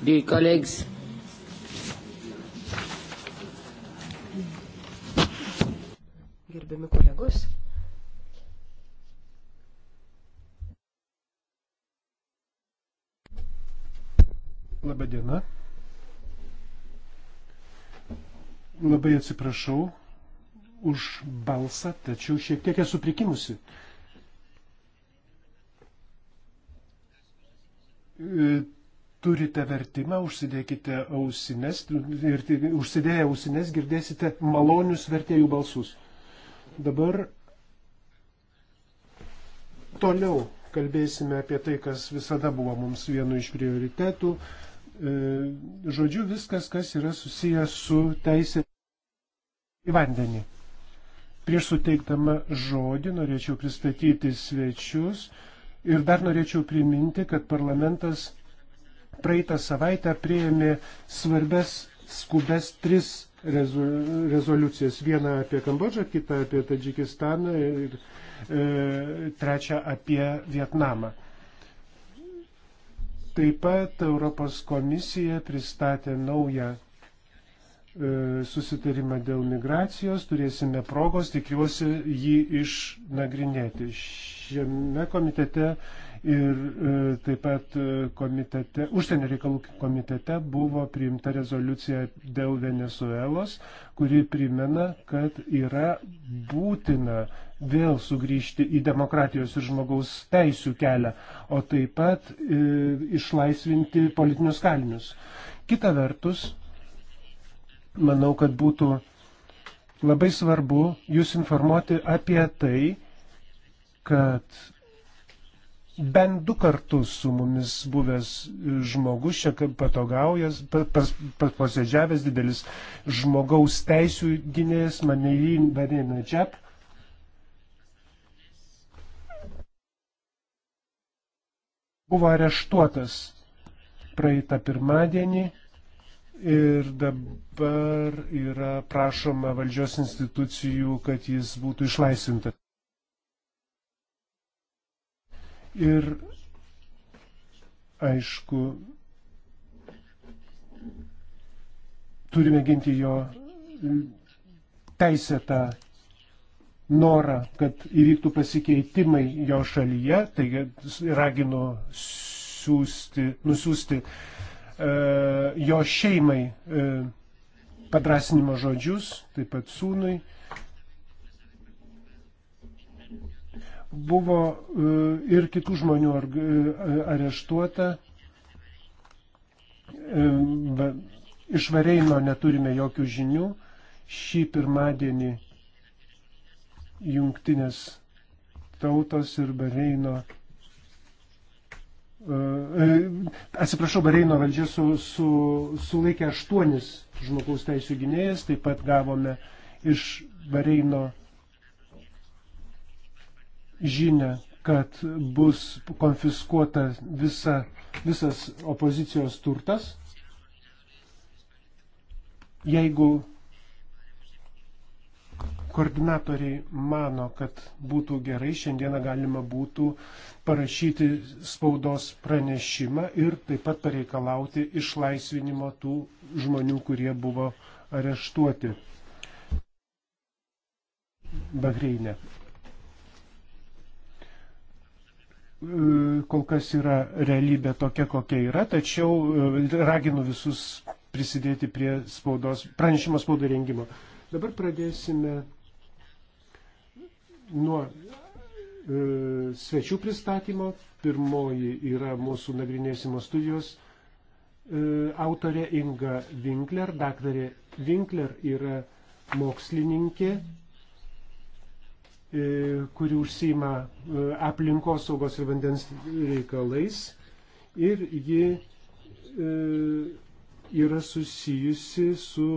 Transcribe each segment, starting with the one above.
Dear colleagues, gerbiami kolegos. Labadiena. Labai atsiprašau už balsą, tačiau šiek tiek esu prikimusi. E, turite vertimą, užsidėkite ausines ir užsidėję ausines girdėsite malonius vertėjų balsus. Dabar toliau kalbėsime apie tai, kas visada buvo mums vienu iš prioritetų. E, žodžiu, viskas, kas yra susijęs su teisė į vandenį. Prieš suteikdama žodį norėčiau pristatyti svečius ir dar norėčiau priminti, kad parlamentas praeitą savaitę prieėmė svarbes skubes tris rezoliucijas. Vieną apie Kambodžą, kitą apie Tadžikistaną ir e, trečią apie Vietnamą. Taip pat Europos komisija pristatė naują e, susitarimą dėl migracijos. Turėsime progos, tikiuosi, jį išnagrinėti. Šiame komitete Ir e, taip pat e, komitete, užsienio reikalų komitete buvo priimta rezoliucija dėl Venezuelos, kuri primena, kad yra būtina vėl sugrįžti į demokratijos ir žmogaus teisų kelią, o taip pat e, išlaisvinti politinius kalinius. Kita vertus, manau, kad būtų labai svarbu jūs informuoti apie tai, kad bent du kartus su mumis buvęs žmogus, čia patogaujas, pas, pas, posėdžiavęs didelis žmogaus teisų gynėjas Manelin Vanina Džep. Buvo areštuotas praeitą pirmadienį ir dabar yra prašoma valdžios institucijų, kad jis būtų išlaisvintas. Ir aišku, turime ginti jo teisėtą norą, kad įvyktų pasikeitimai jo šalyje, taigi raginu siūsti, nusiųsti e, jo šeimai e, padrasinimo žodžius, taip pat sūnui. E, Buvo e, ir kitų žmonių e, areštuota. E, iš Vareino neturime jokių žinių. Šį pirmadienį jungtinės tautos ir Bareino. Atsiprašau, Bareino valdžia su, su, sulaikė aštuonis žmogaus teisų gynėjas, taip pat gavome iš Bareino žinę, kad bus konfiskuota visa, visas opozicijos turtas, jeigu koordinatoriai mano, kad būtų gerai, šiandieną galima būtų parašyti spaudos pranešimą ir taip pat pareikalauti išlaisvinimo tų žmonių, kurie buvo areštuoti Bahreinė. E, kol kas yra realybė tokia, kokia yra, tačiau e, raginu visus prisidėti prie spaudos, pranešimo spaudo rengimo. Dabar pradėsime nuo e, svečių pristatymo. Pirmoji yra mūsų nagrinėsimo studijos e, autorė Inga Winkler. Daktarė Winkler yra mokslininkė. Mm -hmm E, kuri užsima e, aplinkos saugos ir vandens reikalais ir ji e, yra susijusi su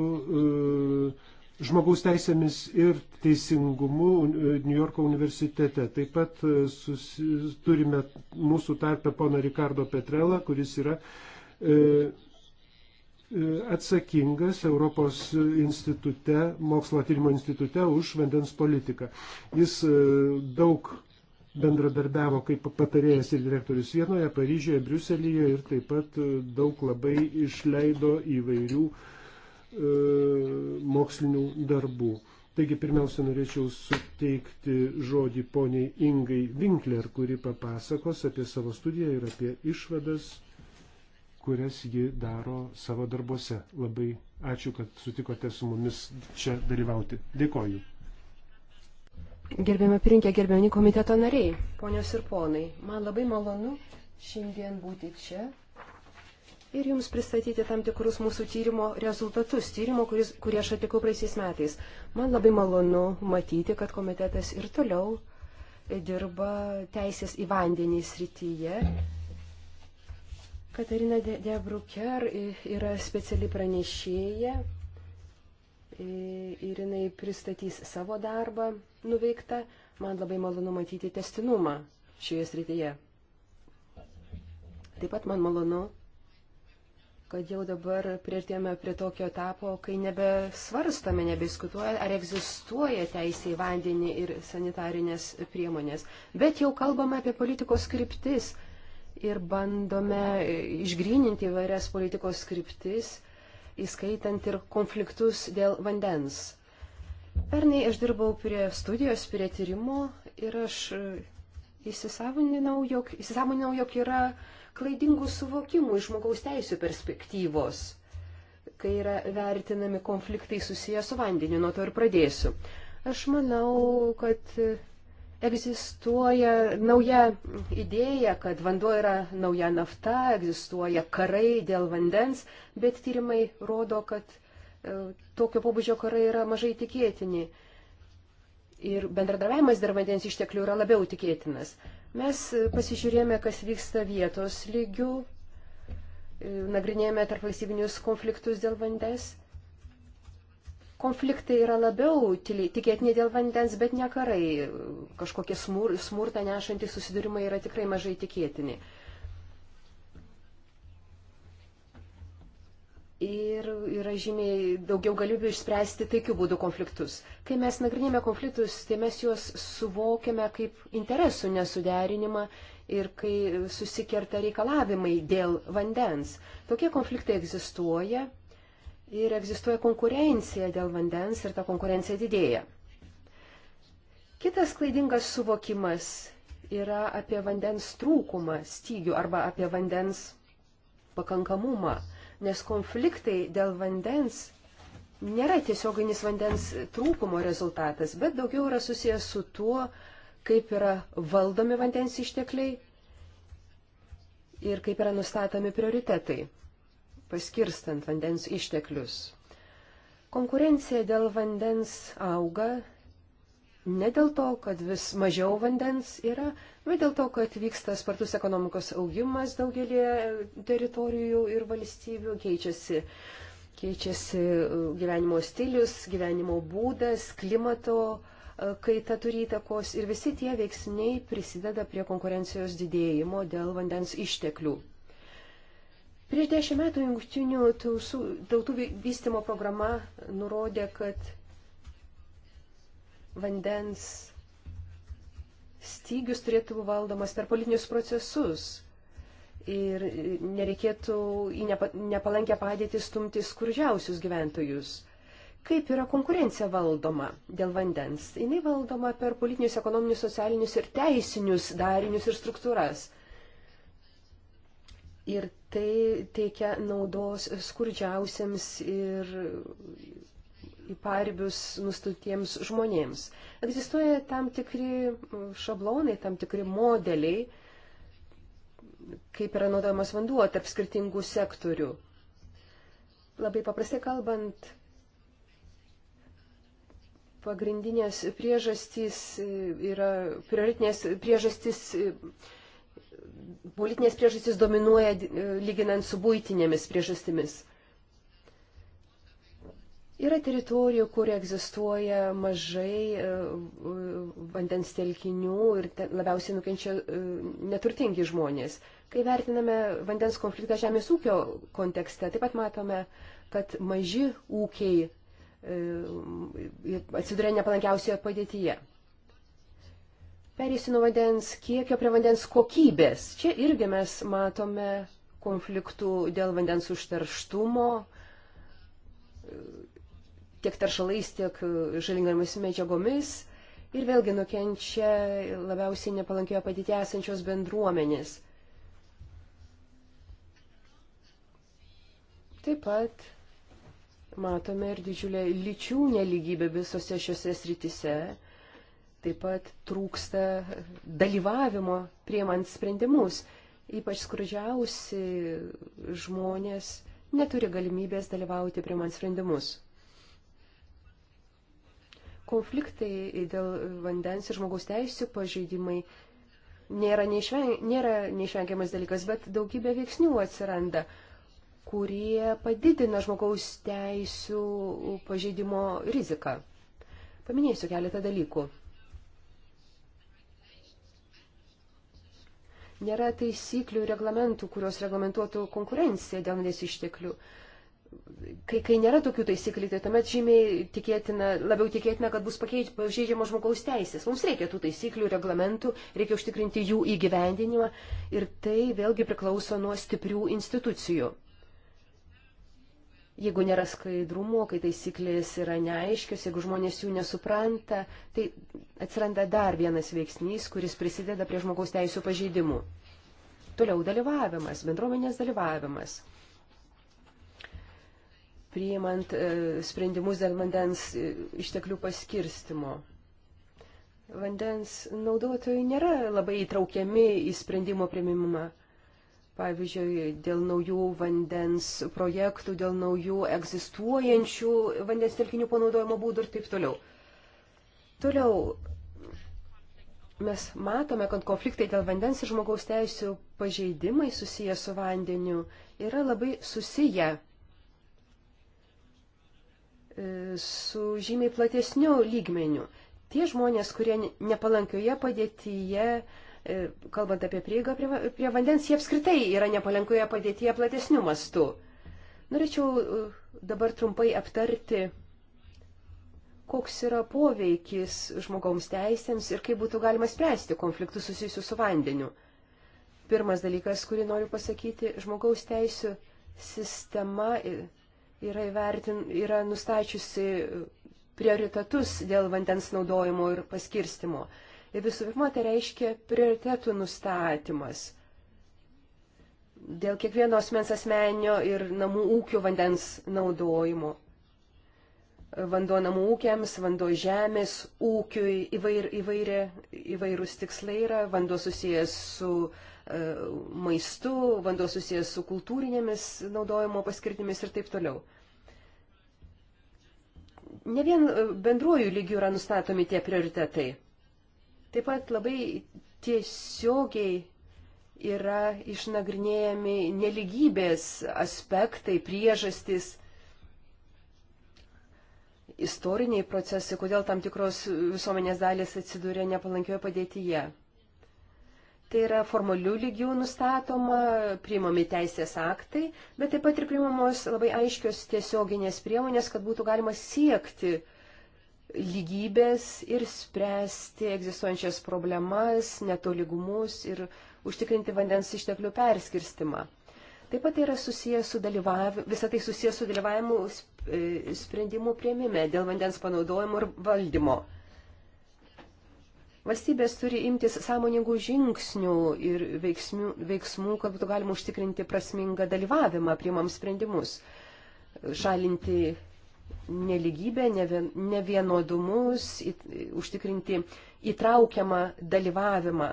žmogaus teisėmis ir teisingumu New Yorko universitete. Taip pat susi, turime mūsų tarpę poną Ricardo Petrelą, kuris yra e, atsakingas Europos institute, mokslo tyrimo institute už vandens politiką. Jis e, daug bendradarbiavo kaip patarėjas ir direktorius Vienoje, Paryžioje, Briuselėje ir taip pat e, daug labai išleido įvairių e, mokslinių darbų. Taigi pirmiausia, norėčiau suteikti žodį poniai Ingai Winkler, kuri papasakos apie savo studiją ir apie išvadas kurias ji daro savo darbose. Labai ačiū, kad sutikote su mumis čia dalyvauti. Dėkoju. Gerbėme pirinkė, gerbėmi komiteto nariai, ponios ir ponai, man labai malonu šiandien būti čia ir jums pristatyti tam tikrus mūsų tyrimo rezultatus, tyrimo, kuris, kurį aš atlikau praeisiais metais. Man labai malonu matyti, kad komitetas ir toliau dirba teisės į vandenį srityje Katarina Debruker yra speciali pranešėja ir jinai pristatys savo darbą nuveiktą. Man labai malonu matyti testinumą šioje srityje. Taip pat man malonu, kad jau dabar prieartėjome prie tokio etapo, kai nebesvarstame, nebeskutuoja, ar egzistuoja teisė į vandenį ir sanitarinės priemonės, bet jau kalbame apie politikos skriptis – ir bandome išgrįninti įvairias politikos skriptis, įskaitant ir konfliktus dėl vandens. Pernai aš dirbau prie studijos, prie tyrimo ir aš įsisavinau, jog, įsisavinau, jog yra klaidingų suvokimų iš žmogaus teisų perspektyvos, kai yra vertinami konfliktai susiję su vandeniu. Nuo to ir pradėsiu. Aš manau, kad Egzistuoja nauja idėja, kad vanduo yra nauja nafta, egzistuoja karai dėl vandens, bet tyrimai rodo, kad e, tokio pobūdžio karai yra mažai tikėtini. Ir bendradarbiavimas dėl vandens išteklių yra labiau tikėtinas. Mes pasižiūrėjome, kas vyksta vietos lygių, e, nagrinėjome tarp valstybinius konfliktus dėl vandens konfliktai yra labiau tikėtini dėl vandens, bet ne karai. Kažkokie smur, smurtą nešantys susidūrimai yra tikrai mažai tikėtini. Ir yra žymiai daugiau galimybių išspręsti taikių būdų konfliktus. Kai mes nagrinėjame konfliktus, tai mes juos suvokiame kaip interesų nesuderinimą ir kai susikerta reikalavimai dėl vandens. Tokie konfliktai egzistuoja, ir egzistuoja konkurencija dėl vandens ir ta konkurencija didėja. Kitas klaidingas suvokimas yra apie vandens trūkumą, stygių arba apie vandens pakankamumą, nes konfliktai dėl vandens nėra tiesioginis vandens trūkumo rezultatas, bet daugiau yra susijęs su tuo, kaip yra valdomi vandens ištekliai ir kaip yra nustatomi prioritetai paskirstant vandens išteklius. Konkurencija dėl vandens auga ne dėl to, kad vis mažiau vandens yra, bet dėl to, kad vyksta spartus ekonomikos augimas daugelį teritorijų ir valstybių, keičiasi, keičiasi e, gyvenimo stilius, gyvenimo būdas, klimato e, kaita turi įtakos ir visi tie veiksniai prisideda prie konkurencijos didėjimo dėl vandens išteklių. Prieš dešimt metų jungtinių tautų vystimo programa nurodė, kad vandens stygius turėtų būti valdomas per politinius procesus ir nereikėtų į nepalankę padėtį stumti skurdžiausius gyventojus. Kaip yra konkurencija valdoma dėl vandens? Jis valdoma per politinius, ekonominius, socialinius ir teisinius darinius ir struktūras – ir tai teikia naudos skurdžiausiams ir į paribius nustutiems žmonėms. Egzistuoja tam tikri šablonai, tam tikri modeliai, kaip yra naudojamas vanduo tarp skirtingų sektorių. Labai paprastai kalbant, pagrindinės priežastys e, yra prioritinės priežastys e, politinės priežastys dominuoja e, lyginant su būtinėmis priežastimis. Yra teritorijų, kur egzistuoja mažai e, vandens telkinių ir labiausiai nukenčia e, neturtingi žmonės. Kai vertiname vandens konfliktą žemės ūkio kontekste, taip pat matome, kad maži ūkiai atsiduria nepalankiausioje padėtyje. Perėsiu nuo vandens kiekio prie vandens kokybės. Čia irgi mes matome konfliktų dėl vandens užterštumo, tiek taršalais, tiek žalingomis medžiagomis. Ir vėlgi nukenčia labiausiai nepalankioje padėtėje esančios bendruomenės. Taip pat matome ir didžiulę lyčių neligybę visose šiose sritise Taip pat trūksta dalyvavimo prieimant sprendimus. Ypač skurdžiausi žmonės neturi galimybės dalyvauti priimant sprendimus. Konfliktai dėl vandens ir žmogaus teisų pažeidimai nėra, neišveng, nėra neišvengiamas dalykas, bet daugybė veiksnių atsiranda kurie padidina žmogaus teisų pažeidimo riziką. Paminėsiu keletą dalykų. Nėra taisyklių, reglamentų, kurios reglamentuotų konkurenciją dėl nes išteklių. Kai, kai nėra tokių taisyklių, tai tuomet žymiai tikėtina, labiau tikėtina, kad bus pažeidžiamos žmogaus teisės. Mums reikia tų taisyklių, reglamentų, reikia užtikrinti jų įgyvendinimą ir tai vėlgi priklauso nuo stiprių institucijų. Jeigu nėra skaidrumo, kai taisyklės yra neaiškios, jeigu žmonės jų nesupranta, tai atsiranda dar vienas veiksnys, kuris prisideda prie žmogaus teisų pažeidimų. Toliau dalyvavimas, bendruomenės dalyvavimas. Priimant e, sprendimus dėl vandens e, išteklių paskirstimo. Vandens naudotojai nėra labai įtraukiami į sprendimo priimimą pavyzdžiui, dėl naujų vandens projektų, dėl naujų egzistuojančių vandens telkinių panaudojimo būdų ir taip toliau. Toliau mes matome, kad konfliktai dėl vandens ir žmogaus teisų pažeidimai susiję su vandeniu yra labai susiję e, su žymiai platesniu lygmeniu. Tie žmonės, kurie nepalankioje padėtyje, uh, E, kalbant apie prieigą prie, prie vandens, jie apskritai yra nepalankoje padėtyje platesnių mastų. Norėčiau e, dabar trumpai aptarti, koks yra poveikis žmogaus teisėms ir kaip būtų galima spręsti konfliktus susijusius su vandeniu. Pirmas dalykas, kurį noriu pasakyti, žmogaus teisų sistema e, yra, įvertin, yra nustačiusi prioritetus dėl vandens naudojimo ir paskirstimo. Visų pirma, tai reiškia prioritetų nustatymas. Dėl kiekvieno asmens asmenio ir namų ūkių vandens naudojimo. Vanduo namų ūkiams, vanduo žemės ūkiui įvair, įvairia, įvairūs tikslai yra. Vanduo susijęs su e, maistu, vanduo susijęs su kultūrinėmis naudojimo paskirtimis ir taip toliau ne vien e, bendruoju lygiu yra nustatomi tie prioritetai. Taip pat labai tiesiogiai yra išnagrinėjami neligybės aspektai, priežastys, istoriniai procesai, kodėl tam tikros visuomenės dalis atsidūrė nepalankioje padėtyje. Tai yra formalių lygių nustatoma, priimami teisės aktai, bet taip pat ir priimamos labai aiškios tiesioginės priemonės, kad būtų galima siekti lygybės ir spręsti egzistuojančias problemas, netoligumus ir užtikrinti vandens išteklių perskirstimą. Taip pat yra susijęs su dalyvavimu, visą tai susijęs su dalyvavimu e, sprendimų prieimime dėl vandens panaudojimo ir valdymo. Valstybės turi imtis sąmoningų žingsnių ir veiksmių, veiksmų, kad būtų galima užtikrinti prasmingą dalyvavimą priimam sprendimus, šalinti neligybę, nevienodumus, užtikrinti įtraukiamą dalyvavimą,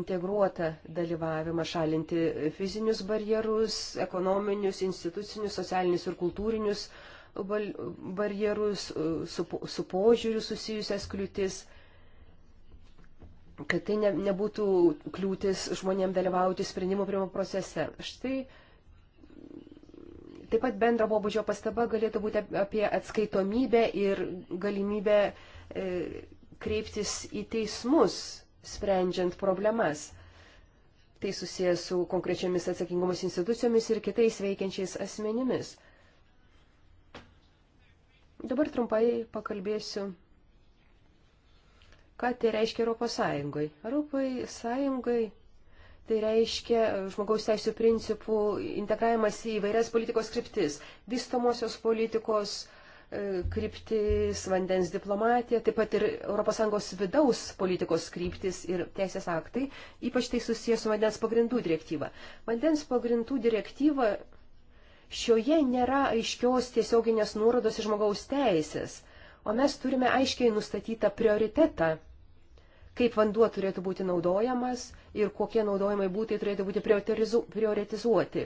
integruotą dalyvavimą, šalinti fizinius barjerus, ekonominius, institucinius, socialinius ir kultūrinius barjerus, su, su požiūriu susijusias kliūtis, kad tai ne, nebūtų kliūtis žmonėm dalyvauti sprendimų priimo procese. Štai Taip pat bendro pobūdžio pastaba galėtų būti apie atskaitomybę ir galimybę e, kreiptis į teismus, sprendžiant problemas. Tai susijęs su konkrečiamis atsakingomis institucijomis ir kitais veikiančiais asmenimis. Dabar trumpai pakalbėsiu, ką tai reiškia Europos Sąjungai. Europos Sąjungai Tai reiškia e, žmogaus teisų principų integravimas į vairias politikos kryptis - vystomosios politikos e, kryptis, vandens diplomatija, taip pat ir ES vidaus politikos kryptis ir teisės aktai, ypač tai susijęs su vandens pagrindų direktyva. Vandens pagrindų direktyva šioje nėra aiškios tiesioginės nuorodos į žmogaus teisės, o mes turime aiškiai nustatytą prioritetą, kaip vanduo turėtų būti naudojamas ir kokie naudojimai būtai turėtų būti prioritizuoti.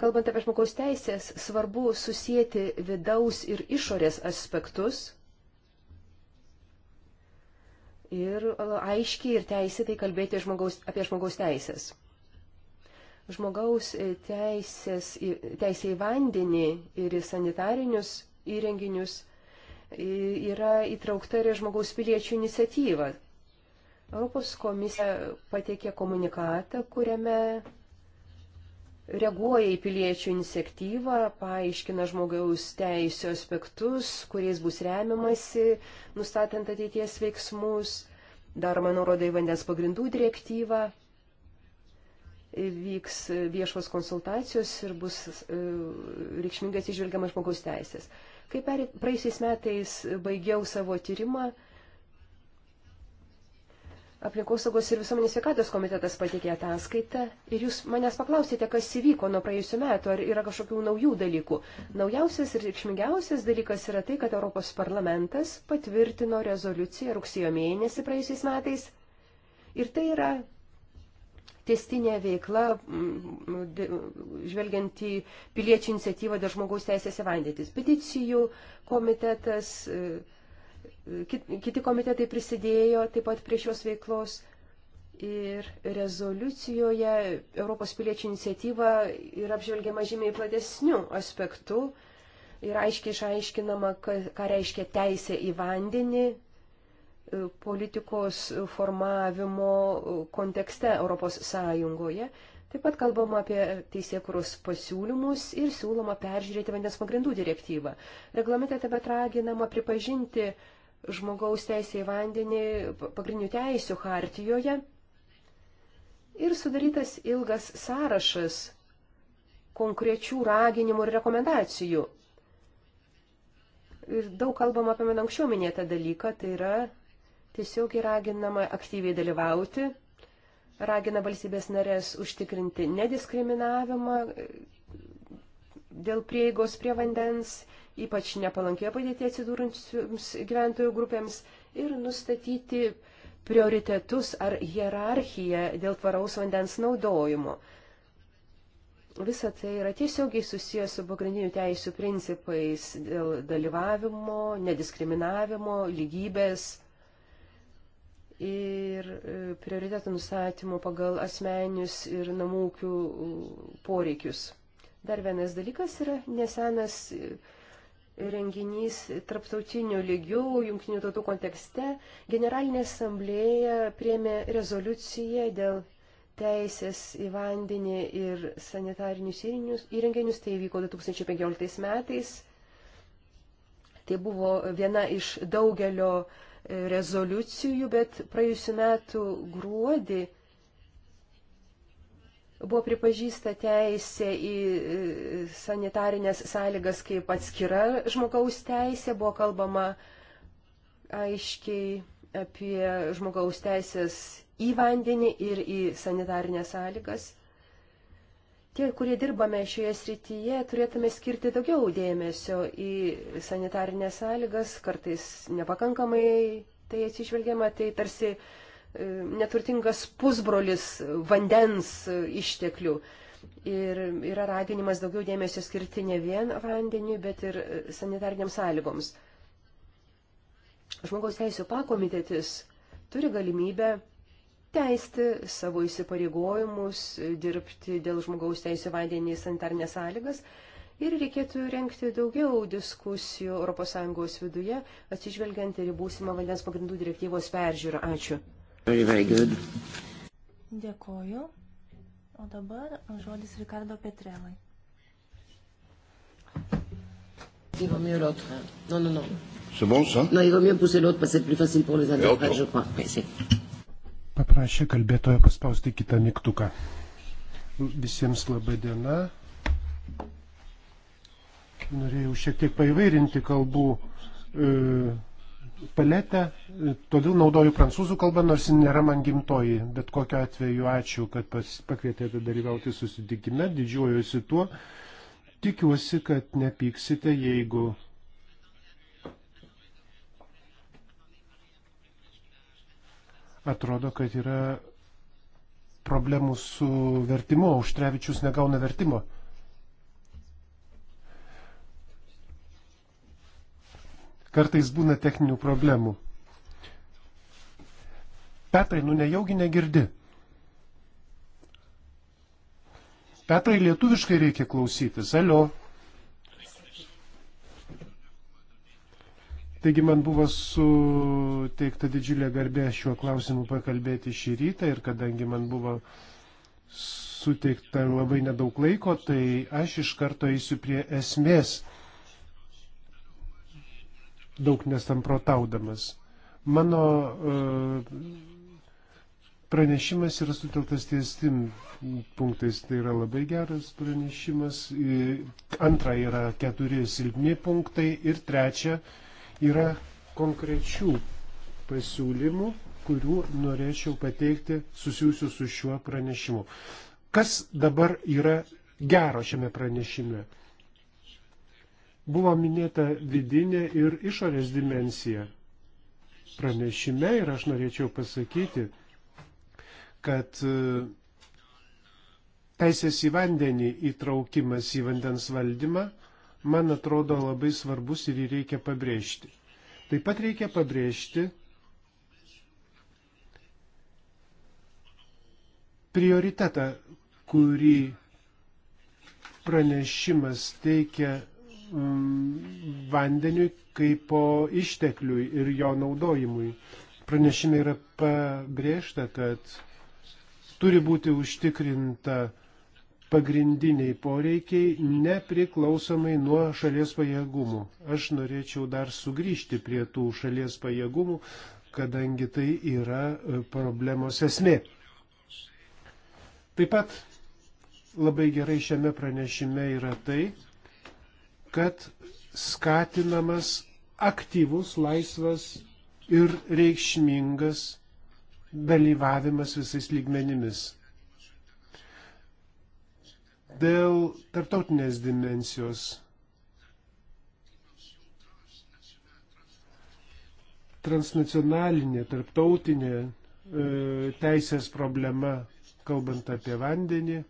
Kalbant apie žmogaus teisės, svarbu susijęti vidaus ir išorės aspektus ir e, aiškiai ir teisėtai kalbėti žmogaus, apie žmogaus teisės. Žmogaus e, teisės, teisė į vandenį ir į sanitarinius įrenginius e, yra įtraukta ir žmogaus piliečių iniciatyva. Europos komisija pateikė komunikatą, kuriame reaguoja į piliečių iniciatyvą, paaiškina žmogaus teisų aspektus, kuriais bus remiamasi, nustatant ateities veiksmus, daroma nuoroda į vandens pagrindų direktyvą, vyks viešos konsultacijos ir bus e, reikšmingai atsižvelgiama žmogaus teisės. Kai praeisiais metais baigiau savo tyrimą, Aplinkosaugos ir visuomenės sveikatos komitetas pateikė ataskaitą ir jūs manęs paklausėte, kas įvyko nuo praėjusių metų, ar yra kažkokių naujų dalykų. Naujausias ir reikšmingiausias dalykas yra tai, kad Europos parlamentas patvirtino rezoliuciją rugsėjo mėnesį praėjusiais metais. Ir tai yra testinė veikla, mm, žvelgiant į piliečių iniciatyvą dėl žmogaus teisės įvandėtis. Peticijų komitetas. E, kiti komitetai prisidėjo taip pat prie šios veiklos ir rezoliucijoje Europos piliečių iniciatyva yra apžvelgiama žymiai platesnių aspektų ir aiškiai išaiškinama, ką reiškia teisė į vandenį e, politikos formavimo kontekste Europos Sąjungoje. Taip pat kalbama apie teisėkuros pasiūlymus ir siūloma peržiūrėti vandens pagrindų direktyvą. Reglamente taip pat raginama pripažinti žmogaus teisė į vandenį pagrindinių teisių hartijoje. Ir sudarytas ilgas sąrašas konkrečių raginimų ir rekomendacijų. Ir daug kalbama apie man anksčiau minėtą dalyką, tai yra tiesiog raginama aktyviai dalyvauti, ragina valstybės narės užtikrinti nediskriminavimą e, dėl prieigos prie vandens ypač nepalankioje padėtėje atsidūrančiams gyventojų grupėms ir nustatyti prioritetus ar hierarchiją dėl tvaraus vandens naudojimo. Visa tai yra tiesiogiai susijęs su pagrindinių teisų principais dėl dalyvavimo, nediskriminavimo, lygybės ir e, prioritetų nustatymo pagal asmeninius ir namūkių e, poreikius. Dar vienas dalykas yra nesenas e, renginys traptautiniu lygiu, jungtinių tautų kontekste. Generalinė asamblėja priemė rezoliuciją dėl teisės į vandenį ir sanitarinius įrenginius. Tai vyko 2015 metais. Tai buvo viena iš daugelio e, rezoliucijų, bet praėjusiu metu gruodį buvo pripažįsta teisė į sanitarinės sąlygas kaip atskira žmogaus teisė, buvo kalbama aiškiai apie žmogaus teisės į vandenį ir į sanitarinės sąlygas. Tie, kurie dirbame šioje srityje, turėtume skirti daugiau dėmesio į sanitarinės sąlygas, kartais nepakankamai tai atsižvelgiama, tai tarsi uh, E, neturtingas pusbrolis vandens išteklių. Ir yra raginimas daugiau dėmesio skirti ne vien vandeniu, bet ir sanitarniams sąlygoms. Žmogaus teisų pakomitetis turi galimybę teisti savo įsipareigojimus, dirbti dėl žmogaus teisų vandenį sanitarnės sąlygas. Ir reikėtų renkti daugiau diskusijų ES viduje, atsižvelgiant ir į būsimą vandens pagrindų direktyvos peržiūrą. Ačiū. Very, very good. Dėkoju. O dabar žodis Ricardo Petrelai. Il vaut mieux l'autre. Hein. Non, non, non. C'est bon, ça Non, il vaut mieux pousser l'autre parce que c'est plus facile pour les interprètes, je crois. Merci. Eh, Paprašė kalbėtojo paspausti kitą mygtuką. Visiems laba diena. Norėjau šiek tiek paivairinti kalbų. E, paletę, todėl naudoju prancūzų kalbą, nors ji nėra man gimtoji. Bet kokiu atveju ačiū, kad pas, pakvietėte dalyvauti susitikime, didžiuojuosi tuo. Tikiuosi, kad nepyksite, jeigu. Atrodo, kad yra problemų su vertimu, Užtrevičius negauna vertimo. kartais būna techninių problemų. Petrai, nu nejaugi negirdi. Petrai, lietuviškai reikia klausytis. Alio. Taigi man buvo suteikta didžiulė garbė šiuo klausimu pakalbėti šį rytą ir kadangi man buvo suteikta labai nedaug laiko, tai aš iš karto eisiu prie esmės daug nesamprotaudamas. Mano e, pranešimas yra sutelktas ties tim punktais, tai yra labai geras pranešimas. E, antra yra keturi silpni punktai ir trečia yra konkrečių pasiūlymų, kurių norėčiau pateikti susijusiu su šiuo pranešimu. Kas dabar yra gero šiame pranešime? Buvo minėta vidinė ir išorės dimensija pranešime ir aš norėčiau pasakyti, kad e, teisės į vandenį įtraukimas į vandens valdymą, man atrodo, labai svarbus ir jį reikia pabrėžti. Taip pat reikia pabrėžti prioritetą, kurį pranešimas teikia Mm, vandeniui kaipo ištekliui ir jo naudojimui. Pranešime yra pabrėžta, kad turi būti užtikrinta pagrindiniai poreikiai nepriklausomai nuo šalies pajėgumų. Aš norėčiau dar sugrįžti prie tų šalies pajėgumų, kadangi tai yra e, problemos esmė. Taip pat labai gerai šiame pranešime yra tai, kad skatinamas aktyvus, laisvas ir reikšmingas dalyvavimas visais lygmenimis. Dėl tartautinės dimensijos transnacionalinė, tarptautinė e, teisės problema, kalbant apie vandenį,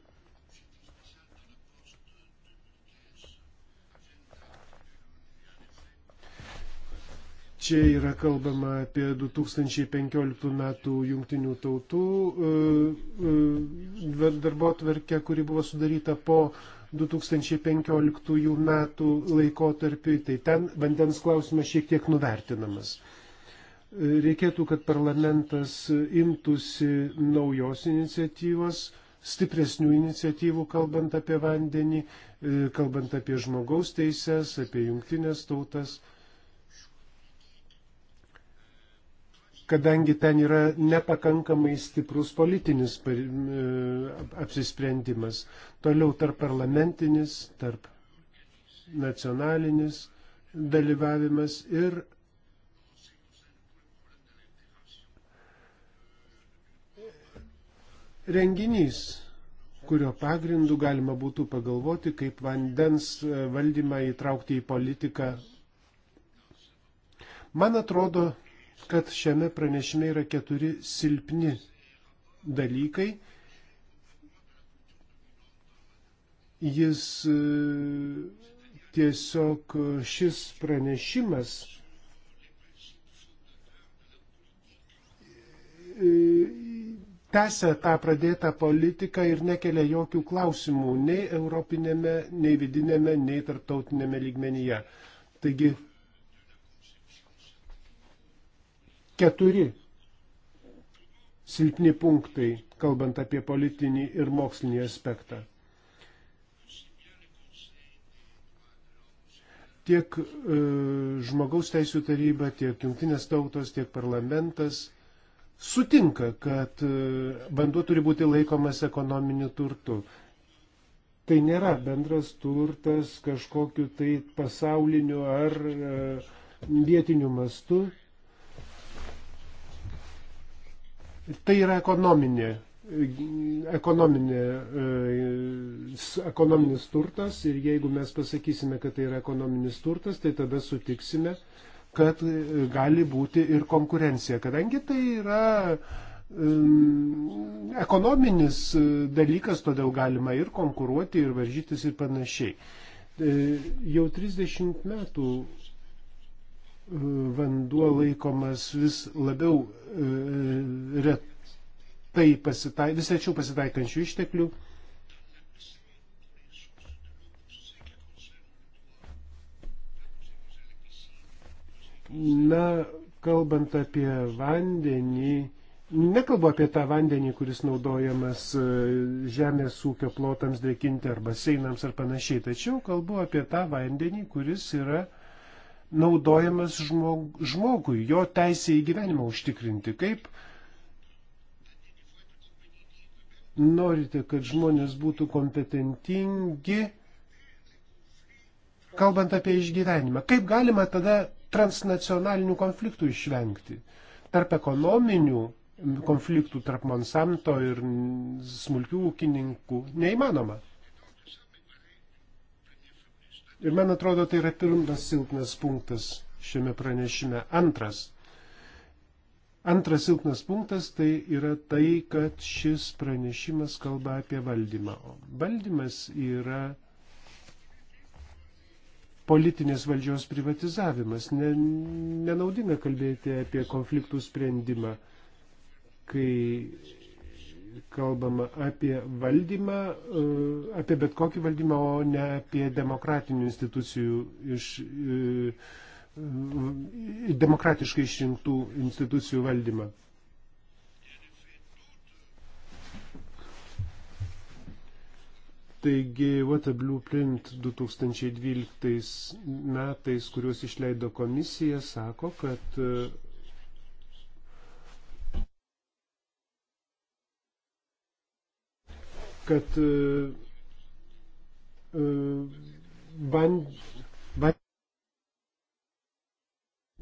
Čia yra kalbama apie 2015 metų jungtinių tautų e, e, darbo tvarkę, kuri buvo sudaryta po 2015 metų laikotarpiui, tai ten vandens klausimas šiek tiek nuvertinamas. Reikėtų, kad parlamentas imtųsi naujos iniciatyvos, stipresnių iniciatyvų, kalbant apie vandenį, e, kalbant apie žmogaus teises, apie jungtinės tautas. kadangi ten yra nepakankamai stiprus politinis e, apsisprendimas. Toliau tarp parlamentinis, tarp nacionalinis dalyvavimas ir renginys, kurio pagrindų galima būtų pagalvoti, kaip vandens valdymą įtraukti į politiką. Man atrodo, kad šiame pranešime yra keturi silpni dalykai. Jis e, tiesiog šis pranešimas e, tęsia tą pradėtą politiką ir nekelia jokių klausimų nei europinėme, nei vidinėme, nei tarptautinėme lygmenyje. Taigi keturi silpni punktai, kalbant apie politinį ir mokslinį aspektą. Tiek e, žmogaus teisų taryba, tiek jungtinės tautos, tiek parlamentas sutinka, kad e, vanduo turi būti laikomas ekonominiu turtu. Tai nėra bendras turtas kažkokiu tai pasauliniu ar e, vietiniu mastu. Tai yra ekonominė, ekonominė, e, ekonominis turtas ir jeigu mes pasakysime, kad tai yra ekonominis turtas, tai tada sutiksime, kad e, gali būti ir konkurencija, kadangi tai yra ekonominis e, dalykas, todėl galima ir konkuruoti, ir varžytis ir panašiai. Jau 30 metų vanduo laikomas vis labiau e, retai pasitai, vis rečiau pasitaikančių išteklių. Na, kalbant apie vandenį, nekalbu apie tą vandenį, kuris naudojamas e, žemės ūkio plotams drėkinti ar baseinams ar panašiai, tačiau kalbu apie tą vandenį, kuris yra uh, naudojamas žmog, žmogui, jo teisė į gyvenimą užtikrinti. Kaip norite, kad žmonės būtų kompetentingi, kalbant apie išgyvenimą? Kaip galima tada transnacionalinių konfliktų išvengti? Tarp ekonominių konfliktų tarp Monsanto ir smulkių ūkininkų neįmanoma. Ir man atrodo, tai yra pirmas silpnas punktas šiame pranešime. Antras. Antras silpnas punktas tai yra tai, kad šis pranešimas kalba apie valdymą. O valdymas yra politinės valdžios privatizavimas. Ne, nenaudinga kalbėti apie konfliktų sprendimą, kai kalbama apie valdymą, e, apie bet kokį valdymą, o ne apie demokratinių institucijų iš e, demokratiškai išrinktų institucijų valdymą. Taigi, What a Blueprint 2012 metais, kuriuos išleido komisija, sako, kad kad e, e, bandė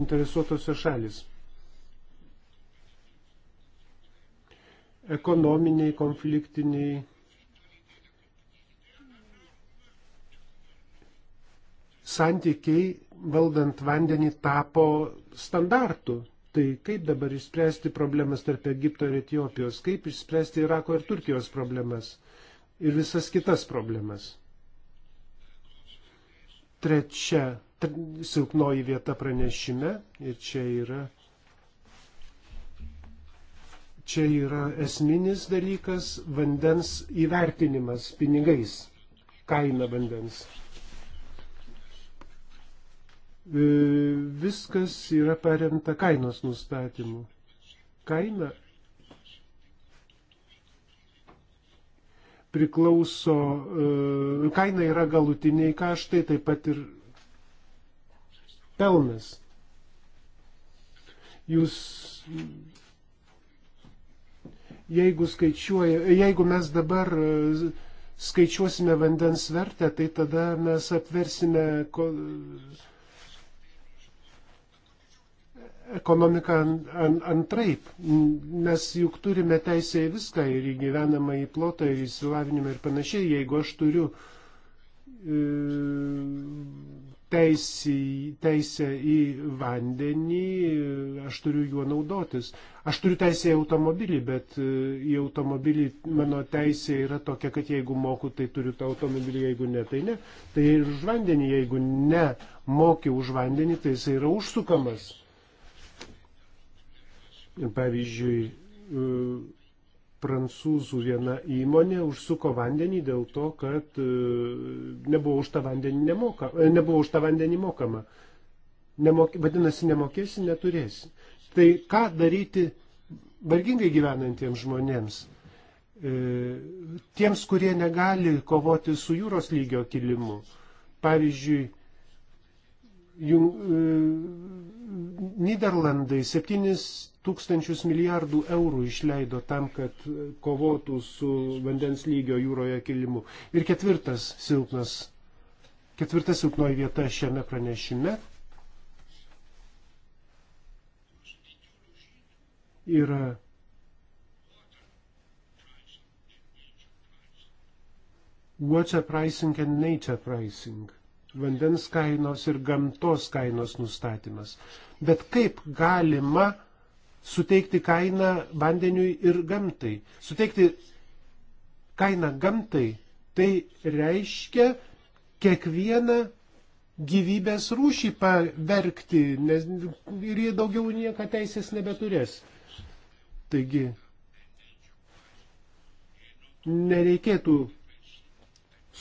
interesuotosios šalis. Ekonominiai, konfliktiniai. Santykiai valdant vandenį tapo standartu. Tai kaip dabar išspręsti problemas tarp Egipto ir Etijopijos, kaip išspręsti Irako ir Turkijos problemas ir visas kitas problemas. Trečia silpnoji vieta pranešime ir čia yra, čia yra esminis dalykas - vandens įvertinimas pinigais, kaina vandens. E, viskas yra paremta kainos nustatymu. Kaina priklauso, e, kaina yra galutiniai kaštai, taip pat ir pelnas. Jūs, jeigu, jeigu mes dabar e, skaičiuosime vandens vertę, tai tada mes apversime ekonomiką antraip. Mes juk turime teisę į viską ir į gyvenamą į plotą, ir į įsilavinimą ir panašiai. Jeigu aš turiu e, teisį, teisę į vandenį, aš turiu juo naudotis. Aš turiu teisę į automobilį, bet e, į automobilį mano teisė yra tokia, kad jeigu moku, tai turiu tą automobilį, jeigu ne, tai ne. Tai ir už vandenį, jeigu ne moki už vandenį, tai jis yra užsukamas. Pavyzdžiui, e, prancūzų viena įmonė užsuko vandenį dėl to, kad e, nebuvo už tą vandenį, nemoka, e, nebuvo už tą vandenį mokama. Nemok, vadinasi, nemokėsi, neturėsi. Tai ką daryti vargingai gyvenantiems žmonėms, tiems, kurie negali kovoti su jūros lygio kilimu. Pavyzdžiui, jung, Niderlandai 7 tūkstančius milijardų eurų išleido tam, kad kovotų su vandens lygio jūroje kilimu. Ir ketvirtas silpnas, ketvirta silpnoji vieta šiame pranešime yra water pricing and nature pricing vandens kainos ir gamtos kainos nustatymas bet kaip galima suteikti kainą vandeniui ir gamtai. Suteikti kainą gamtai tai reiškia kiekvieną gyvybės rūšį paverkti, nes ir jie daugiau nieko teisės nebeturės. Taigi, nereikėtų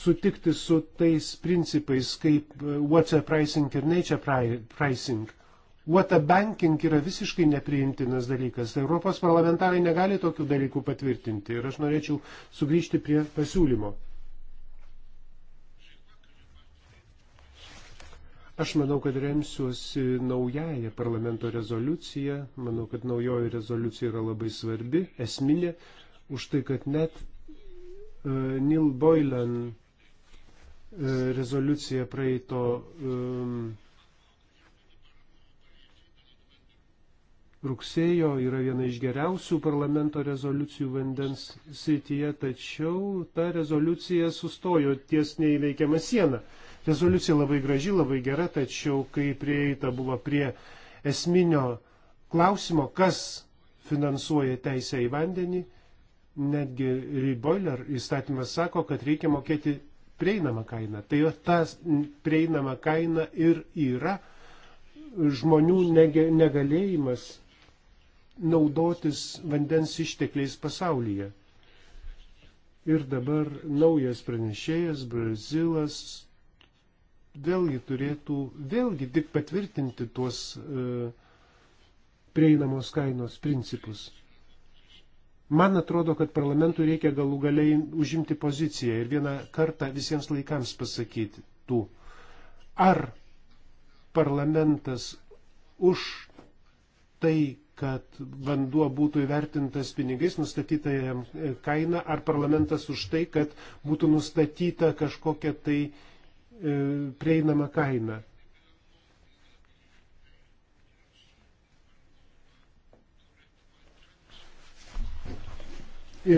sutikti su tais principais kaip uh, what's a pricing ir nature pricing. Whatabanking yra visiškai nepriimtinas dalykas. Europos parlamentarai negali tokių dalykų patvirtinti ir aš norėčiau sugrįžti prie pasiūlymo. Aš manau, kad remsiuosi naująją parlamento rezoliuciją. Manau, kad naujoji rezoliucija yra labai svarbi, esminė, už tai, kad net uh, Neil Boylan uh, rezoliucija praeito um, rugsėjo yra viena iš geriausių parlamento rezoliucijų vandens srityje, tačiau ta rezoliucija sustojo ties neįveikiama siena. Rezoliucija labai graži, labai gera, tačiau kai prieita buvo prie esminio klausimo, kas finansuoja teisę į vandenį, netgi Reboiler įstatymas sako, kad reikia mokėti prieinamą kainą. Tai ta prieinama kaina ir yra žmonių negalėjimas naudotis vandens ištekliais pasaulyje. Ir dabar naujas pranešėjas, Brazilas, vėlgi turėtų vėlgi tik patvirtinti tuos e, prieinamos kainos principus. Man atrodo, kad parlamentui reikia galų galiai užimti poziciją ir vieną kartą visiems laikams pasakyti tų. Ar parlamentas už tai, kad vanduo būtų įvertintas pinigais, nustatyta jam e, kaina, ar parlamentas už tai, kad būtų nustatyta kažkokia tai e, prieinama kaina.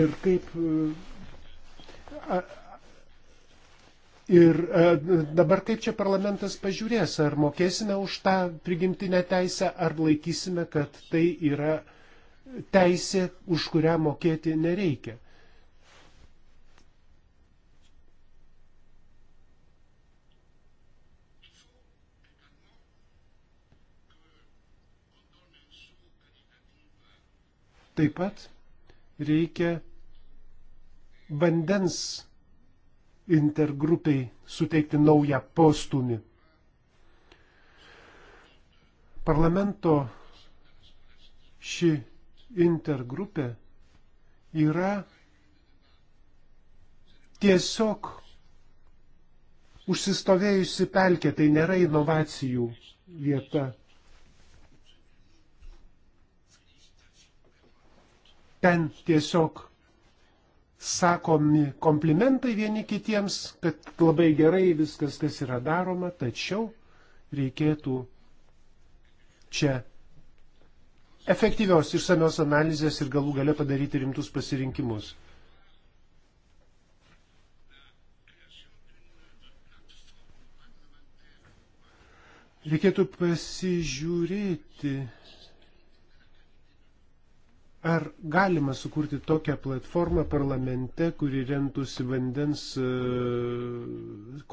Ir kaip e, Ir e, dabar kaip čia parlamentas pažiūrės, ar mokėsime už tą prigimtinę teisę, ar laikysime, kad tai yra teisė, už kurią mokėti nereikia. Taip pat reikia vandens intergrupiai suteikti naują postumį. Parlamento ši intergrupė yra tiesiog užsistovėjusi pelkė, tai nėra inovacijų vieta. Ten tiesiog sakomi komplimentai vieni kitiems, kad labai gerai viskas, kas yra daroma, tačiau reikėtų čia efektyvios išsamios analizės ir galų gale padaryti rimtus pasirinkimus. Reikėtų pasižiūrėti Ar galima sukurti tokią platformą parlamente, kuri rentųsi vandens e,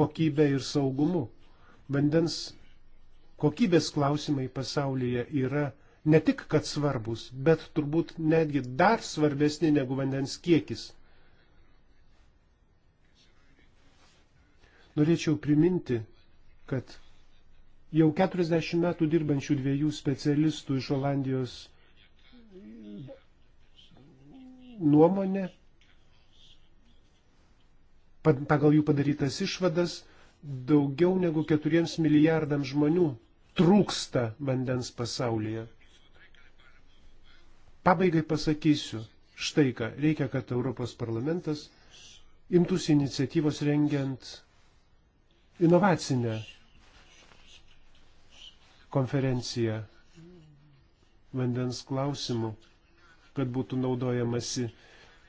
kokybę ir saugumu? Vandens kokybės klausimai pasaulyje yra ne tik kad svarbus, bet turbūt netgi dar svarbesni negu vandens kiekis. Norėčiau priminti, kad jau 40 metų dirbančių dviejų specialistų iš Olandijos nuomonę, pagal jų padarytas išvadas, daugiau negu keturiems milijardams žmonių trūksta vandens pasaulyje. Pabaigai pasakysiu, štai ką, reikia, kad Europos parlamentas imtųsi iniciatyvos rengiant inovacinę konferenciją vandens klausimų kad būtų naudojamasi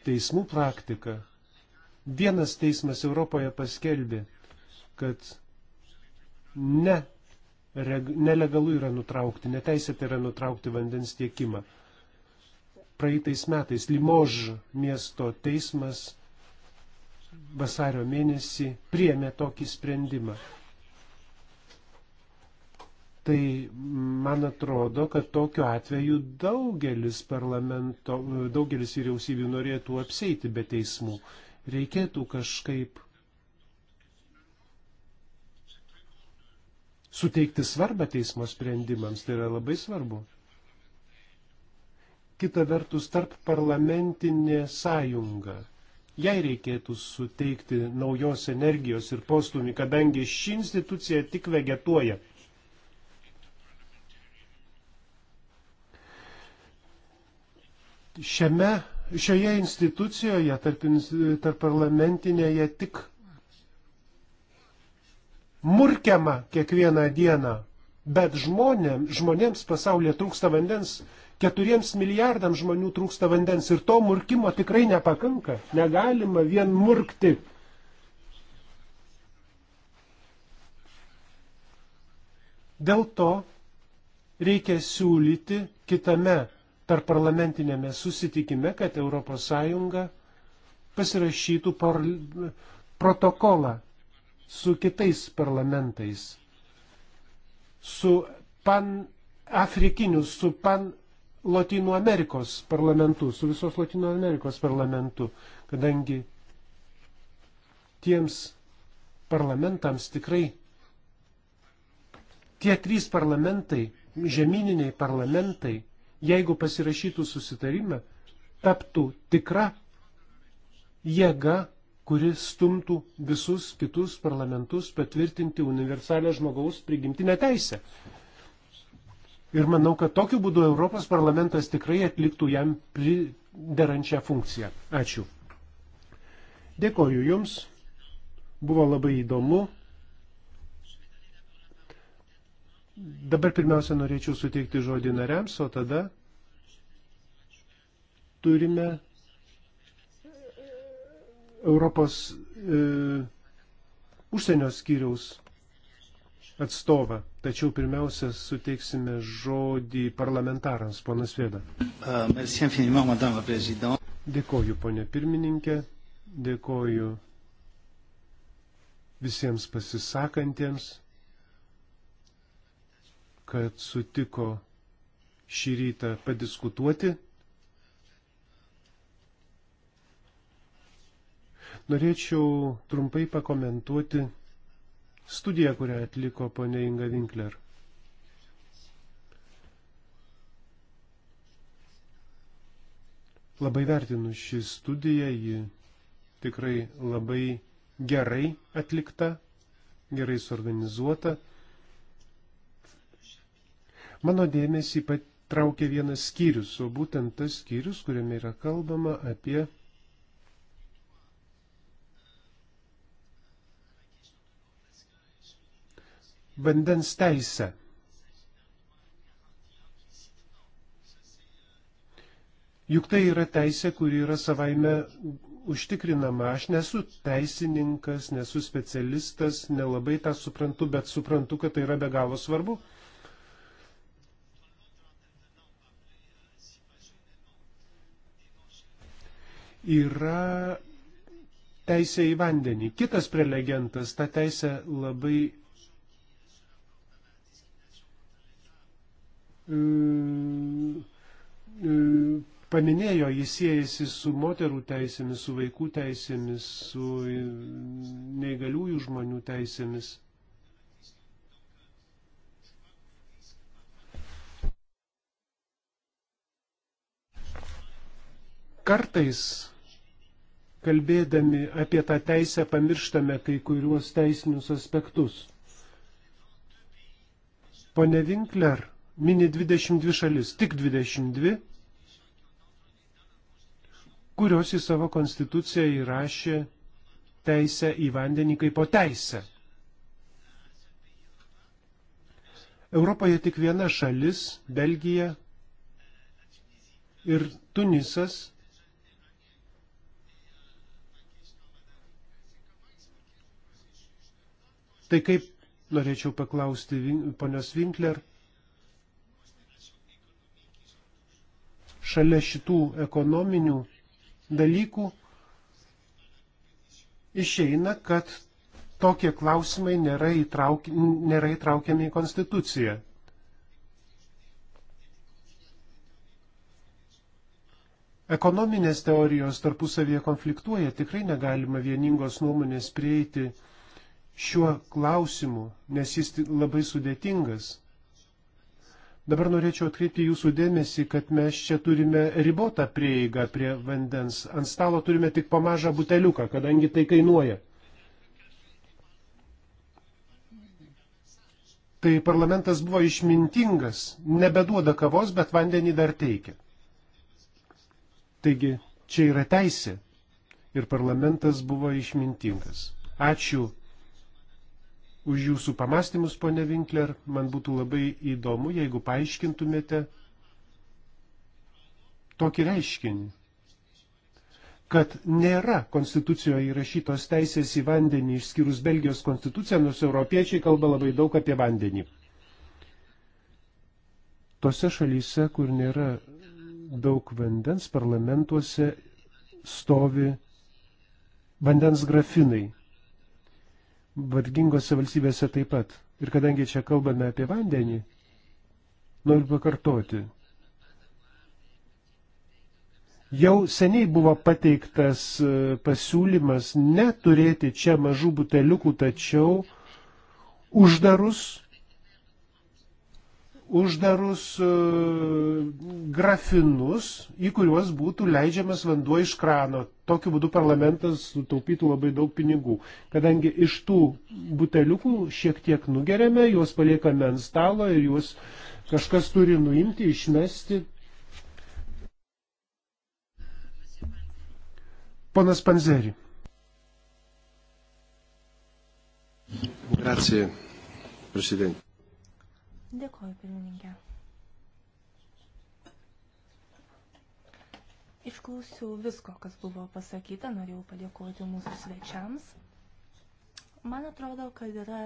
teismų praktika. Vienas teismas Europoje paskelbė, kad ne, reg, nelegalu yra nutraukti, neteisėtai yra nutraukti vandens tiekimą. Praeitais metais Limož miesto teismas vasario mėnesį priemė tokį sprendimą. Tai man atrodo, kad tokiu atveju daugelis parlamento, daugelis vyriausybių norėtų apseiti be teismų. Reikėtų kažkaip suteikti svarbą teismo sprendimams, tai yra labai svarbu. Kita vertus, tarp parlamentinė sąjunga. Jai reikėtų suteikti naujos energijos ir postumį, kadangi ši institucija tik vegetuoja. šiame, šioje institucijoje, tarp, tarp parlamentinėje, tik murkiama kiekvieną dieną, bet žmonėm, žmonėms pasaulyje trūksta vandens, keturiems milijardams žmonių trūksta vandens ir to murkimo tikrai nepakanka, negalima vien murkti. Dėl to reikia siūlyti kitame per parlamentinėme susitikime, kad ES pasirašytų par, protokolą su kitais parlamentais, su pan afrikinius, su pan Latino Amerikos parlamentu, su visos Latino Amerikos parlamentu, kadangi tiems parlamentams tikrai tie trys parlamentai, žemyniniai parlamentai, jeigu pasirašytų susitarimą, taptų tikra jėga, kuri stumtų visus kitus parlamentus patvirtinti universalę žmogaus prigimtinę teisę. Ir manau, kad tokiu būdu Europos parlamentas tikrai atliktų jam priderančią funkciją. Ačiū. Dėkoju Jums. Buvo labai įdomu. Dabar pirmiausia norėčiau suteikti žodį nariams, o tada turime Europos e, užsienio skyriaus atstovą. Tačiau pirmiausia suteiksime žodį parlamentarams, ponas Vėda. Uh, dėkoju, ponė pirmininkė, dėkoju visiems pasisakantiems kad sutiko šį rytą padiskutuoti. Norėčiau trumpai pakomentuoti studiją, kurią atliko ponė Inga Winkler. Labai vertinu šį studiją, ji tikrai labai gerai atlikta, gerai suorganizuota. Mano dėmesį patraukė vienas skyrius, o būtent tas skyrius, kuriame yra kalbama apie vandens teisę. Juk tai yra teisė, kuri yra savaime užtikrinama. Aš nesu teisininkas, nesu specialistas, nelabai tą suprantu, bet suprantu, kad tai yra be galo svarbu. yra teisė į vandenį. Kitas prelegentas tą teisę labai e, e, paminėjo, jis siejasi su moterų teisėmis, su vaikų teisėmis, su neįgaliųjų žmonių teisėmis. Kartais, kalbėdami apie tą teisę, pamirštame kai kuriuos teisinius aspektus. Pone Winkler mini 22 šalis, tik 22, kurios į savo konstituciją įrašė teisę į vandenį kaip o teisę. Europoje tik viena šalis - Belgija ir Tunisas Tai kaip norėčiau paklausti ponios Winkler, šalia šitų ekonominių dalykų išeina, kad tokie klausimai nėra, įtrauk, nėra įtraukiami į Konstituciją. Ekonominės teorijos tarpusavėje konfliktuoja, tikrai negalima vieningos nuomonės prieiti šiuo klausimu, nes jis labai sudėtingas. Dabar norėčiau atkreipti jūsų dėmesį, kad mes čia turime ribotą prieigą prie vandens. Ant stalo turime tik po mažą buteliuką, kadangi tai kainuoja. Tai parlamentas buvo išmintingas, nebeduoda kavos, bet vandenį dar teikia. Taigi, čia yra teisė. Ir parlamentas buvo išmintingas. Ačiū už jūsų pamastymus, ponė Winkler. Man būtų labai įdomu, jeigu paaiškintumėte tokį reiškinį, kad nėra konstitucijoje įrašytos teisės į vandenį išskyrus Belgijos konstituciją, nors europiečiai kalba labai daug apie vandenį. Tose šalyse, kur nėra daug vandens, parlamentuose stovi vandens grafinai vargingose valstybėse taip pat. Ir kadangi čia kalbame apie vandenį, noriu pakartoti. Jau seniai buvo pateiktas e, pasiūlymas neturėti čia mažų buteliukų, tačiau uždarus uždarus e, grafinus, į kuriuos būtų leidžiamas vanduo iš krano. Tokiu būdu parlamentas sutaupytų labai daug pinigų, kadangi iš tų buteliukų šiek tiek nugeriame, juos paliekame ant stalo ir juos kažkas turi nuimti, išmesti. Ponas Panzeri. Grazie, Presidente. Dėkoju, pirmininkė. Išklausiau visko, kas buvo pasakyta, norėjau padėkoti mūsų svečiams. Man atrodo, kad yra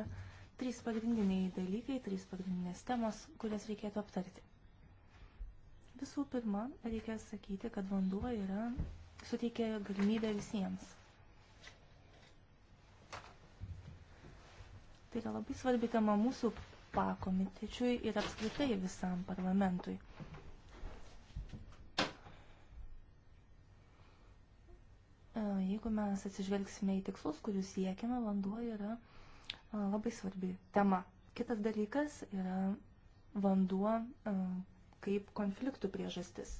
trys pagrindiniai dalykai, trys pagrindinės temos, kurias reikėtų aptarti. Visų pirma, reikia sakyti, kad vanduo yra suteikia galimybę visiems. Tai yra labai svarbi tema mūsų pakomitečiui ir apskritai visam parlamentui. E, jeigu mes atsižvelgsime į tikslus, kurių siekiame, vanduo yra e, labai svarbi tema. Kitas dalykas yra vanduo e, kaip konfliktų priežastis.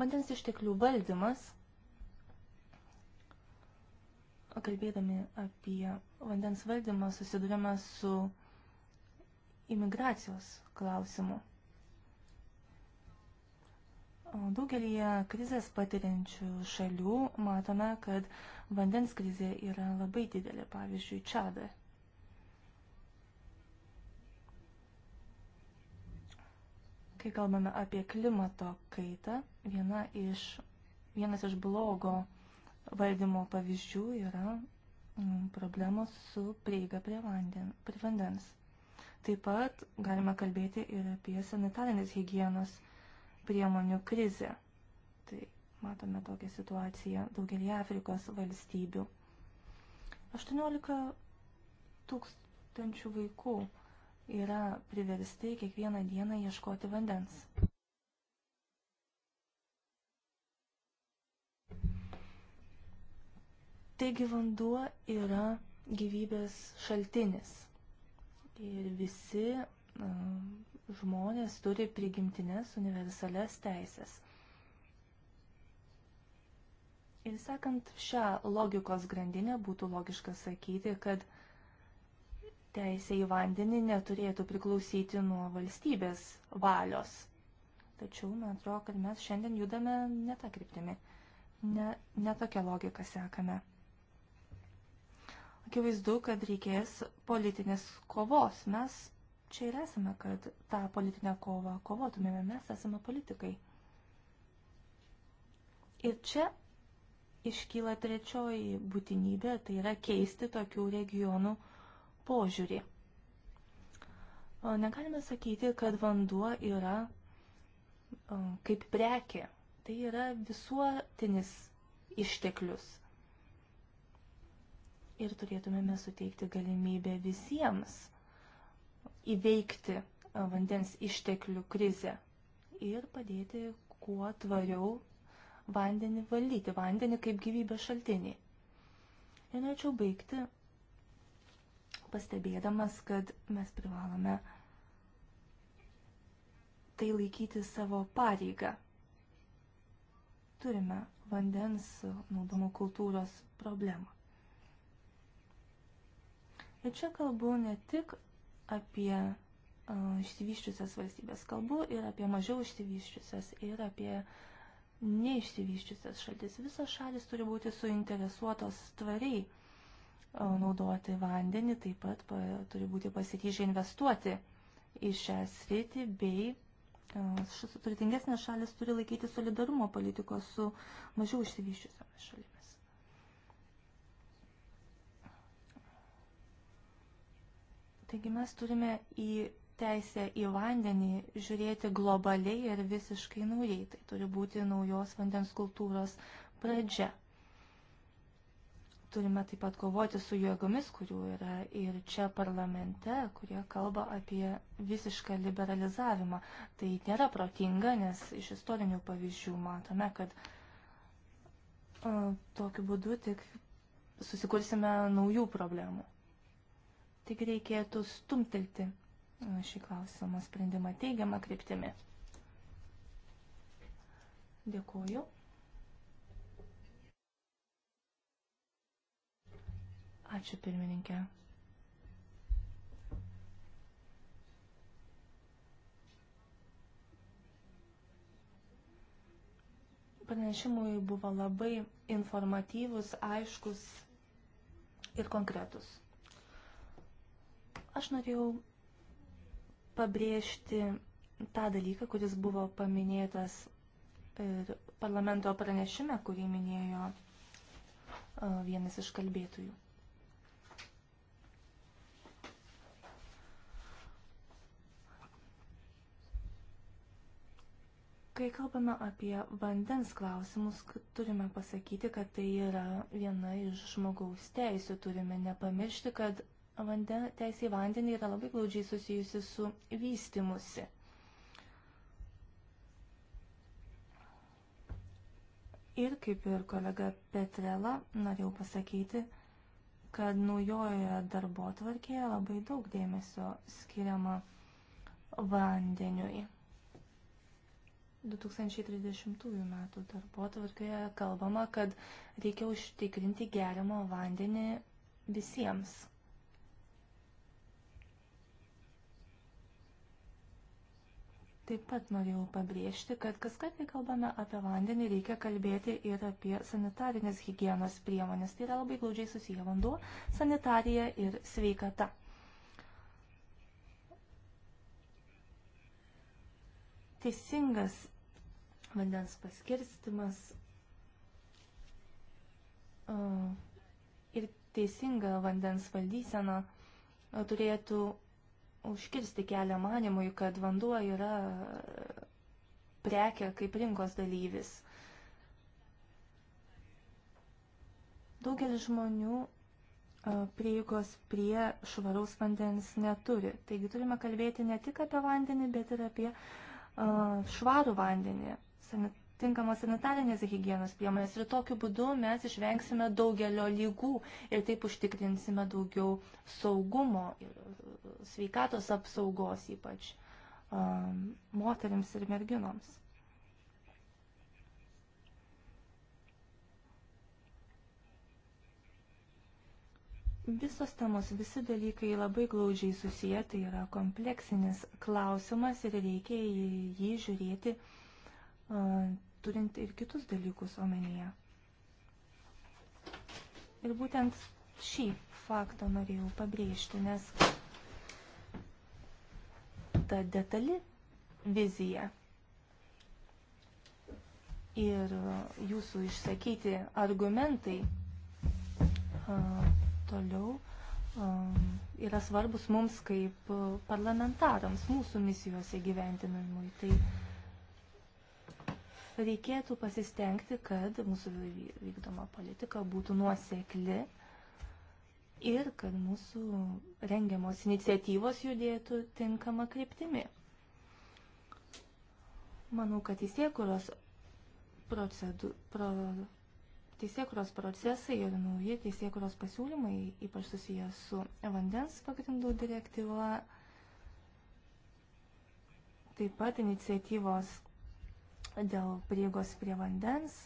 Vandens išteklių valdymas, kalbėdami apie vandens valdymą, susidurime su imigracijos klausimų. Daugelįje krizės patiriančių šalių matome, kad vandens krizė yra labai didelė, pavyzdžiui, Čadai. Kai kalbame apie klimato kaitą, viena iš, vienas iš blogo valdymo pavyzdžių yra mm, problemos su prieiga prie, vanden, prie vandens. Taip pat galima kalbėti ir apie sanitarinės hygienos priemonių krizę. Tai matome tokią situaciją daugelį Afrikos valstybių. 18 tūkstančių vaikų yra priversti kiekvieną dieną ieškoti vandens. Taigi vanduo yra gyvybės šaltinis. Ir visi žmonės turi prigimtinės universales teisės. Ir sekant šią logikos grandinę, būtų logiška sakyti, kad teisė į vandenį neturėtų priklausyti nuo valstybės valios. Tačiau, man atrodo, kad mes šiandien judame ne tą kryptimį, ne, ne tokią logiką sekame akivaizdu, kad reikės politinės kovos. Mes čia ir esame, kad tą politinę kovą kovotumėme. Mes esame politikai. Ir čia iškyla trečioji būtinybė, tai yra keisti tokių regionų požiūrį. O negalime sakyti, kad vanduo yra o, kaip prekė. Tai yra visuotinis išteklius ir turėtumėme suteikti galimybę visiems įveikti vandens išteklių krizę ir padėti kuo tvariau vandenį valdyti, vandenį kaip gyvybės šaltinį. Ir norėčiau baigti pastebėdamas, kad mes privalome tai laikyti savo pareigą. Turime vandens naudomo kultūros problemą. Ir čia kalbu ne tik apie išsivyščiusias valstybės, kalbu ir apie mažiau išsivyščiusias, ir apie neišsivyščiusias šalis. Visos šalis turi būti suinteresuotos tvariai naudoti vandenį, taip pat pa, turi būti pasiryžę investuoti į šią sritį, bei turtingesnės šalis turi laikyti solidarumo politikos su mažiau išsivyščiusiamis šalimis. Taigi mes turime į teisę į vandenį žiūrėti globaliai ir visiškai naujai. Tai turi būti naujos vandens kultūros pradžia. Turime taip pat kovoti su jėgomis, kurių yra ir čia parlamente, kurie kalba apie visišką liberalizavimą. Tai nėra protinga, nes iš istorinių pavyzdžių matome, kad o, tokiu būdu tik susikursime naujų problemų. Taigi reikėtų stumtelti e, šį klausimą sprendimą teigiamą kryptimi. Dėkuoju. Ačiū pirmininkė. Pranešimui buvo labai informatyvus, aiškus ir konkretus. Aš norėjau pabrėžti tą dalyką, kuris buvo paminėtas ir parlamento pranešime, kurį minėjo e, vienas iš kalbėtojų. Kai kalbame apie vandens klausimus, turime pasakyti, kad tai yra viena iš žmogaus teisų. Turime nepamiršti, kad vanden, teisė į vandenį yra labai glaudžiai susijusi su vystimusi. Ir kaip ir kolega Petrela, norėjau pasakyti, kad naujojoje darbo tvarkėje labai daug dėmesio skiriama vandeniui. 2030 metų darbo tvarkėje kalbama, kad reikia užtikrinti geriamo vandenį visiems. Taip pat norėjau pabrėžti, kad kas kart, kai kalbame apie vandenį, reikia kalbėti ir apie sanitarinės hygienos priemonės. Tai yra labai glaudžiai susiję vanduo, sanitarija ir sveikata. Teisingas vandens paskirstimas ir teisinga vandens valdysena turėtų užkirsti kelią manimui, kad vanduo yra prekia kaip rinkos dalyvis. Daugelis žmonių prieigos prie švaraus vandens neturi. Taigi turime kalbėti ne tik apie vandenį, bet ir apie švarų vandenį, tinkamos sanitarinės hygienos priemonės ir tokiu būdu mes išvengsime daugelio lygų ir taip užtikrinsime daugiau saugumo ir e, sveikatos apsaugos ypač um, moteriams ir merginoms. Visos temos, visi dalykai labai glaudžiai susiję, tai yra kompleksinis klausimas ir reikia į jį žiūrėti uh, turint ir kitus dalykus omenyje. Ir būtent šį faktą norėjau pabrėžti, nes ta detali vizija ir jūsų išsakyti argumentai toliau yra svarbus mums kaip parlamentarams, mūsų misijose gyventinamui. Tai reikėtų pasistengti, kad mūsų vykdoma politika būtų nuosekli ir kad mūsų rengiamos iniciatyvos judėtų tinkama kryptimi. Manau, kad įsiekuros procedu, pro, teisėkuros procesai ir nauji teisėkuros pasiūlymai, ypač susijęs su vandens pagrindų direktyva, taip pat iniciatyvos dėl prieigos prie vandens.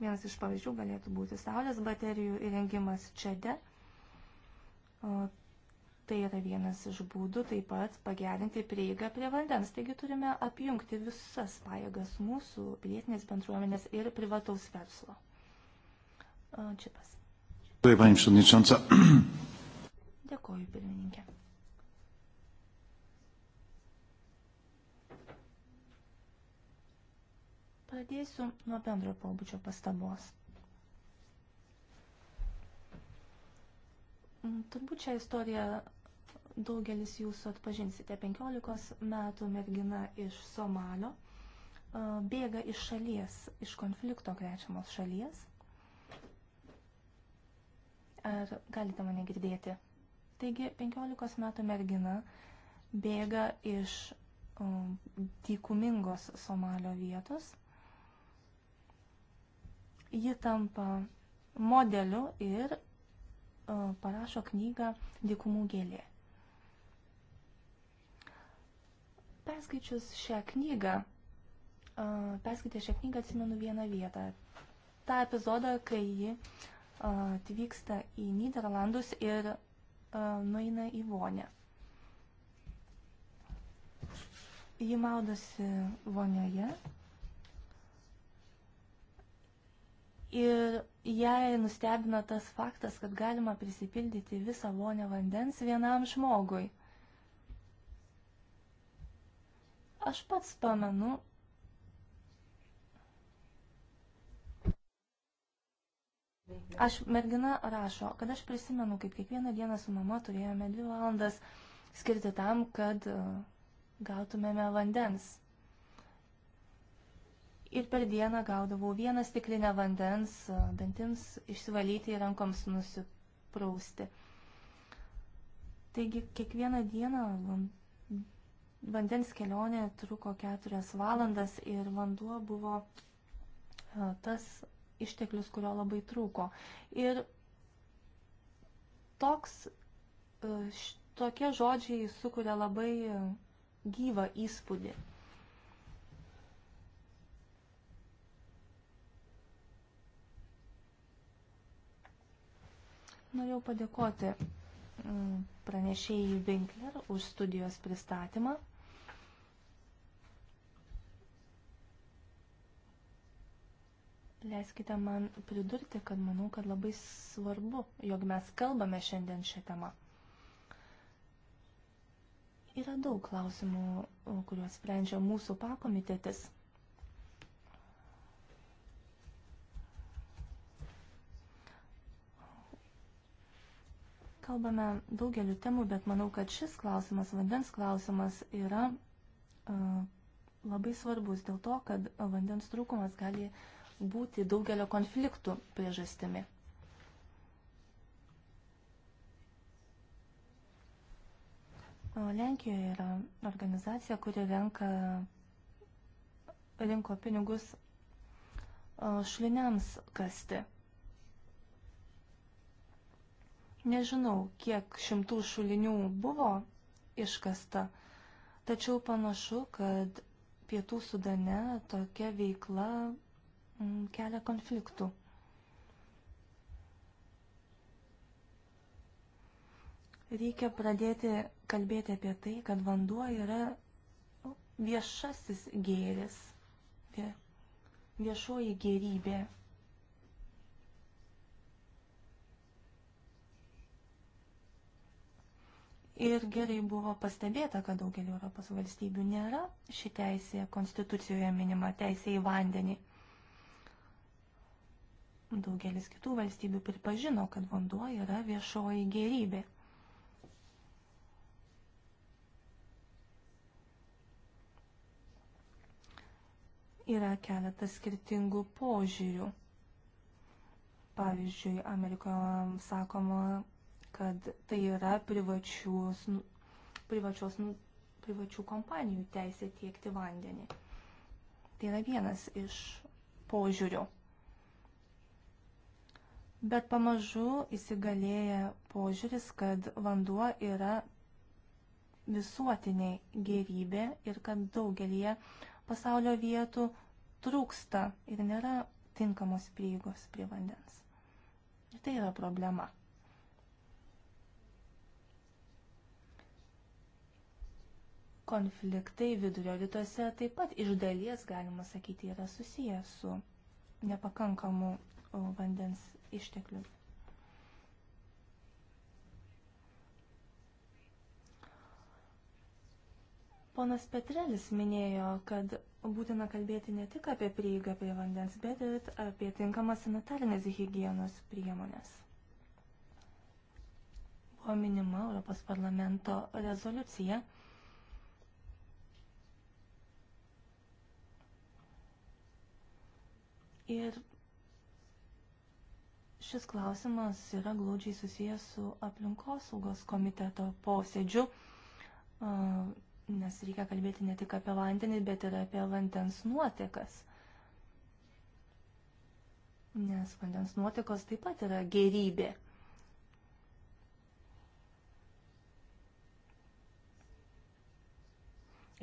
Vienas iš pavyzdžių galėtų būti saulės baterijų įrengimas ČEDE. Tai yra vienas iš būdų taip pat pagerinti prieigą prie vandens. Taigi turime apjungti visas pajėgas mūsų pilietinės bendruomenės ir privataus verslo. Čipas. Dėkuoju, pirmininkė. Pradėsiu nuo bendro pobūdžio pastabos. Mm, turbūt šią istoriją daugelis jūsų atpažinsite. 15 metų mergina iš Somalio e, bėga iš šalies, iš konflikto krečiamos šalies. Ar galite mane girdėti? Taigi, 15 metų mergina bėga iš um, dykumingos Somalio vietos ji tampa modeliu ir e, parašo knygą Dikumų gėlė. Perskaičius šią knygą, e, perskaitę šią knygą atsimenu vieną vietą. Ta epizodą, kai ji e, atvyksta į Niderlandus ir nueina į vonę. Ji maudosi vonioje Ir jai nustebino tas faktas, kad galima prisipildyti visą vonę vandens vienam žmogui. Aš pats pamenu, Aš mergina rašo, kad aš prisimenu, kaip kiekvieną dieną su mama turėjome dvi valandas skirti tam, kad e, gautumėme vandens ir per dieną gaudavau vieną stiklinę vandens dantims išsivalyti ir rankoms nusiprausti. Taigi kiekvieną dieną vandens kelionė truko keturias valandas ir vanduo buvo tas išteklius, kurio labai trūko. Ir toks, tokie žodžiai sukuria labai gyvą įspūdį. Norėjau padėkoti mm, pranešėjai Winkler už studijos pristatymą. Leiskite man pridurti, kad manau, kad labai svarbu, jog mes kalbame šiandien šią temą. Yra daug klausimų, kuriuos sprendžia mūsų pakomitetis. Kalbame daugeliu temų, bet manau, kad šis klausimas, vandens klausimas, yra uh, labai svarbus dėl to, kad vandens trūkumas gali būti daugelio konfliktų priežastimi. Lenkijoje yra organizacija, kuri renka, rinko pinigus e, šliniams kasti. Nežinau, kiek šimtų šulinių buvo iškasta, tačiau panašu, kad pietų sudane tokia veikla mm, kelia konfliktų. Reikia pradėti kalbėti apie tai, kad vanduo yra viešasis gėris, viešoji gėrybė. Ir gerai buvo pastebėta, kad daugelį Europos valstybių nėra ši teisė konstitucijoje minima teisė į vandenį. Daugelis kitų valstybių pripažino, kad vanduo yra viešoji gerybė. Yra keletas skirtingų požiūrių. Pavyzdžiui, Amerikoje sakoma, kad tai yra privačius, nu, privačios, nu, privačių kompanijų teisė tiekti vandenį. Tai yra vienas iš požiūrių. Bet pamažu įsigalėja požiūris, kad vanduo yra visuotinė gerybė ir kad daugelie pasaulio vietų trūksta ir nėra tinkamos prieigos prie vandens. Ir tai yra problema. konfliktai vidurio rytuose taip pat iš dalies, galima sakyti, yra susiję su nepakankamu vandens ištekliu. Ponas Petrelis minėjo, kad būtina kalbėti ne tik apie prieigą prie vandens, bet ir apie tinkamas sanitarinės hygienos priemonės. Buvo minima Europos parlamento rezoliucija Ir šis klausimas yra glaudžiai susijęs su aplinkosaugos komiteto posėdžiu, nes reikia kalbėti ne tik apie vandenį, bet ir apie vandens nuotekas. Nes vandens nuotekos taip pat yra gerybė.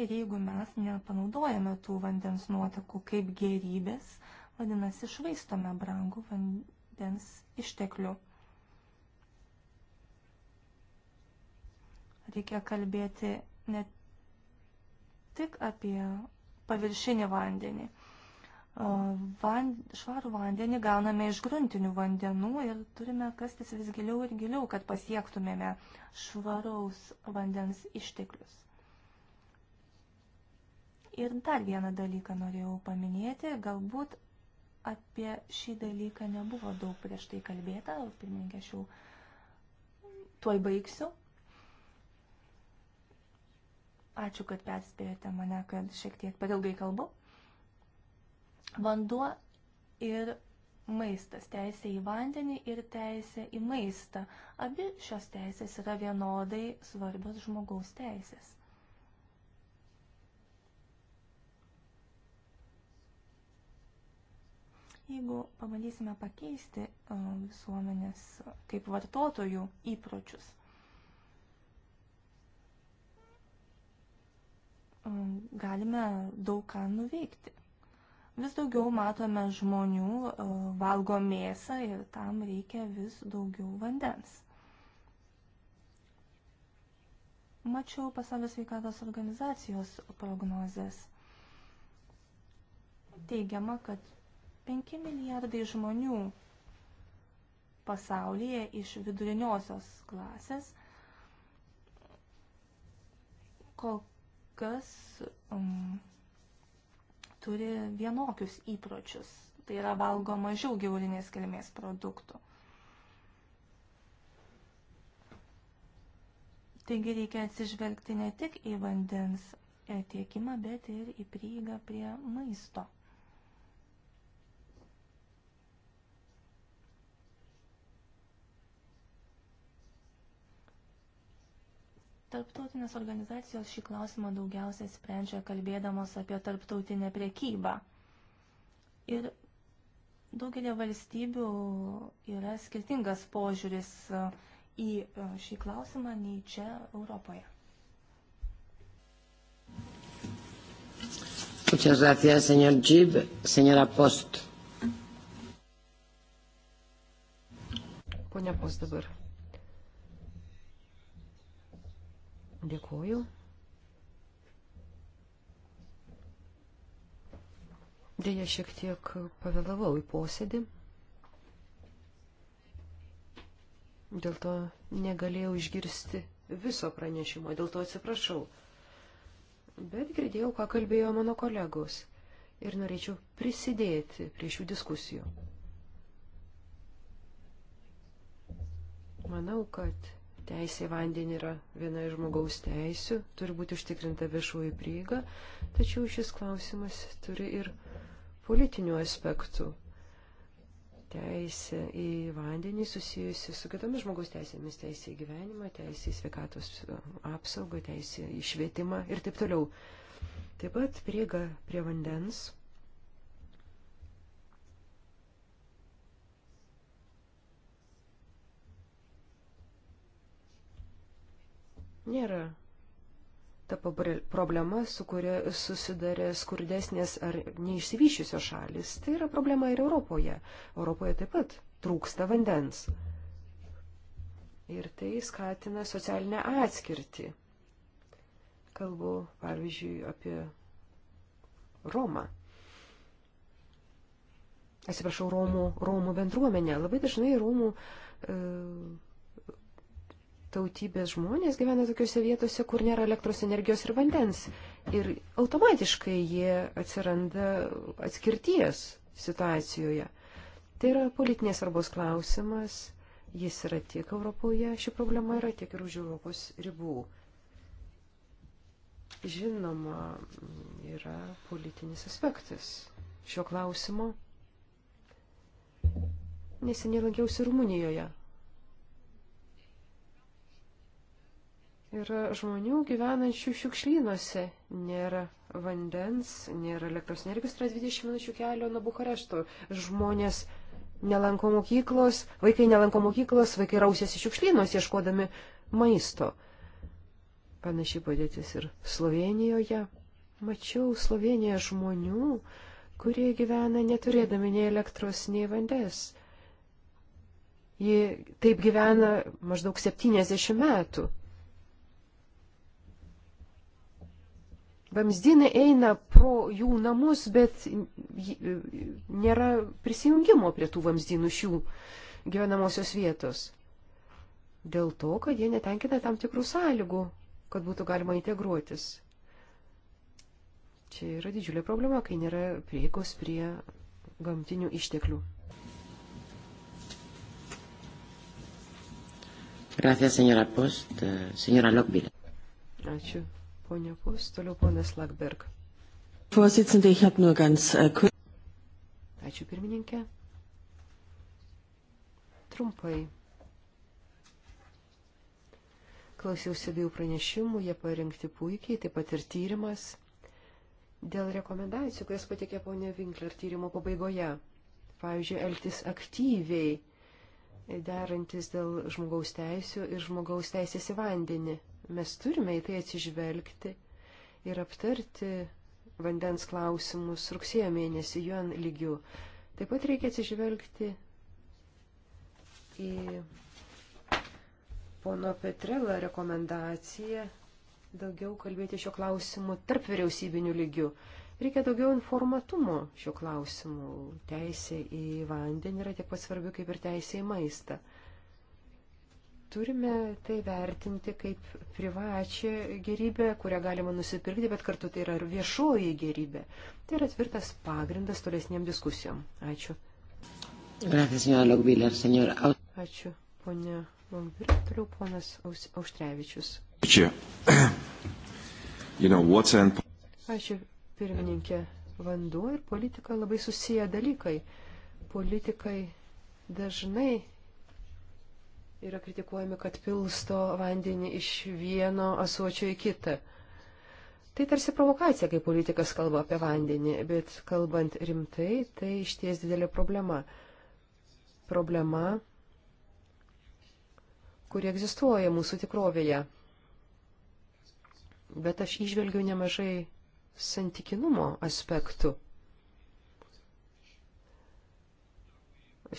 Ir jeigu mes nepanaudojame tų vandens nuotekų kaip gerybės, uh, Vadinasi, švaistome brangų vandens išteklių. Reikia kalbėti ne tik apie paviršinį vandenį. Van, švarų vandenį gauname iš gruntinių vandenų ir turime kastis vis giliau ir giliau, kad pasiektumėme švaraus vandens išteklius. Ir dar vieną dalyką norėjau paminėti, galbūt apie šį dalyką nebuvo daug prieš tai kalbėta, pirmininkė, aš jau tuoj baigsiu. Ačiū, kad perspėjote mane, kad šiek tiek per ilgai kalbu. Vanduo ir maistas, teisė į vandenį ir teisė į maistą. Abi šios teisės yra vienodai svarbios žmogaus teisės. jeigu pabandysime pakeisti e, visuomenės kaip vartotojų įpročius. E, galime daug ką nuveikti. Vis daugiau matome žmonių e, valgo mėsą ir tam reikia vis daugiau vandens. Mačiau pasaulio sveikatos organizacijos prognozes. Teigiama, kad 5 milijardai žmonių pasaulyje iš viduriniosios klasės kol kas um, turi vienokius įpročius. Tai yra valgo mažiau gyvulinės kilmės produktų. Taigi reikia atsižvelgti ne tik į vandens tiekimą, bet ir į prieigą prie maisto. Tarptautinės organizacijos šį klausimą daugiausia sprendžia kalbėdamos apie tarptautinę priekybą. Ir daugelio valstybių yra skirtingas požiūris e, į e, šį klausimą nei čia Europoje. Muchas gracias, señor Gib. Señora Post. Ponia Post dabar. Dėkuoju. Dėja, šiek tiek pavėlavau į posėdį. Dėl to negalėjau išgirsti viso pranešimo, dėl to atsiprašau. Bet girdėjau, ką kalbėjo mano kolegos ir norėčiau prisidėti prie šių diskusijų. Manau, kad Teisė į vandenį yra viena iš žmogaus teisių, turi būti užtikrinta viešųjų prieiga, tačiau šis klausimas turi ir politinių aspektų. Teisė į vandenį susijusi su kitomis žmogaus teisėmis, teisė į gyvenimą, teisė į sveikatos apsaugą, teisė į švietimą ir taip toliau. Taip pat prieiga prie vandens nėra ta problema, su kuria susidarė skurdesnės ar neišsivyščiusios šalis. Tai yra problema ir Europoje. Europoje taip pat trūksta vandens. Ir tai skatina socialinę atskirtį. Kalbu, pavyzdžiui, apie Romą. Atsiprašau, Romų, Romų bendruomenę. Labai dažnai Romų e, tautybės žmonės gyvena tokiuose vietose, kur nėra elektros energijos ir vandens. Ir automatiškai jie atsiranda atskirties situacijoje. Tai yra politinės svarbos klausimas. Jis yra tiek Europoje, ši problema yra tiek ir už Europos ribų. Žinoma, yra politinis aspektas šio klausimo. Neseniai lankiausi Rumunijoje, Yra žmonių gyvenančių šiukšlynuose, nėra vandens, nėra elektros energijos, tai yra 20 minučių kelio nuo Bukarešto. Žmonės nelanko mokyklos, vaikai nelanko mokyklos, vaikai rausėsi šiukšlynuose ieškodami maisto. Panašiai padėtis ir Slovenijoje. Mačiau Slovenijoje žmonių, kurie gyvena neturėdami nei elektros, nei vandens. Ji taip gyvena maždaug 70 metų. vamzdynai eina pro jų namus, bet nėra prisijungimo prie tų vamzdynų šių gyvenamosios vietos. Dėl to, kad jie netenkina tam tikrų sąlygų, kad būtų galima integruotis. Čia yra didžiulė problema, kai nėra prieigos prie gamtinių išteklių. Gracias, señora Post. Señora Lockville. Ačiū ponia Pus, toliau ponas Lakberg. Äh, Ačiū pirmininkė. Trumpai. Klausiausi abiejų pranešimų, jie parengti puikiai, taip pat ir tyrimas dėl rekomendacijų, kurias patikė ponė Winkler tyrimo pabaigoje. Pavyzdžiui, elgtis aktyviai, derantis dėl žmogaus teisų ir žmogaus teisės į vandenį. Mes turime į tai atsižvelgti ir aptarti vandens klausimus rugsėjo mėnesį juon lygių. Taip pat reikia atsižvelgti į pono Petrelą rekomendaciją daugiau kalbėti šio klausimu tarp vyriausybinių lygių. Reikia daugiau informatumo šio klausimu. Teisė į vandenį yra tiek pat svarbi kaip ir teisė į maistą. Turime tai vertinti kaip privačią gerybę, kurią galima nusipirkti, bet kartu tai yra ir viešoji gerybė. Tai yra tvirtas pagrindas tolesniam diskusijom. Ačiū. Gracias, señora Lokbiler, señora. Ačiū, ponia Lokbiler. Toliau ponas Auštrevičius. Ačiū. You know, and... Ačiū, pirmininkė. Vanduo ir politika labai susiję dalykai. Politikai dažnai yra kritikuojami, kad pilsto vandenį iš vieno asuočio į kitą. Tai tarsi provokacija, kai politikas kalba apie vandenį, bet kalbant rimtai, tai išties didelė problema. Problema, kuri egzistuoja mūsų tikrovėje. Bet aš išvelgiu nemažai santykinumo aspektų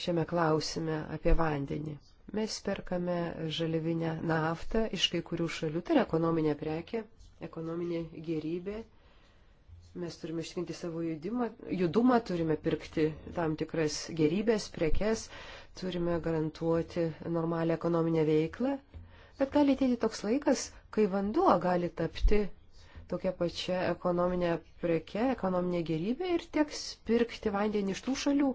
šiame klausime apie vandenį. Mes perkame žaliavinę naftą iš kai kurių šalių, tai yra ekonominė prekė, ekonominė gerybė. Mes turime išrinkti savo judimą, judumą, turime pirkti tam tikras gerybės, prekes, turime garantuoti normalią ekonominę veiklą. Bet gali ateiti toks laikas, kai vanduo gali tapti tokia pačia ekonominė preke, ekonominė gerybė ir teks pirkti vandenį iš tų šalių,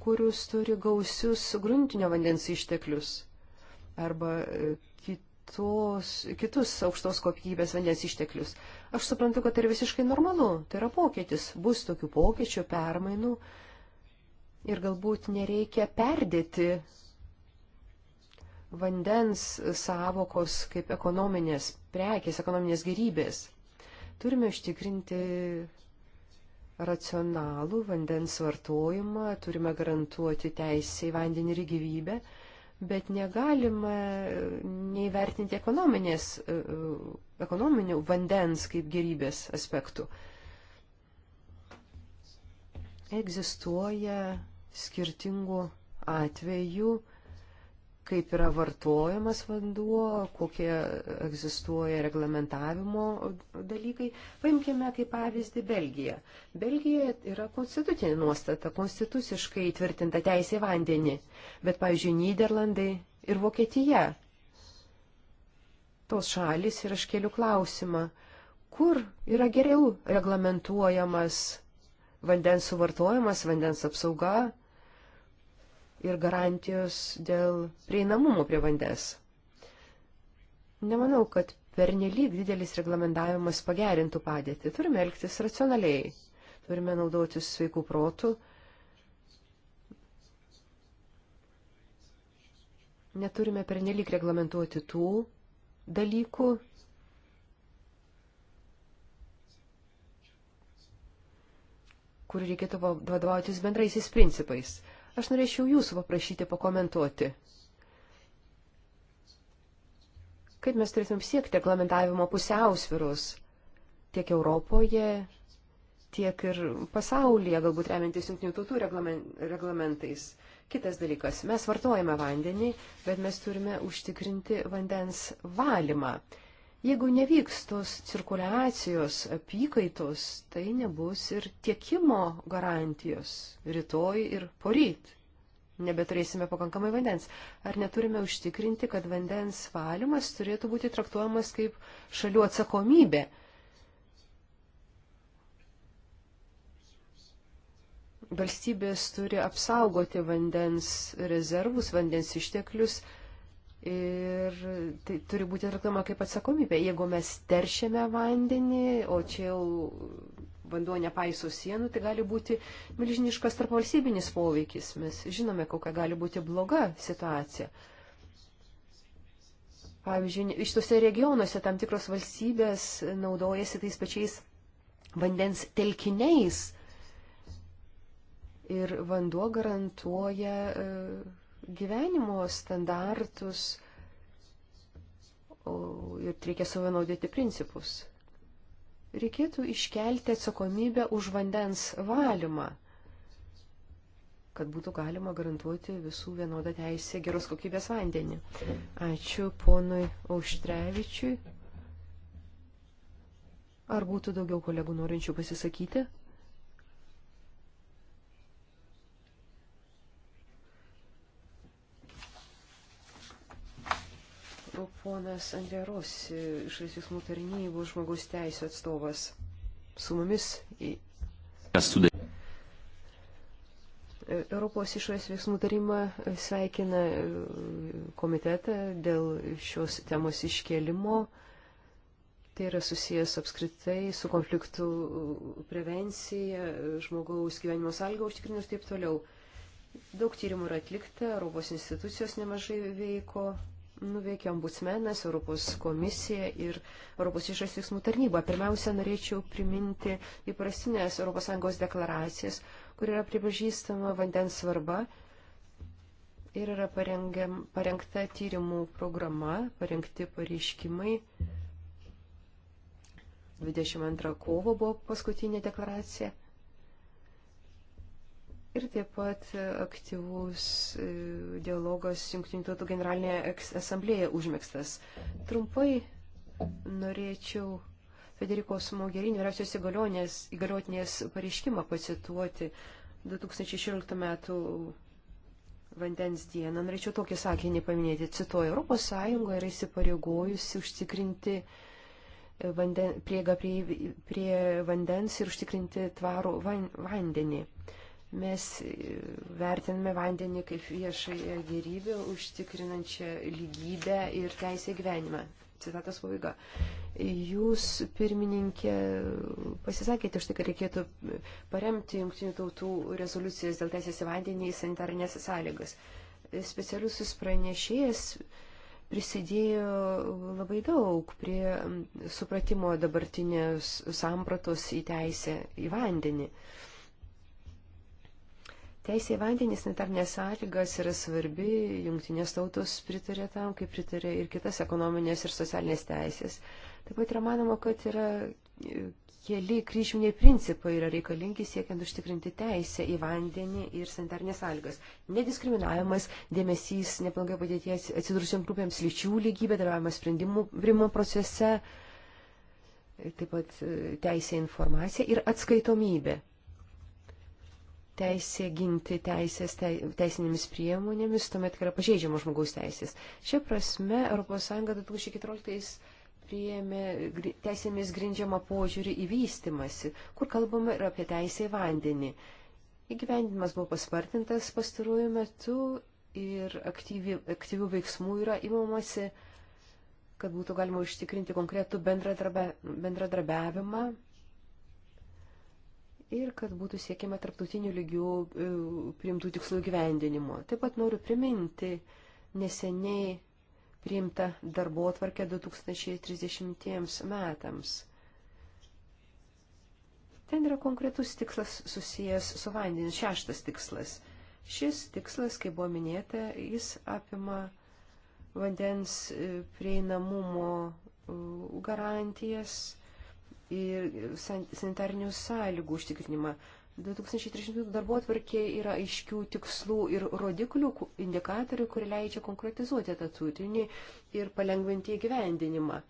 kurius turi gausius gruntinio vandens išteklius arba e, kitos, kitus aukštos kokybės vandens išteklius. Aš suprantu, kad tai yra visiškai normalu, tai yra pokytis, bus tokių pokyčių, permainų ir galbūt nereikia perdėti vandens savokos kaip ekonominės prekės, ekonominės gerybės. Turime užtikrinti racionalų vandens vartojimą, turime garantuoti teisę į vandenį ir gyvybę, bet negalime neįvertinti ekonominės, e, e, ekonominių vandens kaip gerybės aspektų. Egzistuoja skirtingų atvejų kaip yra vartojamas vanduo, kokie egzistuoja reglamentavimo dalykai. Paimkime kaip pavyzdį Belgiją. Belgija yra konstitucinė nuostata, konstituciškai įtvirtinta teisė į vandenį, bet, pavyzdžiui, Niderlandai ir Vokietija. Tos šalis ir aš keliu klausimą, kur yra geriau reglamentuojamas vandens suvartojimas, vandens apsauga, ir garantijos dėl prieinamumo prie vandens. Nemanau, kad pernelyg didelis reglamentavimas pagerintų padėtį. Turime elgtis racionaliai, turime naudotis sveikų protų. Neturime pernelyg reglamentuoti tų dalykų, kur reikėtų vadovautis bendraisiais principais. Aš norėčiau jūsų paprašyti pakomentuoti. Kaip mes turėtum siekti reglamentavimo pusiausvirus tiek Europoje, tiek ir pasaulyje, galbūt remiantis jungtinių tautų reglamentais. Kitas dalykas, mes vartojame vandenį, bet mes turime užtikrinti vandens valymą. Jeigu nevyks tos cirkuliacijos, apykaitos, tai nebus ir tiekimo garantijos rytoj ir poryt nebeturėsime pakankamai vandens. Ar neturime užtikrinti, kad vandens valymas turėtų būti traktuojamas kaip šalių atsakomybė? Valstybės turi apsaugoti vandens rezervus, vandens išteklius Ir tai turi būti traktama kaip atsakomybė. Jeigu mes teršiame vandenį, o čia jau vanduo nepaiso sienų, tai gali būti milžiniškas tarpvalstybinis poveikis. Mes žinome, kokia gali būti bloga situacija. Pavyzdžiui, iš tuose regionuose tam tikros valstybės naudojasi tais pačiais vandens telkiniais. Ir vanduo garantuoja. E, gyvenimo standartus ir reikia suvienodyti principus. Reikėtų iškelti atsakomybę už vandens valymą, kad būtų galima garantuoti visų vienodą teisę geros kokybės vandenį. Ačiū ponui Auštrevičiui. Ar būtų daugiau kolegų norinčių pasisakyti? ponas Andrėros iš Veiksmų tarnybų žmogus teisų atstovas su mumis. Europos išorės veiksmų taryba sveikina e, komitetą dėl šios temos iškėlimo. Tai yra susijęs apskritai su konfliktų prevencija, žmogaus gyvenimo sąlygo užtikrinimu ir taip toliau. Daug tyrimų yra atlikta, Europos institucijos nemažai veiko, nuveikė ombudsmenas, Europos komisija ir Europos išorės veiksmų tarnyba. Pirmiausia, norėčiau priminti įprastinės ES deklaracijas, kur yra pripažįstama vandens svarba ir yra parengiam, parengta tyrimų programa, parengti pareiškimai. 22 kovo buvo paskutinė deklaracija. Ir taip pat aktyvus e, dialogas Junktinių tautų generalinėje asamblėje užmėgstas. Trumpai norėčiau Federikos Mogerinio vyriausios įgaliotinės pareiškimą pacituoti 2016 metų vandens dieną. Norėčiau tokį sakinį paminėti. Cituoju, Europos Sąjunga yra įsipareigojusi užtikrinti e, vanden, prieigą prie, prie vandens ir užtikrinti tvarų van, vandenį. Van, Mes vertiname vandenį kaip viešąją gerybę, užtikrinančią lygybę ir teisę gyvenimą. Citatas pabaiga. Jūs, pirmininkė, pasisakėte už tai, kad reikėtų paremti jungtinių tautų rezoliucijas dėl teisės į vandenį į sanitarinės sąlygas. Specialusis pranešėjas prisidėjo labai daug prie supratimo dabartinės sampratos į teisę į vandenį. Uh, Teisė į vandenis netarnės sąlygas yra svarbi, jungtinės tautos pritarė tam, kaip pritarė ir kitas ekonominės ir socialinės teisės. Taip pat yra manoma, kad yra e, keli kryžminiai principai yra reikalingi siekiant užtikrinti teisę į vandenį ir sanitarnės sąlygas. Nediskriminavimas, dėmesys neplangai padėties atsidūrusiam grupėms lyčių lygybė, dalyvavimas sprendimų primimo procese, taip pat e, teisė informacija ir atskaitomybė teisė ginti teisės te, teisinėmis priemonėmis, tuomet yra pažeidžiamos žmogaus teisės. Šia prasme, ES 2014 priėmė teisėmis grindžiamą požiūrį į vystimasi, kur kalbama ir apie teisę į vandenį. Įgyvendinimas buvo paspartintas pastaruoju metu ir aktyvi, aktyvių veiksmų yra imamasi, kad būtų galima užtikrinti konkretų bendradarbe, bendradarbiavimą ir kad būtų siekiama tarptautinių lygių e, priimtų tikslų gyvendinimo. Taip pat noriu priminti neseniai priimtą darbo atvarkę 2030 metams. Ten yra konkretus tikslas susijęs su vandeniu, šeštas tikslas. Šis tikslas, kaip buvo minėta, jis apima vandens e, prieinamumo e, garantijas, ir sanitarnių sąlygų užtikrinimą. 2300 darbo atvarkė yra aiškių tikslų ir rodiklių, indikatorių, kurie leidžia konkretizuoti tą turinį ir palengventi įgyvendinimą.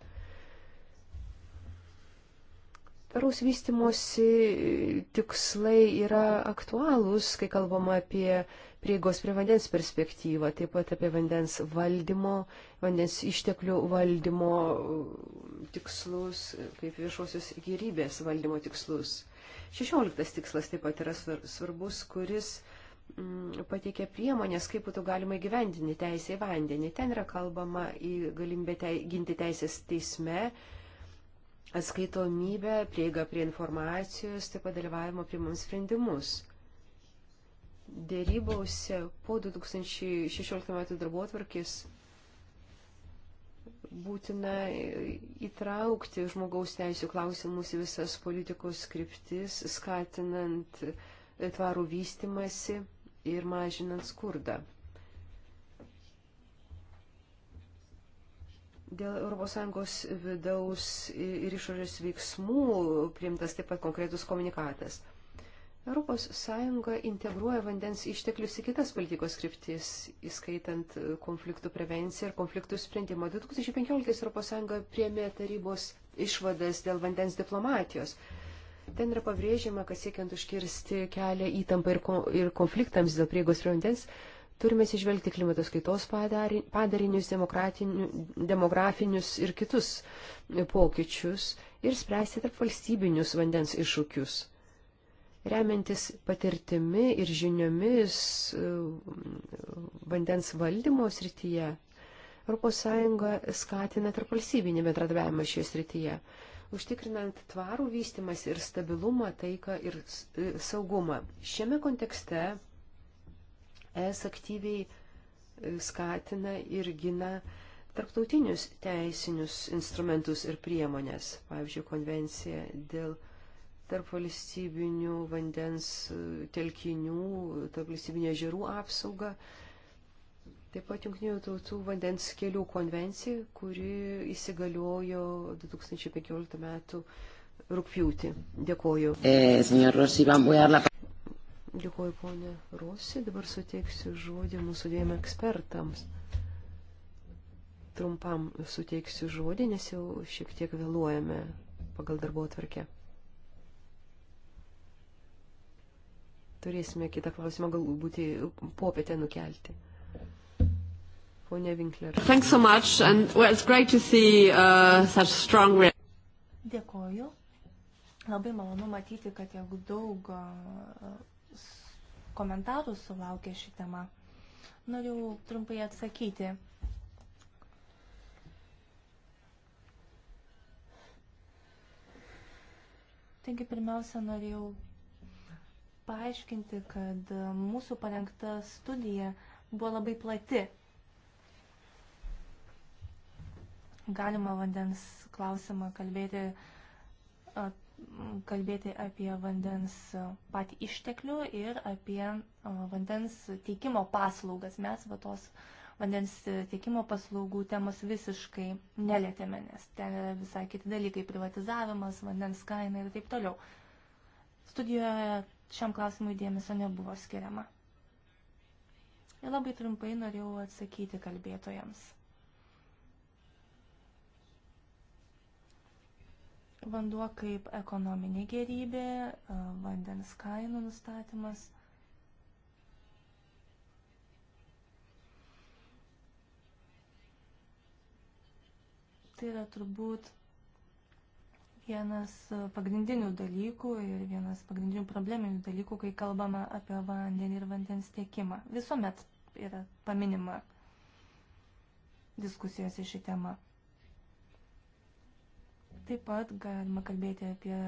Tvaraus vystimosi tikslai yra aktualūs, kai kalbama apie prieigos prie vandens perspektyvą, taip pat apie vandens valdymo, vandens išteklių valdymo uh, tikslus, kaip viešosios gyrybės valdymo tikslus. Šešioliktas tikslas taip pat yra svarbus, kuris mm, pateikė priemonės, kaip būtų galima įgyvendinti teisę į vandenį. Ten yra kalbama į galimybę tei, ginti teisės teisme, atskaitomybę, prieigą prie informacijos, taip pat dalyvavimo priimant sprendimus dėrybose po 2016 metų darbo atvarkės būtina įtraukti žmogaus teisų klausimus į visas politikos skriptis, skatinant tvarų vystimasi ir mažinant skurdą. Dėl ES vidaus ir išorės veiksmų priimtas taip pat konkretus komunikatas. ES integruoja vandens išteklius į kitas politikos kryptis, įskaitant konfliktų prevenciją ir konfliktų sprendimą. 2015 ES priemė tarybos išvadas dėl vandens diplomatijos. Ten yra pabrėžiama, kad siekiant užkirsti kelią įtampą ir konfliktams dėl prieigos prie vandens, turime sižvelgti klimatos kaitos padarinius, demografinius ir kitus pokyčius ir spręsti tarp valstybinius vandens iššūkius. Remiantis patirtimi ir žiniomis e, vandens valdymo srityje, ES skatina tarpvalstybinį bendradarbiavimą šioje srityje, užtikrinant tvarų vystimas ir stabilumą, taiką ir e, saugumą. Šiame kontekste ES aktyviai e, skatina ir gina tarptautinius teisinius instrumentus ir priemonės, pavyzdžiui, konvencija dėl tarp valstybinių vandens telkinių, tarp valstybinio žirų apsaugą. Taip pat Junktinių tautų vandens kelių konvencija, kuri įsigaliojo 2015 m. rūpjūtį. Dėkoju. Eh, Dėkoju, ponė Rosi. Dabar suteiksiu žodį mūsų dviem ekspertams. Trumpam suteiksiu žodį, nes jau šiek tiek vėluojame pagal darbo atvarkę. turėsime kitą klausimą galbūt popietę nukelti. Pone Winkler. Thanks so much and well, it's great to see uh, such strong Dėkoju. Labai malonu matyti, kad tiek daug uh, komentarų sulaukė ši tema. Noriu trumpai atsakyti. Taigi pirmiausia, norėjau paaiškinti, kad mūsų parengta studija buvo labai plati. Galima vandens klausimą kalbėti, kalbėti apie vandens patį išteklių ir apie vandens teikimo paslaugas. Mes va tos vandens tiekimo paslaugų temos visiškai nelietėme, nes ten yra visai kiti dalykai - privatizavimas, vandens kaina ir taip toliau. Studijoje šiam klausimui dėmesio nebuvo skiriama. Ir labai trumpai norėjau atsakyti kalbėtojams. Vanduo kaip ekonominė gerybė, vandens kainų nustatymas. Tai yra turbūt vienas pagrindinių dalykų ir vienas pagrindinių probleminių dalykų, kai kalbama apie vandenį ir vandens tiekimą. Visuomet yra paminima diskusijose šį temą. Taip pat galima kalbėti apie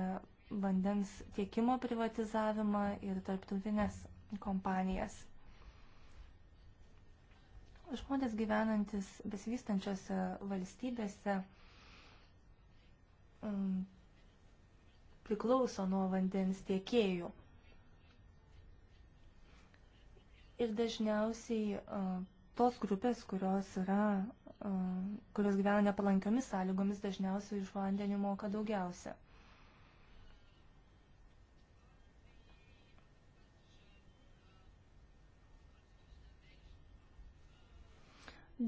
vandens tiekimo privatizavimą ir tarptautinės kompanijas. Žmonės gyvenantis besivystančiose valstybėse Mm, priklauso nuo vandens tiekėjų. Ir dažniausiai tos grupės, kurios yra, kurios gyvena nepalankiomis sąlygomis, dažniausiai už vandenį moka daugiausia.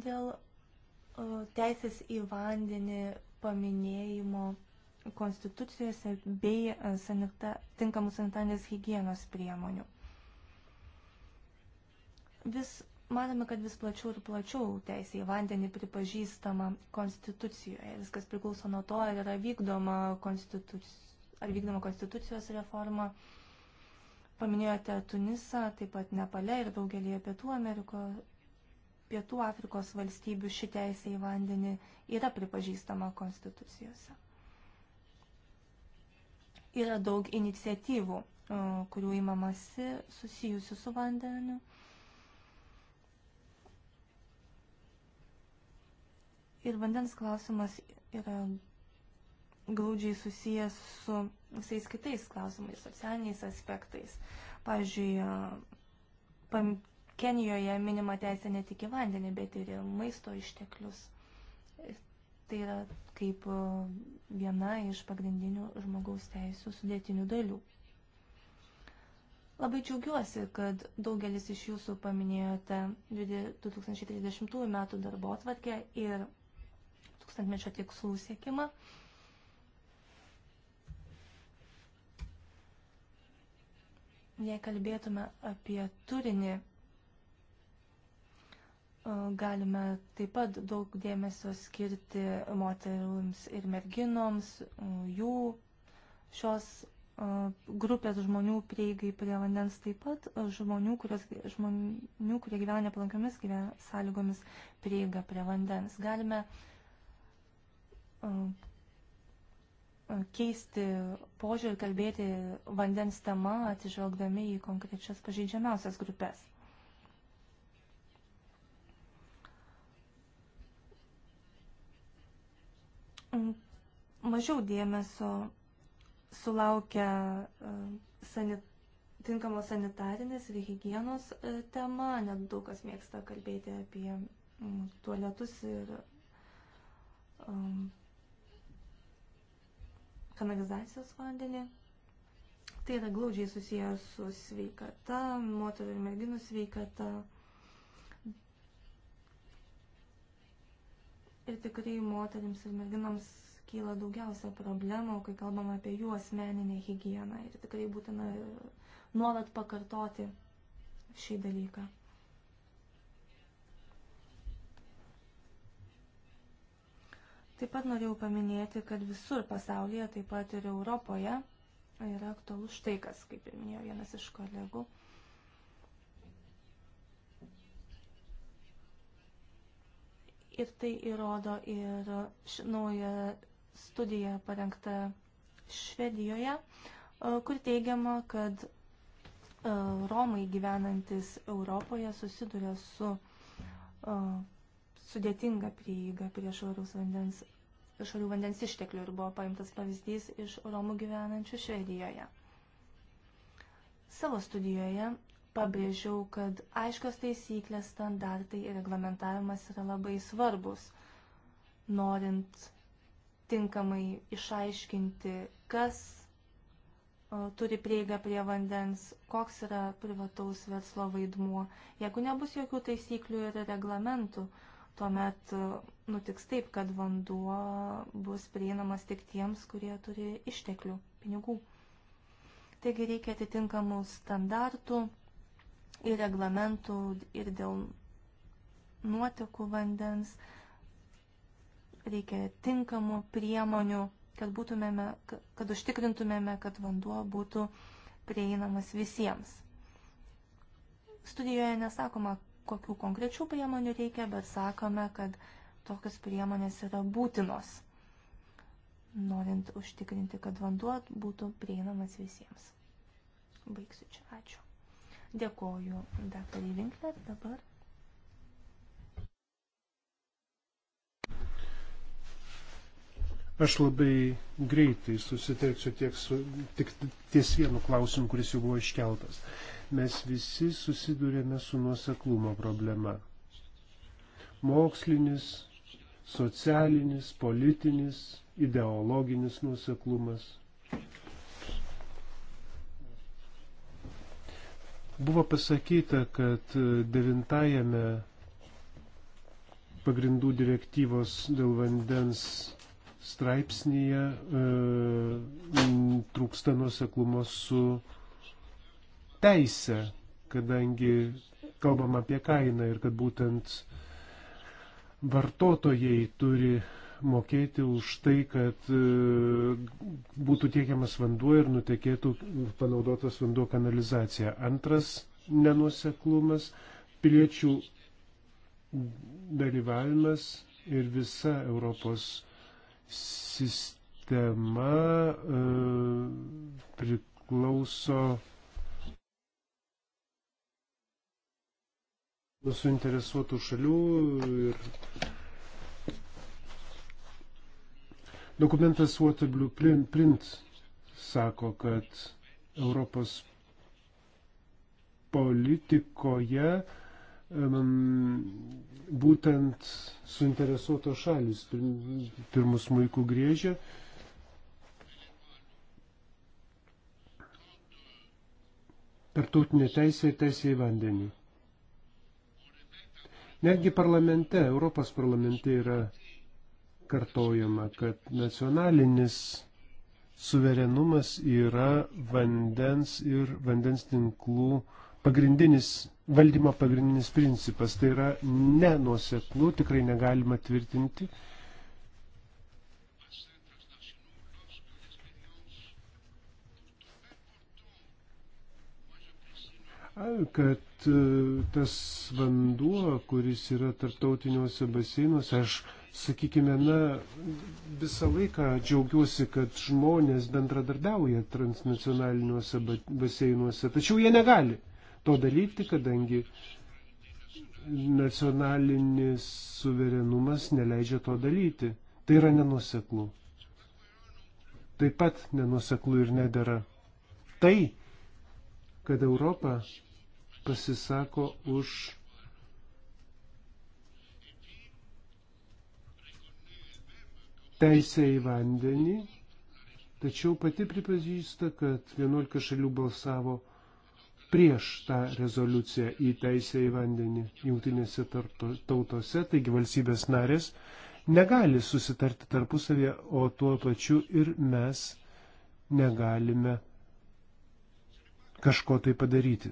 Dėl teisės į vandenį paminėjimo konstitucijose bei e, sanita, tinkamų sanitarnės hygienos priemonių. Vis Matome, kad vis plačiau ir plačiau teisė į vandenį pripažįstama konstitucijoje. Viskas priklauso nuo to, ar yra vykdoma, konstituc... ar vykdoma konstitucijos reforma. Paminėjote Tunisą, taip pat Nepale ir daugelį pietų, Ameriko, pietų Afrikos valstybių ši teisė į vandenį yra pripažįstama konstitucijose. Yra daug iniciatyvų, kurių įmamasi susijusių su vandeniu. Ir vandens klausimas yra glaudžiai susijęs su visais kitais klausimais, socialiniais aspektais. Pavyzdžiui, Kenijoje minima teisė ne tik į vandenį, bet ir į maisto išteklius. Tai yra kaip e, viena iš pagrindinių žmogaus teisų sudėtinių dalių. Labai džiaugiuosi, kad daugelis iš jūsų paminėjote 2030 metų darbo atvarkę ir tūkstantmečio tikslų siekimą. Jei kalbėtume apie turinį E, galime taip pat daug dėmesio skirti moterims ir merginoms, e, jų šios e, grupės žmonių prieigai prie vandens, taip pat žmonių, kurios, žmonių kurie gyvena neplankomis sąlygomis prieiga prie vandens. Galime keisti požiūrį ir kalbėti vandens tema, atsižvelgdami į konkrečias pažeidžiamiausias grupės. mažiau dėmesio sulaukia e, sanit, tinkamos sanitarinės ir hygienos e, tema, net daug kas mėgsta kalbėti apie tualetus ir um, kanalizacijos vandenį. Tai yra glaudžiai susiję su sveikata, moterų ir merginų sveikata Ir tikrai moteriams ir merginams kyla daugiausia problemų, kai kalbam apie jų asmeninę higieną. Ir tikrai būtina nuolat pakartoti šį dalyką. Taip pat norėjau paminėti, kad visur pasaulyje, taip pat ir Europoje, yra aktualus štai kas, kaip ir minėjo vienas iš kolegų. Ir tai įrodo ir nauja studija parengta Švedijoje, e, kur teigiama, kad e, Romai gyvenantis Europoje susiduria su e, sudėtinga prieiga prie švaraus vandens, švarių vandens išteklių ir buvo paimtas pavyzdys iš Romų gyvenančių Švedijoje. Savo studijoje pabrėžiau, kad aiškios taisyklės, standartai ir reglamentavimas yra labai svarbus, norint tinkamai išaiškinti, kas turi prieigą prie vandens, koks yra privataus verslo vaidmuo. Jeigu nebus jokių taisyklių ir reglamentų, tuomet nutiks taip, kad vanduo bus prieinamas tik tiems, kurie turi išteklių, pinigų. Taigi reikia atitinkamų standartų, ir reglamentų, ir dėl nuotekų vandens. Reikia tinkamų priemonių, kad, būtumėme, kad užtikrintumėme, kad vanduo būtų prieinamas visiems. Studijoje nesakoma, kokių konkrečių priemonių reikia, bet sakome, kad tokios priemonės yra būtinos, norint užtikrinti, kad vanduo būtų prieinamas visiems. Baigsiu čia. Ačiū. Dėkoju, daktarį Vinkler, dabar. Aš labai greitai susitelksiu tiek su, tik ties vienu klausimu, kuris jau buvo iškeltas. Mes visi susidurėme su nuoseklumo problema. Mokslinis, socialinis, politinis, ideologinis nuoseklumas Buvo pasakyta, kad e, devintajame pagrindų direktyvos dėl vandens straipsnėje e, trūksta nuoseklumo su teise, kadangi kalbam apie kainą ir kad būtent vartotojai turi mokėti už tai, kad e, būtų tiekiamas vanduo ir nutekėtų panaudotas vanduo kanalizacija. Antras nenuseklumas - piliečių dalyvavimas ir visa Europos sistema e, priklauso suinteresuotų šalių ir Dokumentas Water Blueprint sako, kad Europos politikoje būtent suinteresuotos šalis pirmus muikų grėžia. Tartautinė teisė ir teisė į vandenį. Netgi parlamente, Europos parlamente yra kartojama, kad nacionalinis suverenumas yra vandens ir vandens tinklų pagrindinis valdymo pagrindinis principas. Tai yra nenuoseklų, tikrai negalima tvirtinti. kad e, tas vanduo, kuris yra tarptautiniuose baseinuose, aš sakykime, na, visą laiką džiaugiuosi, kad žmonės bendradarbiauja transnacionaliniuose baseinuose, tačiau jie negali to daryti, kadangi nacionalinis suverenumas neleidžia to daryti. Tai yra nenuseklu. Taip pat nenuseklu ir nedėra. Tai, kad Europa pasisako už teisę į vandenį, tačiau pati pripažįsta, kad 11 šalių balsavo prieš tą rezoliuciją į teisę į vandenį jungtinėse tautose, taigi valstybės narės negali susitarti tarpusavėje, o tuo pačiu ir mes negalime kažko tai padaryti.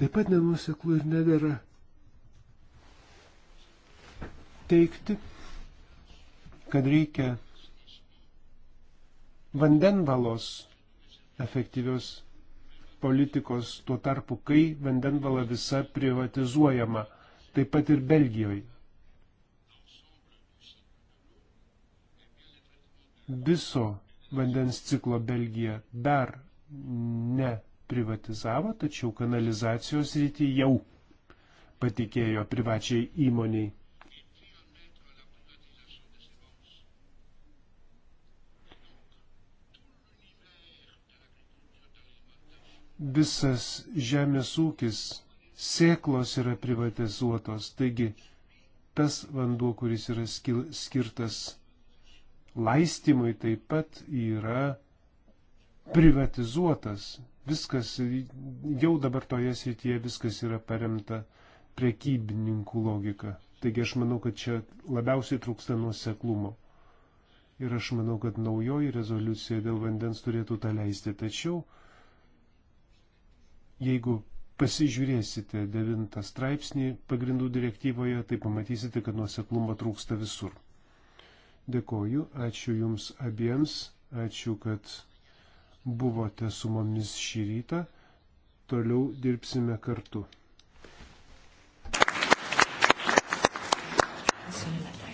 Taip pat nenuseklu ir nedėra teikti, kad reikia vandenvalos efektyvios politikos tuo tarpu, kai vandenvala visa privatizuojama, taip pat ir Belgijoje. viso vandens ciklo Belgija dar ne privatizavo, tačiau kanalizacijos rytį jau patikėjo privačiai įmoniai. visas žemės ūkis, sėklos yra privatizuotos, taigi tas vanduo, kuris yra skirtas laistymui, taip pat yra privatizuotas. Viskas, jau dabar toje srityje viskas yra paremta prekybininkų logika. Taigi aš manau, kad čia labiausiai trūksta nuoseklumo. Ir aš manau, kad naujoji rezoliucija dėl vandens turėtų tą leisti. Tačiau Jeigu pasižiūrėsite devintą straipsnį pagrindų direktyvoje, tai pamatysite, kad nuoseklumo trūksta visur. Dėkoju, ačiū Jums abiems, ačiū, kad buvote su mumis šį rytą. Toliau dirbsime kartu. Amen.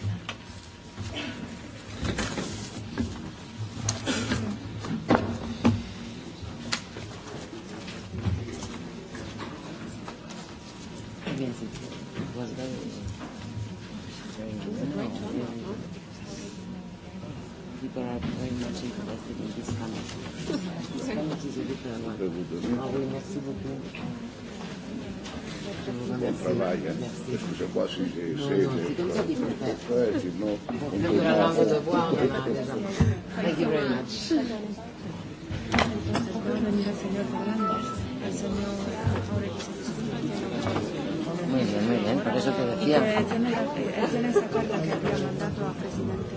España. Est-ce que c'est quoi si j'ai essayé de faire sinon on peut pas. Thank you very much. Muy bien, muy bien, por eso te decía. Él tiene esa carta que había mandado al presidente.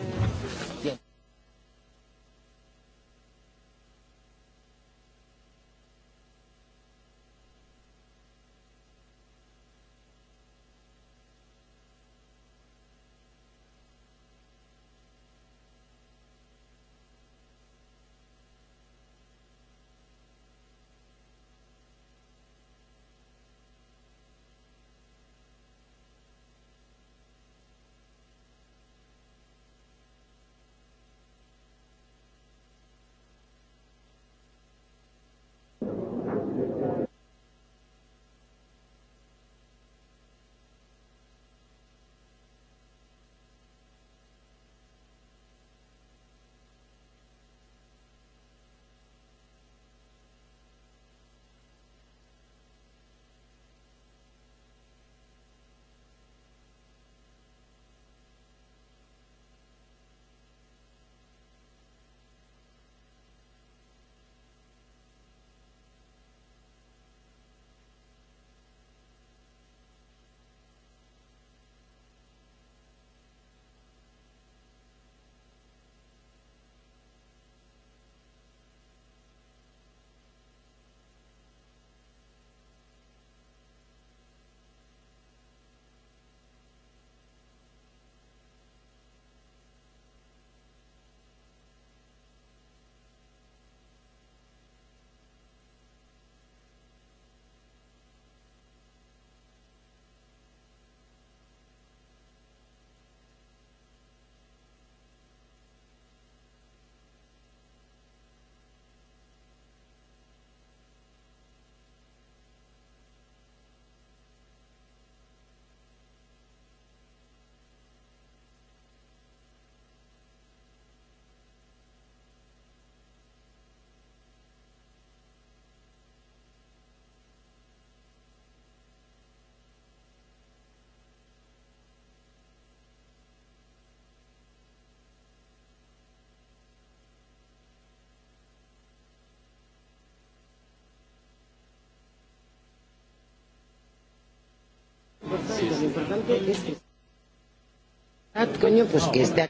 importante, lo importante es que... Ah, coño, pues que está...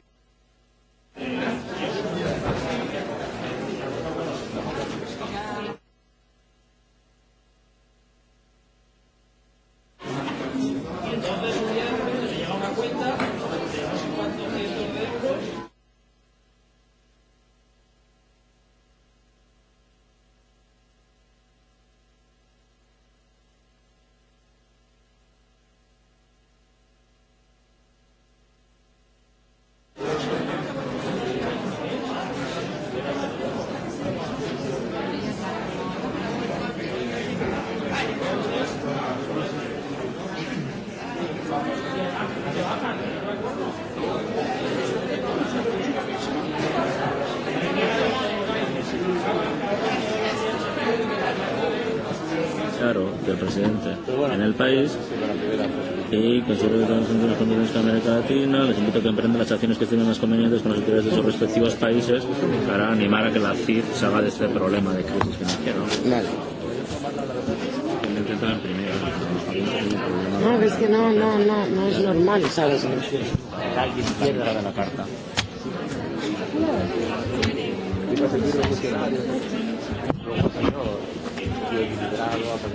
país y considero que tenemos unas condiciones con América Latina. Les invito a que emprendan las acciones que estén más convenientes con las autoridades de sus respectivos países para animar a que la CID salga de este problema de crisis financiera. Vale. No, es que no, no, no, no es normal, ¿sabes? La izquierda de la carta.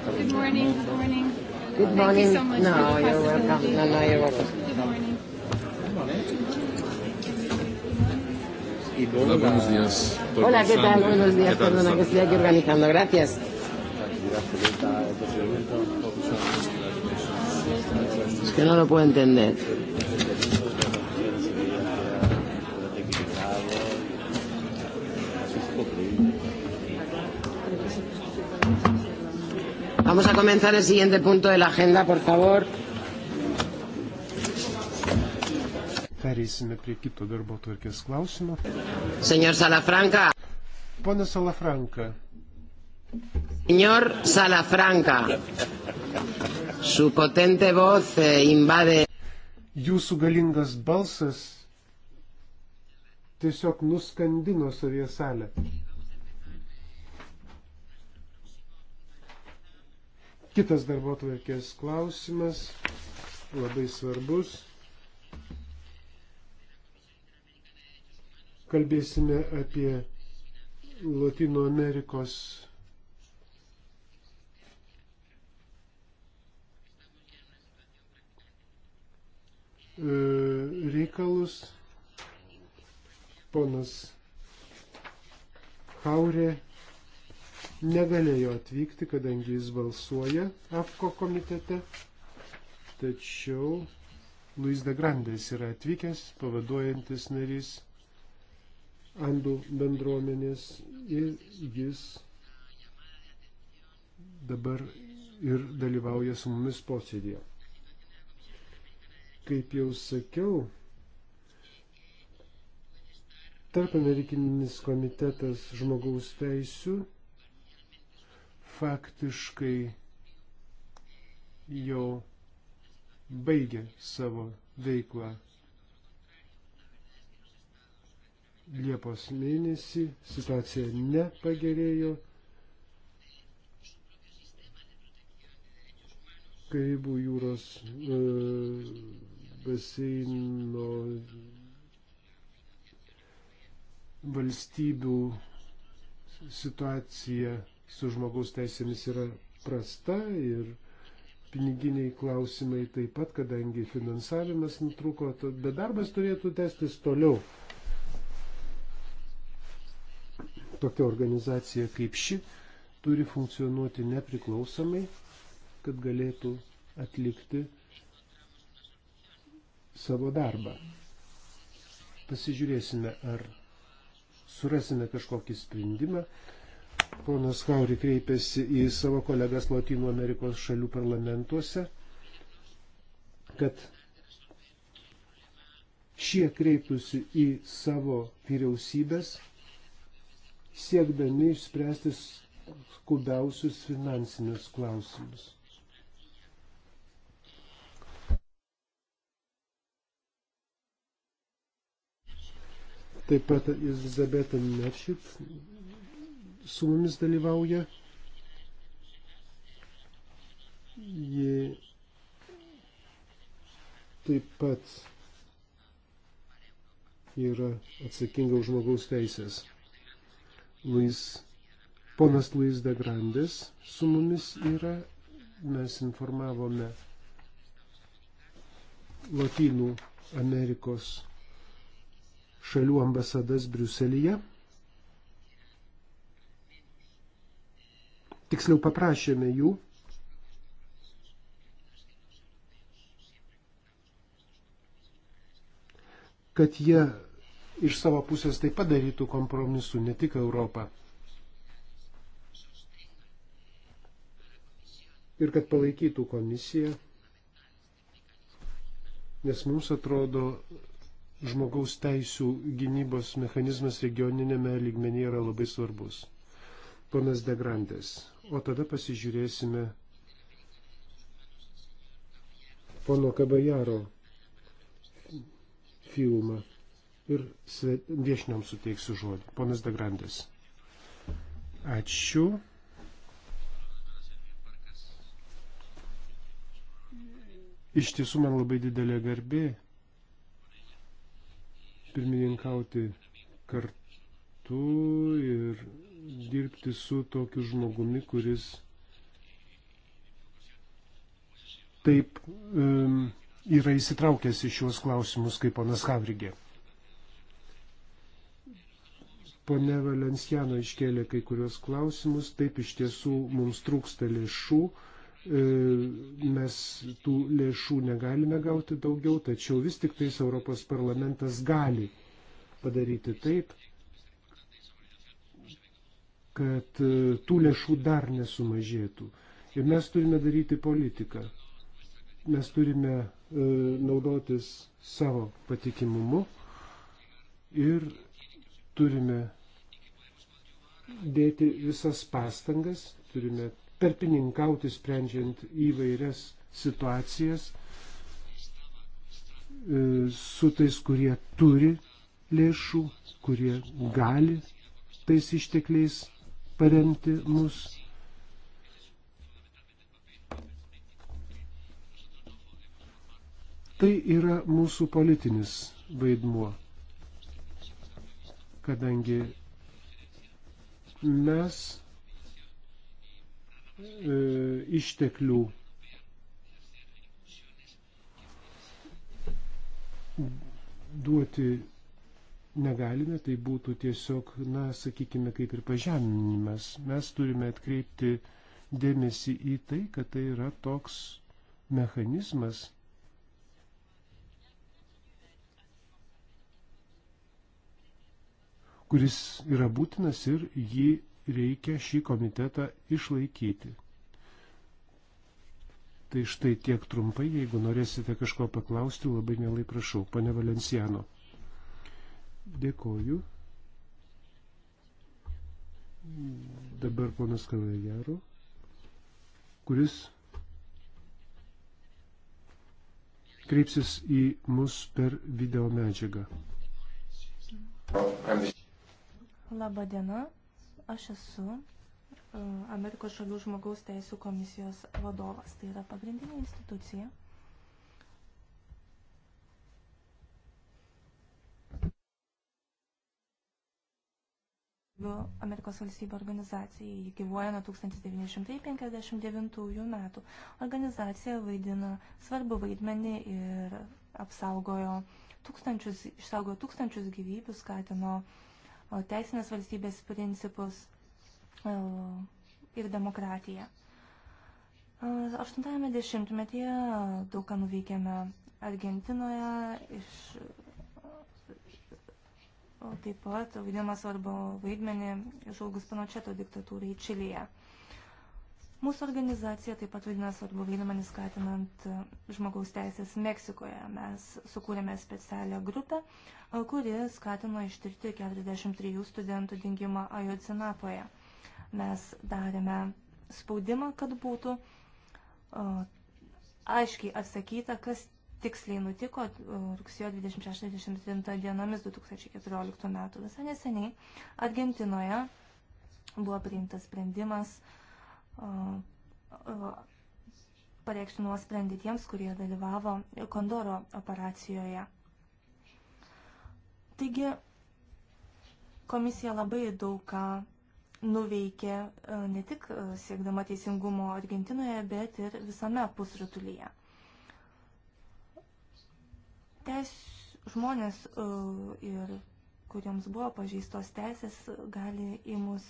Good morning, good morning. Good Thank morning. Thank you so much no, for the you're welcome. No, no, you're welcome. Good morning. Good morning. Hola, buenos días. Estoy Hola, ¿qué tal? Buenos días. Perdona que estoy aquí organizando. Gracias. Es que no lo puedo entender. Vamos a comenzar el siguiente punto de la agenda, por favor. Pereisime prie kito darbo tvarkės klausimo. Senor Salafranka. Pone Salafranka. Senor Salafranka. Su potente voz eh, invade. Jūsų galingas balsas tiesiog nuskandino savie salę. Kitas darbo tvarkės klausimas, labai svarbus. Kalbėsime apie Latino Amerikos e, reikalus. Ponas Haurė negalėjo atvykti, kadangi jis balsuoja AFKO komitete. Tačiau Luis de Grandes yra atvykęs, pavaduojantis narys Andų bendruomenės ir jis dabar ir dalyvauja su mumis posėdėje. Kaip jau sakiau, Tarp Amerikinis komitetas žmogaus teisų faktiškai jau baigė savo veiklą. Liepos mėnesį situacija nepagerėjo. Karibų jūros e, baseino valstybių situacija su žmogaus teisėmis yra prasta ir piniginiai klausimai taip pat, kadangi finansavimas nutruko, bet darbas turėtų tęstis toliau. Tokia organizacija kaip ši turi funkcionuoti nepriklausomai, kad galėtų atlikti savo darbą. Pasižiūrėsime, ar surasime kažkokį sprendimą, ponas Hauri kreipėsi į savo kolegas Latino Amerikos šalių parlamentuose, kad šie kreiptųsi į savo vyriausybės, siekdami išspręsti skubiausius finansinius klausimus. Taip pat Izabeta Nečit su mumis dalyvauja. Ji taip pat yra atsakinga už žmogaus teisės. Luis, ponas Luis de Grandes su mumis yra. Mes informavome Latinų Amerikos šalių ambasadas Briuselyje. tiksliau paprašėme jų kad jie iš savo pusės taip padarytų kompromisų, ne tik Europą. Ir kad palaikytų komisiją, nes mums atrodo žmogaus teisų gynybos mechanizmas regioninėme lygmenyje yra labai svarbus. Ponas Degrandės o tada pasižiūrėsime pono Kabajaro filmą ir viešniam suteiksiu žodį. Ponas Dagrandės. Ačiū. Iš tiesų man labai didelė garbė pirmininkauti kartu ir dirbti su tokiu žmogumi, kuris taip um, yra įsitraukęs į šiuos klausimus kaip ponas Havrigė. Pone Valenciano iškėlė kai kurios klausimus, taip iš tiesų mums trūksta lėšų, e, mes tų lėšų negalime gauti daugiau, tačiau vis tik tais Europos parlamentas gali padaryti taip, kad e, tų lėšų dar nesumažėtų. Ir mes turime daryti politiką. Mes turime e, naudotis savo patikimumu ir turime dėti visas pastangas, turime tarpininkauti sprendžiant įvairias situacijas e, su tais, kurie turi lėšų, kurie gali tais ištekliais paremti mus. Tai yra mūsų politinis vaidmuo, kadangi mes e, išteklių duoti negalime, tai būtų tiesiog, na, sakykime, kaip ir pažeminimas. Mes turime atkreipti dėmesį į tai, kad tai yra toks mechanizmas, kuris yra būtinas ir jį reikia šį komitetą išlaikyti. Tai štai tiek trumpai, jeigu norėsite kažko paklausti, labai mielai prašau, pane Valenciano. Dėkoju. Dabar ponas Kavajaro, kuris kreipsis į mus per video medžiagą. Labadiena, aš esu e, Amerikos šalių žmogaus teisų komisijos vadovas. Tai yra pagrindinė institucija Amerikos valstybių organizacijai. Ji gyvuoja nuo 1959 metų. Organizacija vaidina svarbu vaidmenį ir apsaugojo tūkstančius, išsaugojo tūkstančius gyvybių, skatino teisinės valstybės principus ir demokratiją. 80-metyje daug ką nuveikėme Argentinoje, iš o taip pat vaidina svarbu vaidmenį žlugus Pinocheto diktatūrai Čilėje. Mūsų organizacija taip pat vaidina svarbu vaidmenį skatinant žmogaus teisės Meksikoje. Mes sukūrėme specialią grupę, kuri skatino ištirti 43 studentų dingimą Ajocinapoje. Mes darėme spaudimą, kad būtų aiškiai atsakyta, kas tiksliai nutiko rugsėjo 26-27 dienomis 2014 metų. Visai neseniai Argentinoje buvo priimtas sprendimas pareikšti nuosprendį tiems, kurie dalyvavo Kondoro operacijoje. Taigi, komisija labai daug ką nuveikė e, ne tik e, siekdama teisingumo Argentinoje, bet ir visame pusrutulyje. Teis, žmonės e, ir kuriems buvo pažeistos teisės gali į mus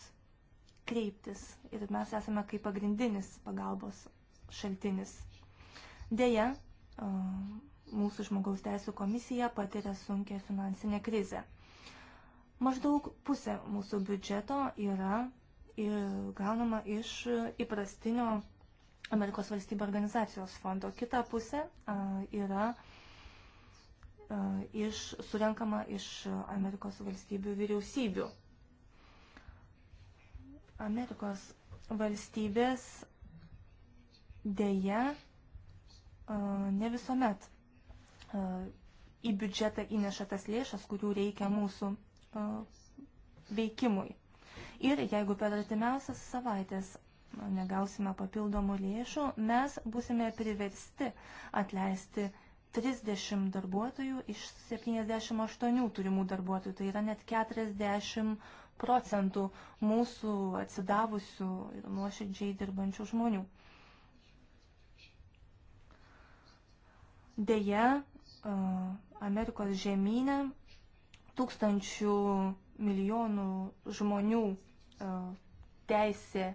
kreiptis ir mes esame kaip pagrindinis pagalbos šaltinis. Deja, e, mūsų žmogaus teisų komisija patiria sunkę finansinę krizę. Maždaug pusė mūsų biudžeto yra e, gaunama iš įprastinio Amerikos valstybių organizacijos fondo. Kita pusė yra E, iš, surenkama iš Amerikos valstybių vyriausybių. Amerikos valstybės dėja e, ne visuomet e, į biudžetą įneša tas lėšas, kurių reikia mūsų veikimui. Ir jeigu per artimiausias savaitės negausime papildomų lėšų, mes būsime priversti atleisti 30 darbuotojų iš 78 turimų darbuotojų. Tai yra net 40 procentų mūsų atsidavusių ir nuoširdžiai dirbančių žmonių. Deja, e, Amerikos žemynė tūkstančių milijonų žmonių e, teisė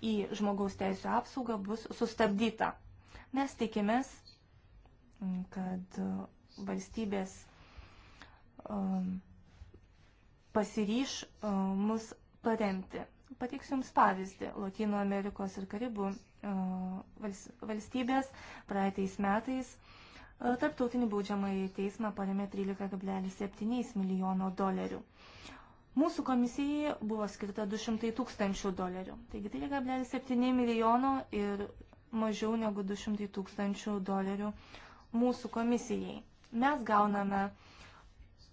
į žmogaus teisų apsaugą bus sustabdyta. Mes tikimės, kad e, valstybės e, pasiryš e, mus paremti. Pateiksiu Jums pavyzdį. Latino Amerikos ir Karibų valstybės praeitais metais tarptautinį baudžiamąjį teismą paremė 13,7 milijono dolerių. Mūsų komisijai buvo skirta 200 tūkstančių dolerių. Taigi 13,7 milijono ir mažiau negu 200 tūkstančių dolerių uh, mūsų komisijai. Mes gauname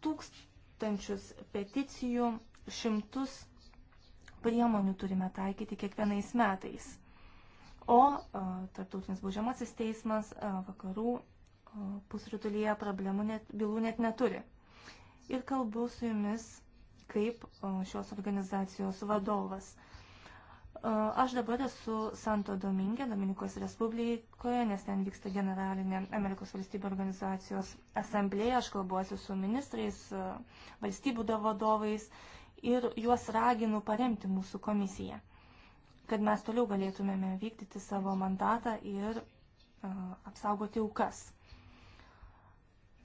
tūkstančius peticijų, šimtus priemonių turime taikyti kiekvienais metais. O Tarptautinis būžiamasis teismas vakarų pusrutulyje problemų net, bylų net neturi. Ir kalbu su jumis kaip šios organizacijos vadovas. Aš dabar esu Santo Dominge, Dominikos Respublikoje, nes ten vyksta generalinė Amerikos valstybių organizacijos asamblėja. Aš kalbuosiu su ministrais, valstybių vadovais ir juos raginu paremti mūsų komisiją, kad mes toliau galėtumėme vykdyti savo mandatą ir apsaugoti aukas.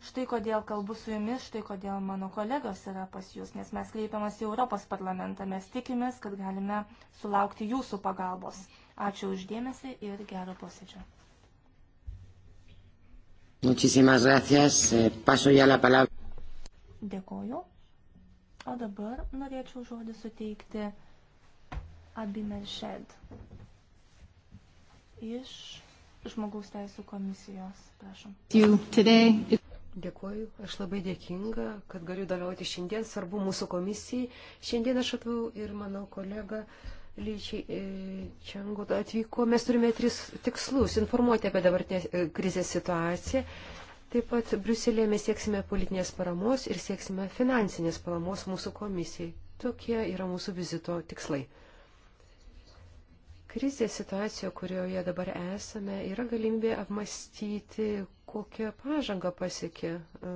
Štai kodėl kalbu su jumis, štai kodėl mano kolegos yra pas jūs, nes mes kreipiamas į Europos parlamentą, mes tikimės, kad galime sulaukti jūsų pagalbos. Ačiū uždėmesi ir gero posėdžio. Muchísimas gracias. Eh, paso ya la palabra. Dėkoju. O dabar norėčiau žodį suteikti Abimelšed iš Žmogaus teisų komisijos. Prašom. Dėkuoju, aš labai dėkinga, kad galiu dalyvauti šiandien, svarbu mūsų komisijai. Šiandien aš atvau ir mano kolega Lyčiai e, Čiango atvyko. Mes turime tris tikslus - informuoti apie dabartinę e, krizės situaciją. Taip pat Briuselėje mes sieksime politinės paramos ir sieksime finansinės paramos mūsų komisijai. Tokie yra mūsų vizito tikslai. Krizės situacijoje, kurioje dabar esame, yra galimybė apmastyti, kokią pažangą pasiekė e,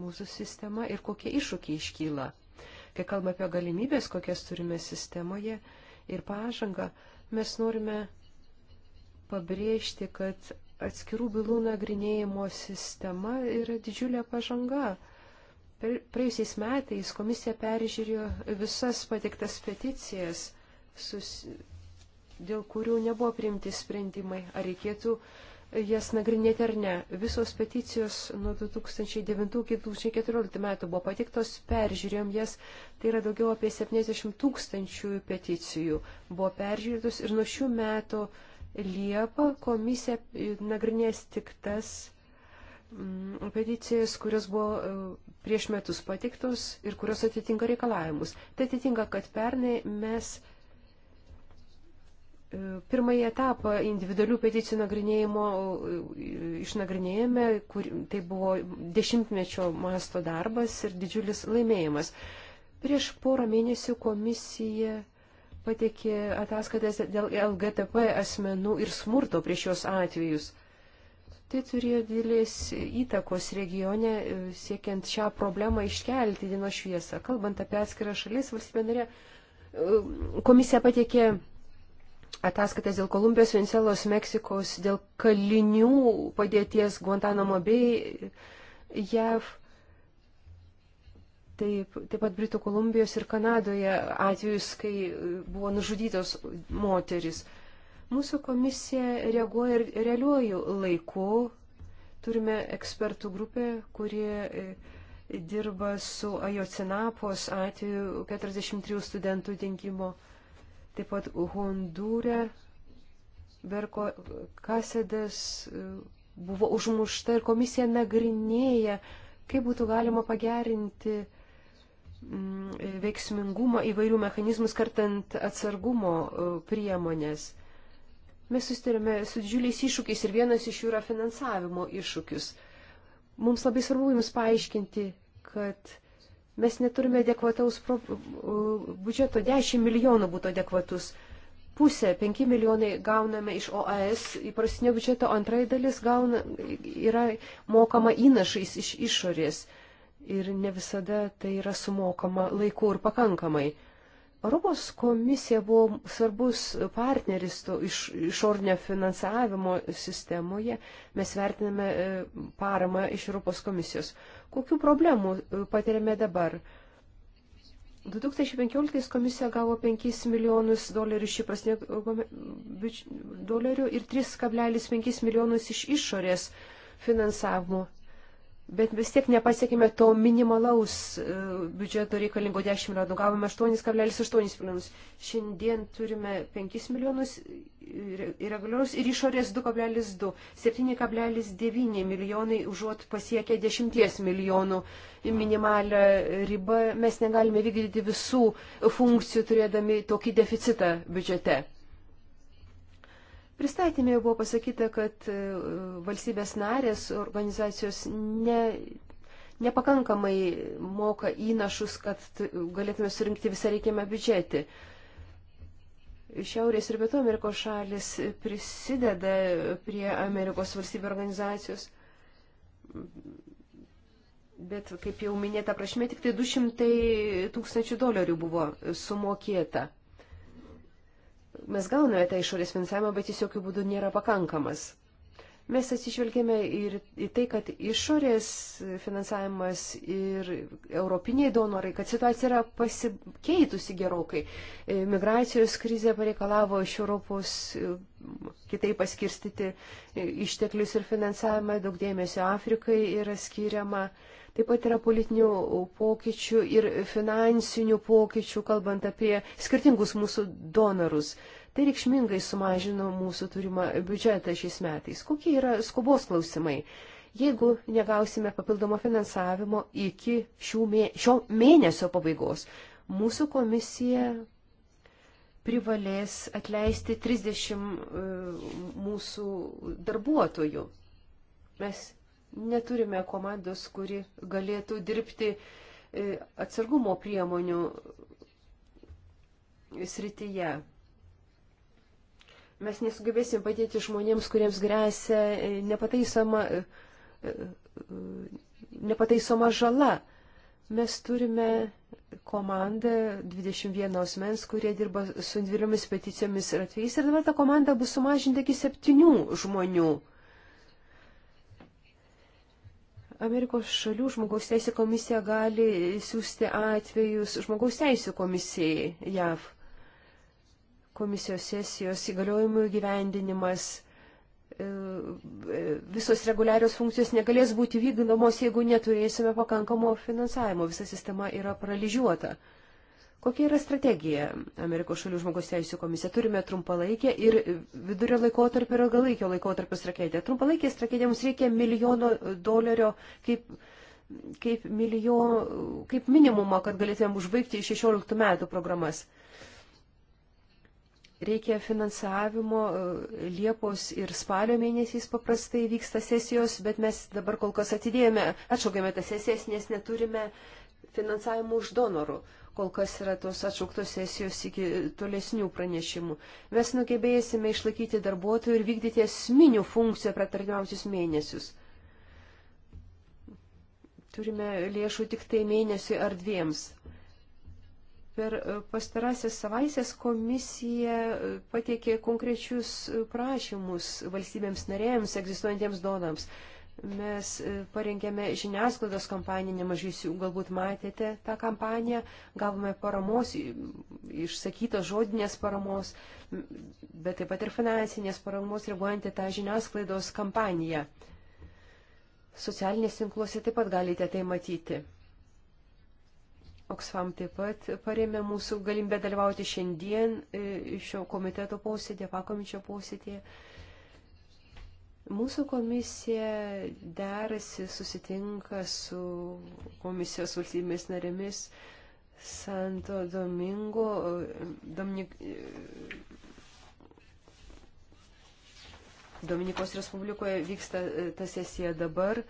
mūsų sistema ir kokie iššūkiai iškyla. Kai kalbame apie galimybės, kokias turime sistemoje ir pažangą, mes norime pabrėžti, kad atskirų bylų nagrinėjimo sistema yra didžiulė pažanga. Praėjusiais metais komisija peržiūrėjo visas patiktas peticijas sus, dėl kurių nebuvo priimti sprendimai, ar reikėtų jas nagrinėti ar ne. Visos peticijos nuo 2009 iki 2014 metų buvo patiktos, peržiūrėjom jas, tai yra daugiau apie 70 tūkstančių peticijų buvo peržiūrėtos ir nuo šių metų Liepą komisija nagrinės tik tas mm, peticijas, kurios buvo e, prieš metus patiktos ir kurios atitinka reikalavimus. Tai atitinka, kad pernai mes Pirmąjį etapą individualių peticijų nagrinėjimo e, išnagrinėjame, kur tai buvo dešimtmečio masto darbas ir didžiulis laimėjimas. Prieš porą mėnesių komisija pateikė ataskaitas dėl LGTB asmenų ir smurto prieš jos atvejus. Tai turėjo didelės įtakos regione, e, siekiant šią problemą iškelti dienos šviesą. Kalbant apie atskirą šalis, valstybė narė, e, komisija pateikė ataskaitas dėl Kolumbijos, Vencelos, Meksikos, dėl kalinių padėties Guantanamo bei JAV. Taip, taip pat Britų Kolumbijos ir Kanadoje atvejus, kai buvo nužudytos moteris. Mūsų komisija reaguoja ir realiuoju laiku. Turime ekspertų grupę, kurie dirba su Ajocinapos atveju 43 studentų dingimo atveju taip pat Hondūre Berko Kasedas e, buvo užmušta ir komisija nagrinėja, kaip būtų galima pagerinti mm, e, veiksmingumą įvairių mechanizmų, skartant atsargumo e, priemonės. Mes susitarėme su didžiuliais iššūkiais ir vienas iš jų yra finansavimo iššūkis. Mums labai svarbu Jums paaiškinti, kad Mes neturime adekvataus pro, biudžeto, 10 milijonų būtų adekvatus. Pusė, 5 milijonai gauname iš OAS įprastinio biudžeto, antrai dalis gauna, yra mokama įnašais iš išorės. Ir ne visada tai yra sumokama laiku ir pakankamai. Europos komisija buvo svarbus partneris to iš, išornio finansavimo sistemoje. Mes vertiname e, paramą iš Europos komisijos. Kokių problemų e, patiriame dabar? 2015 komisija gavo 5 milijonus dolerių iš įprasnių dolerių ir 3,5 milijonus iš išorės finansavimo. Bet vis tiek nepasiekime to minimalaus e, biudžeto reikalingo 10 milijonų, nu, gavome 8,8 milijonus. Šiandien turime 5 milijonus e, reguliarus ir išorės 2,2, 7,9 milijonai užuot pasiekę 10 milijonų minimalę ribą. Mes negalime vykdyti visų funkcijų turėdami tokį deficitą biudžete. Pristatymėje buvo pasakyta, kad e, valstybės narės organizacijos ne, nepakankamai moka įnašus, kad galėtume surinkti visą reikiamą biudžetį. Šiaurės ir Pietų Amerikos šalis prisideda prie Amerikos valstybių organizacijos, bet, kaip jau minėta, prašymė tik tai 200 tūkstančių dolerių buvo sumokėta mes gauname tą išorės finansavimą, bet jis jokių būdų nėra pakankamas. Mes atsižvelgėme ir į tai, kad išorės finansavimas ir europiniai donorai, kad situacija yra pasikeitusi gerokai. E, migracijos krizė pareikalavo iš Europos e, kitaip paskirstyti e, išteklius ir finansavimą, daug dėmesio Afrikai yra skiriama. Taip pat yra politinių pokyčių ir finansinių pokyčių, kalbant apie skirtingus mūsų donorus. Tai reikšmingai sumažino mūsų turimą biudžetą šiais metais. Kokie yra skubos klausimai? Jeigu negausime papildomo finansavimo iki mė... šio mėnesio pabaigos, mūsų komisija privalės atleisti 30 e, mūsų darbuotojų. Mes Neturime komandos, kuri galėtų dirbti e, atsargumo priemonių srityje. Mes nesugebėsim padėti žmonėms, kuriems grėsia e, nepataisoma, e, nepataisoma žala. Mes turime komandą 21 asmens, kurie dirba su individualiomis peticijomis ir atvejais. Ir dabar ta komanda bus sumažinta iki 7 žmonių. Amerikos šalių žmogaus teisė komisija gali siūsti atvejus žmogaus teisų komisijai JAV. Komisijos sesijos įgaliojimų įgyvendinimas, e, e, visos reguliarios funkcijos negalės būti vykdomos, jeigu neturėsime pakankamo finansavimo. Visa sistema yra paralyžiuota. Kokia yra strategija Amerikos šalių žmogaus teisų komisija? Turime trumpalaikę ir vidurio laikotarpio ir ilgalaikio laikotarpio strategiją. Trumpalaikė strategija mums reikia milijono dolerio kaip, kaip, milijo, kaip minimumo, kad galėtumėm užbaigti 16 metų programas. Reikia finansavimo, e, Liepos ir spalio mėnesiais paprastai vyksta sesijos, bet mes dabar kol kas atidėjome, atšaukėme tas sesijas, nes neturime finansavimo už donorų kol kas yra tos atšauktos sesijos iki tolesnių pranešimų. Mes nugebėsime išlaikyti darbuotojų ir vykdyti esminių funkcijų per tarkiausius mėnesius. Turime lėšų tik tai mėnesiui ar dviems. Per e, pastarąsias savaitės komisija e, patiekė konkrečius prašymus valstybėms narėjams, egzistuojantiems donams. Mes e, parengėme žiniasklaidos kampaniją, nemažai jūs galbūt matėte tą kampaniją, gavome paramos, išsakytos žodinės paramos, bet taip pat ir finansinės paramos reaguojant į tą žiniasklaidos kampaniją. Socialinės tinkluose taip pat galite tai matyti. Oksfam taip pat paremė mūsų galimybę dalyvauti šiandien e, šio komiteto posėdėje, pakomičio posėdėje. posėdėje Mūsų komisija derasi, susitinka su komisijos valstybės narėmis Santo Domingo, Dominik, Dominikos Respublikoje vyksta e, ta sesija dabar.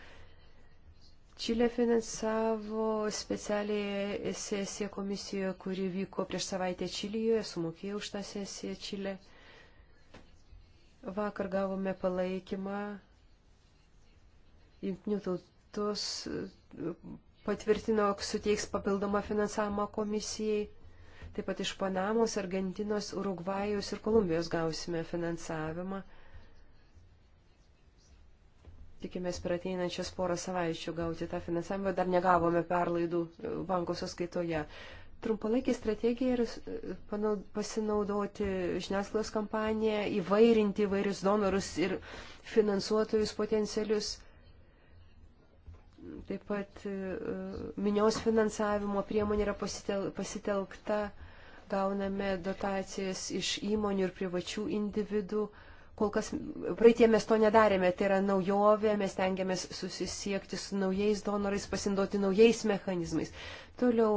Čilė finansavo specialią sesiją komisijoje, kuri vyko prieš savaitę Čilijoje, sumokėjo už tą sesiją Čilė. Čilė Vakar gavome palaikymą Junktinių tautos e, patvirtino, suteiks papildomą finansavimą komisijai. Taip pat iš Panamos, Argentinos, Urugvajus ir Kolumbijos gausime finansavimą. Tikimės per ateinančias porą savaičių gauti tą finansavimą, dar negavome perlaidų e, banko sąskaitoje trumpalaikė strategija yra pasinaudoti žiniasklaidos kampaniją, įvairinti įvairius donorus ir finansuotojus potencialius, taip pat e, minios finansavimo priemonė yra pasitel, pasitelkta, gauname dotacijas iš įmonių ir privačių individų. Uh, Kol kas praeitie mes to nedarėme, tai yra naujovė, mes tengiamės susisiekti su naujais donorais, pasinaudoti naujais mechanizmais. Toliau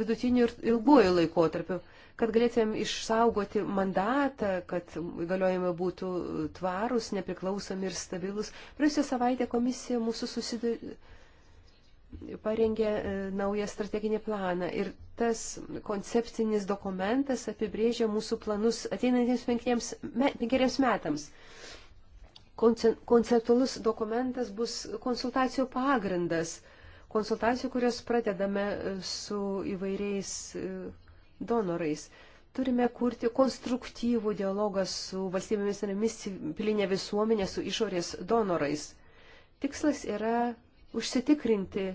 vidutiniu ir ilguoju laikotarpiu, kad galėtumėm išsaugoti mandatą, kad galiojame būtų tvarus, nepriklausomi ir stabilus. Praėjusią savaitę komisija mūsų susidarė parengė e, naują strateginį planą ir tas koncepcinis dokumentas apibrėžia mūsų planus ateinantiems penkeriems metams. Konceptualus dokumentas bus konsultacijų pagrindas, konsultacijų, kurios pradedame e, su įvairiais e, donorais. Turime kurti konstruktyvų dialogą su valstybėmis narėmis, pilinė visuomenė, su išorės donorais. Tikslas yra užsitikrinti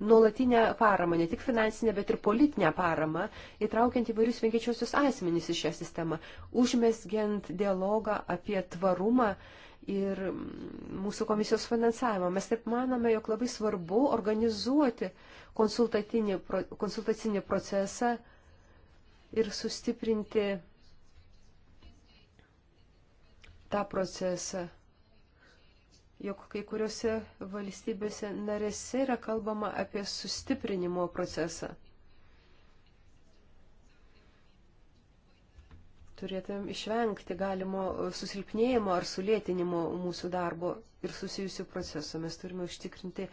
nuolatinę paramą, ne tik finansinę, bet ir politinę paramą, įtraukiant įvairius veikiančiosius asmenys į šią sistemą, užmesgiant dialogą apie tvarumą ir mūsų komisijos finansavimą. Mes taip manome, jog labai svarbu organizuoti konsultacinį, konsultacinį procesą ir sustiprinti tą procesą jog kai kuriuose valstybėse narėse yra kalbama apie sustiprinimo procesą. Turėtum išvengti galimo susilpnėjimo ar sulėtinimo mūsų darbo ir susijusių procesų. Mes turime užtikrinti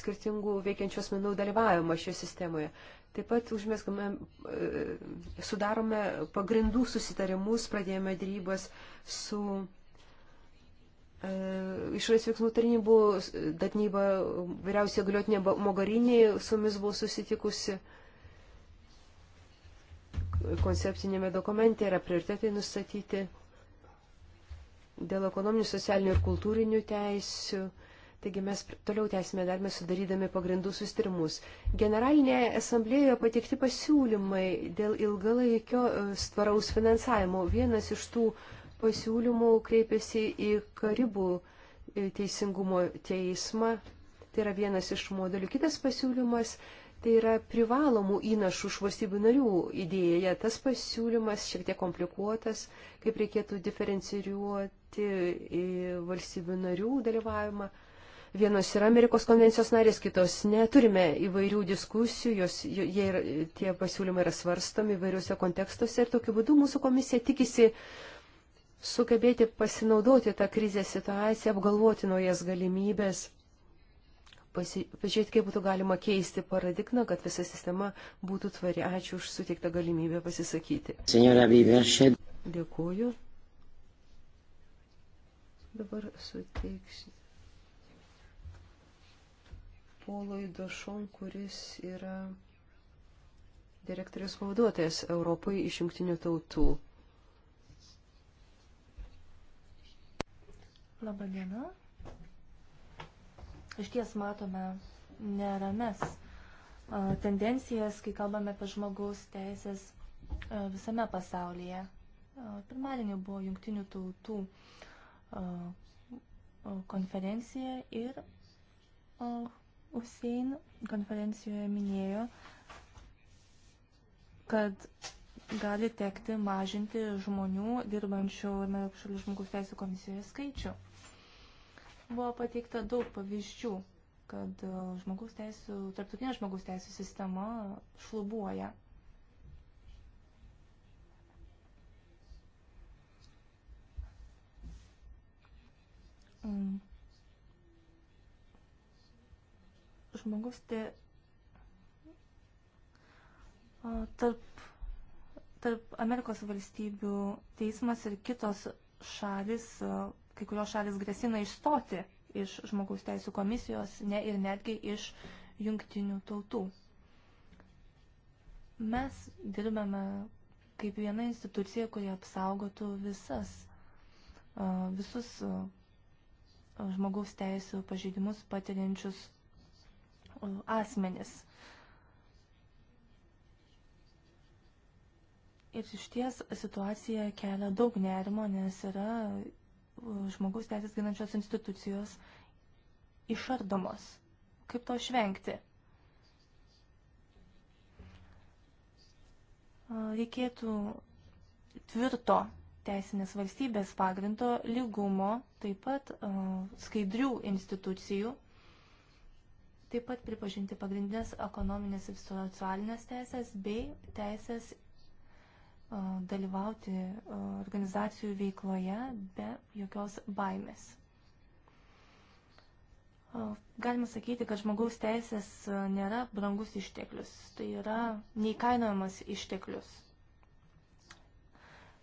skirtingų veikiančių asmenų dalyvavimą šioje sistemoje. Taip pat užmėskame, e, sudarome pagrindų susitarimus, pradėjome dėrybas su Išorės veiksmų tarnybų, tarnyba, vyriausia galiotinė Mogarinė su mumis buvo susitikusi. Konceptinėme dokumente yra prioritetai nustatyti dėl ekonominių, socialinių ir kultūrinių teisių. Taigi mes toliau tęsime darbę sudarydami pagrindų sustirimus. Generalinėje asamblėjoje patikti pasiūlymai dėl ilgalaikio tvaraus finansavimo. Vienas iš tų uh, pasiūlymų kreipėsi į Karibų e, teisingumo teismą. Tai yra vienas iš modelių. Kitas pasiūlymas tai yra privalomų įnašų iš valstybių narių idėja. Tas pasiūlymas šiek tiek komplikuotas, kaip reikėtų diferencijuoti e, valstybių narių dalyvavimą. Vienos yra Amerikos konvencijos narės, kitos neturime įvairių diskusijų, jos, jie, tie pasiūlymai yra svarstomi įvairiuose kontekstuose ir tokiu būdu mūsų komisija tikisi sugebėti pasinaudoti tą krizės situaciją, apgalvoti naujas galimybės, pažiūrėti, kaip būtų galima keisti paradigmą, kad visa sistema būtų tvari. Ačiū už suteiktą galimybę pasisakyti. Dėkuoju. Dabar suteiksiu. Polui Došon, kuris yra direktorius pavaduotojas Europai iš jungtinių tautų. Labą dieną. Iš ties matome nerames tendencijas, kai kalbame apie žmogaus teisės visame pasaulyje. Pirmadienį buvo jungtinių tautų konferencija ir Usein konferencijoje minėjo, kad gali tekti mažinti žmonių dirbančių Amerikos šalių žmogaus teisų komisijoje skaičių. Buvo pateikta daug pavyzdžių, kad e, žmogaus teisų, tarptautinė žmogaus teisų sistema šlubuoja. Mm. Žmogus te tarp, tarp Amerikos valstybių teismas ir kitos šalis kai kurios šalis grasina išstoti iš žmogaus teisų komisijos ne, ir netgi iš jungtinių tautų. Mes dirbame kaip viena institucija, kuri apsaugotų visas, visus žmogaus teisų pažeidimus patiriančius asmenis. Ir iš ties situacija kelia daug nerimo, nes yra žmogaus teisės ginančios institucijos išardomos. Kaip to išvengti? Reikėtų tvirto teisinės valstybės pagrindo, lygumo, taip pat skaidrių institucijų, taip pat pripažinti pagrindinės ekonominės ir socialinės teisės bei teisės dalyvauti organizacijų veikloje be jokios baimės. Galima sakyti, kad žmogaus teisės nėra brangus išteklius, tai yra neįkainojamas išteklius.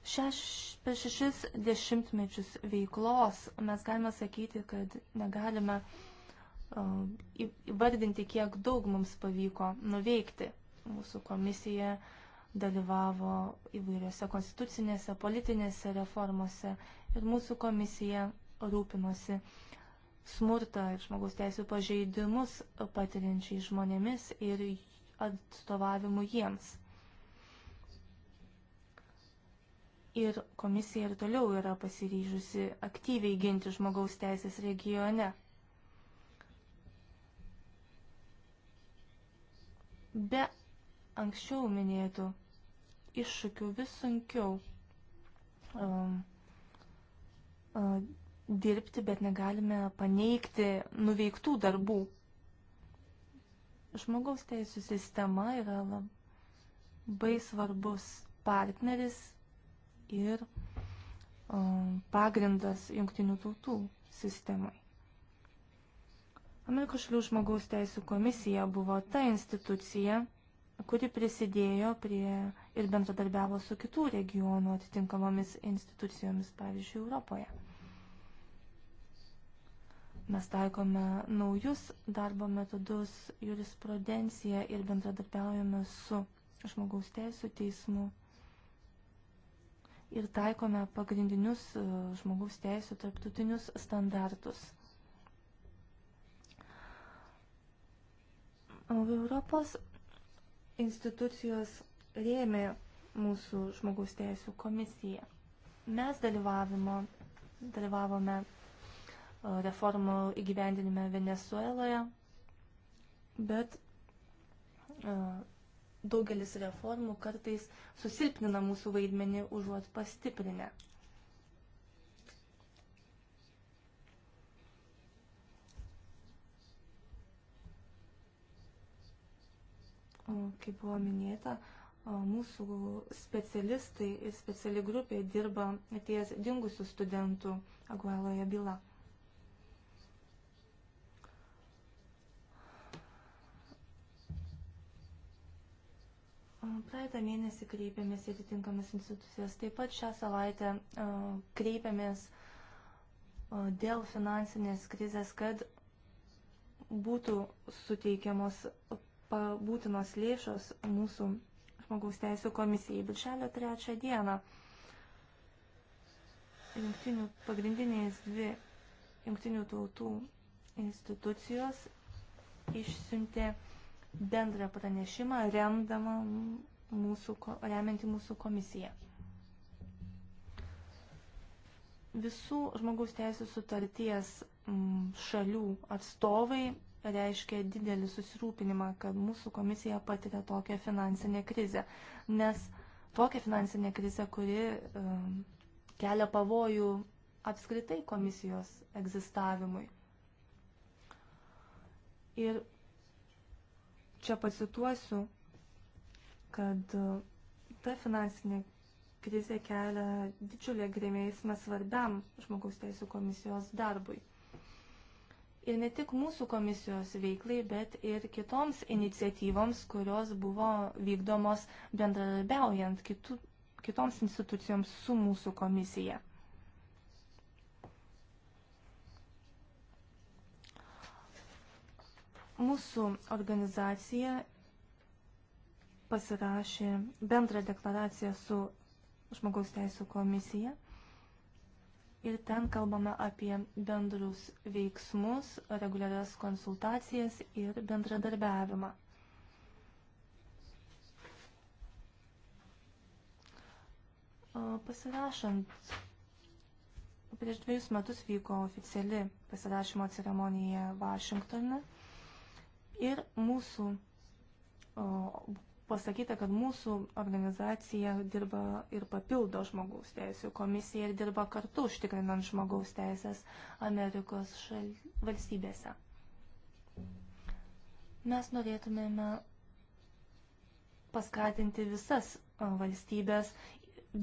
Šeš, per šešis dešimtmečius veiklos mes galime sakyti, kad negalime įvardinti, kiek daug mums pavyko nuveikti. Mūsų komisija uh, dalyvavo įvairiose konstitucinėse, politinėse reformose ir mūsų komisija rūpinosi smurtą ir žmogaus teisų pažeidimus patiriančiai žmonėmis ir atstovavimu jiems. Ir komisija ir toliau yra pasiryžusi aktyviai ginti žmogaus teisės regione. Be anksčiau minėtų iššūkių vis sunkiau um, um, dirbti, bet negalime paneigti nuveiktų darbų. Žmogaus teisų sistema yra labai svarbus partneris ir um, pagrindas jungtinių tautų sistemai. Amerikos šalių žmogaus teisų komisija buvo ta institucija, kuri prisidėjo prie ir bendradarbiavo su kitų regionų atitinkamomis institucijomis, pavyzdžiui, Europoje. Mes taikome naujus darbo metodus, jurisprudenciją ir bendradarbiaujame su žmogaus teisų teismu. Ir taikome pagrindinius e, žmogaus teisų tarptautinius standartus. Europos institucijos rėmė mūsų žmogaus teisų komisiją. Mes dalyvavimo, dalyvavome e, reformų įgyvendinime Venezueloje, bet e, daugelis reformų kartais susilpnina mūsų vaidmenį užuot pastiprinę. kaip buvo minėta, mūsų specialistai ir speciali grupė dirba ties dingusių studentų Agueloje byla. Praeitą mėnesį kreipėmės į atitinkamas institucijas. Taip pat šią savaitę kreipėmės dėl finansinės krizės, kad būtų suteikiamos būtinos lėšos mūsų žmogaus teisų komisijai. Birželio trečią dieną jungtinių pagrindinės dvi jungtinių tautų institucijos išsiuntė bendrą pranešimą remdama mūsų, remianti mūsų komisiją. Visų žmogaus teisų sutarties šalių atstovai reiškia didelį susirūpinimą, kad mūsų komisija patiria tokią finansinę krizę, nes tokią finansinę krizę, kuri um, kelia pavojų apskritai komisijos egzistavimui. Ir čia pacituosiu, kad uh, ta finansinė krizė kelia didžiulę grėmėsmę svarbiam žmogaus teisų komisijos darbui ir ne tik mūsų komisijos veiklai, bet ir kitoms iniciatyvoms, kurios buvo vykdomos bendradarbiaujant kitų, kitoms institucijoms su mūsų komisija. Mūsų organizacija pasirašė bendrą deklaraciją su Žmogaus teisų komisija ir ten kalbame apie bendrus veiksmus, reguliarias konsultacijas ir bendradarbiavimą. Pasirašant, prieš dviejus metus vyko oficiali pasirašymo ceremonija Vašingtone ir mūsų pasakyta, kad mūsų organizacija dirba ir papildo žmogaus teisų komisiją ir dirba kartu užtikrinant žmogaus teisės Amerikos šal... valstybėse. Mes norėtumėme paskatinti visas valstybės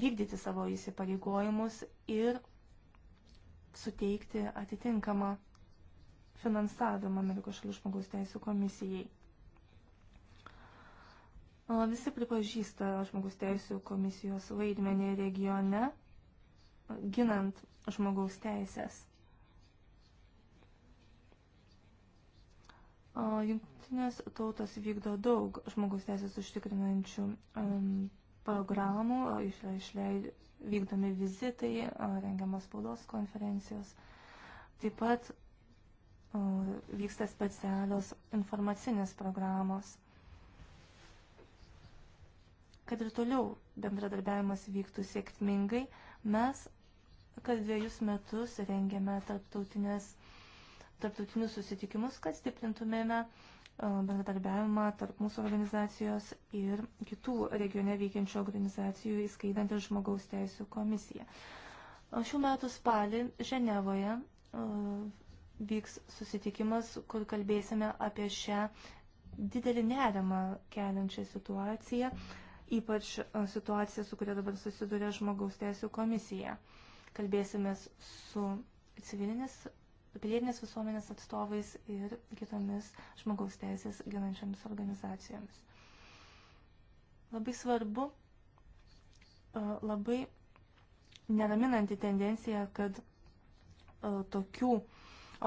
vykdyti savo įsipareigojimus ir suteikti atitinkamą finansavimą Amerikos šalių žmogaus teisų komisijai. Visi pripažįsta žmogus teisų komisijos vaidmenį regione, ginant žmogaus teisės. Junktinės tautos vykdo daug žmogaus teisės užtikrinančių programų, išleid, vykdomi vizitai, rengiamas spaudos konferencijos. Taip pat vyksta specialios informacinės programos kad ir toliau bendradarbiavimas vyktų sėkmingai, mes kas dviejus metus rengiame tarptautinius susitikimus, kad stiprintumėme e, bendradarbiavimą tarp mūsų organizacijos ir kitų regione veikiančių organizacijų, įskaitant ir žmogaus teisų komisiją. Šių metų spalį Ženevoje e, vyks susitikimas, kur kalbėsime apie šią didelį nerimą keliančią situaciją, ypač situacija, su kuria dabar susiduria žmogaus teisų komisija. Kalbėsimės su civilinės, pilietinės visuomenės atstovais ir kitomis žmogaus teisės ginančiamis organizacijomis. Labai svarbu, labai neraminanti tendencija, kad tokių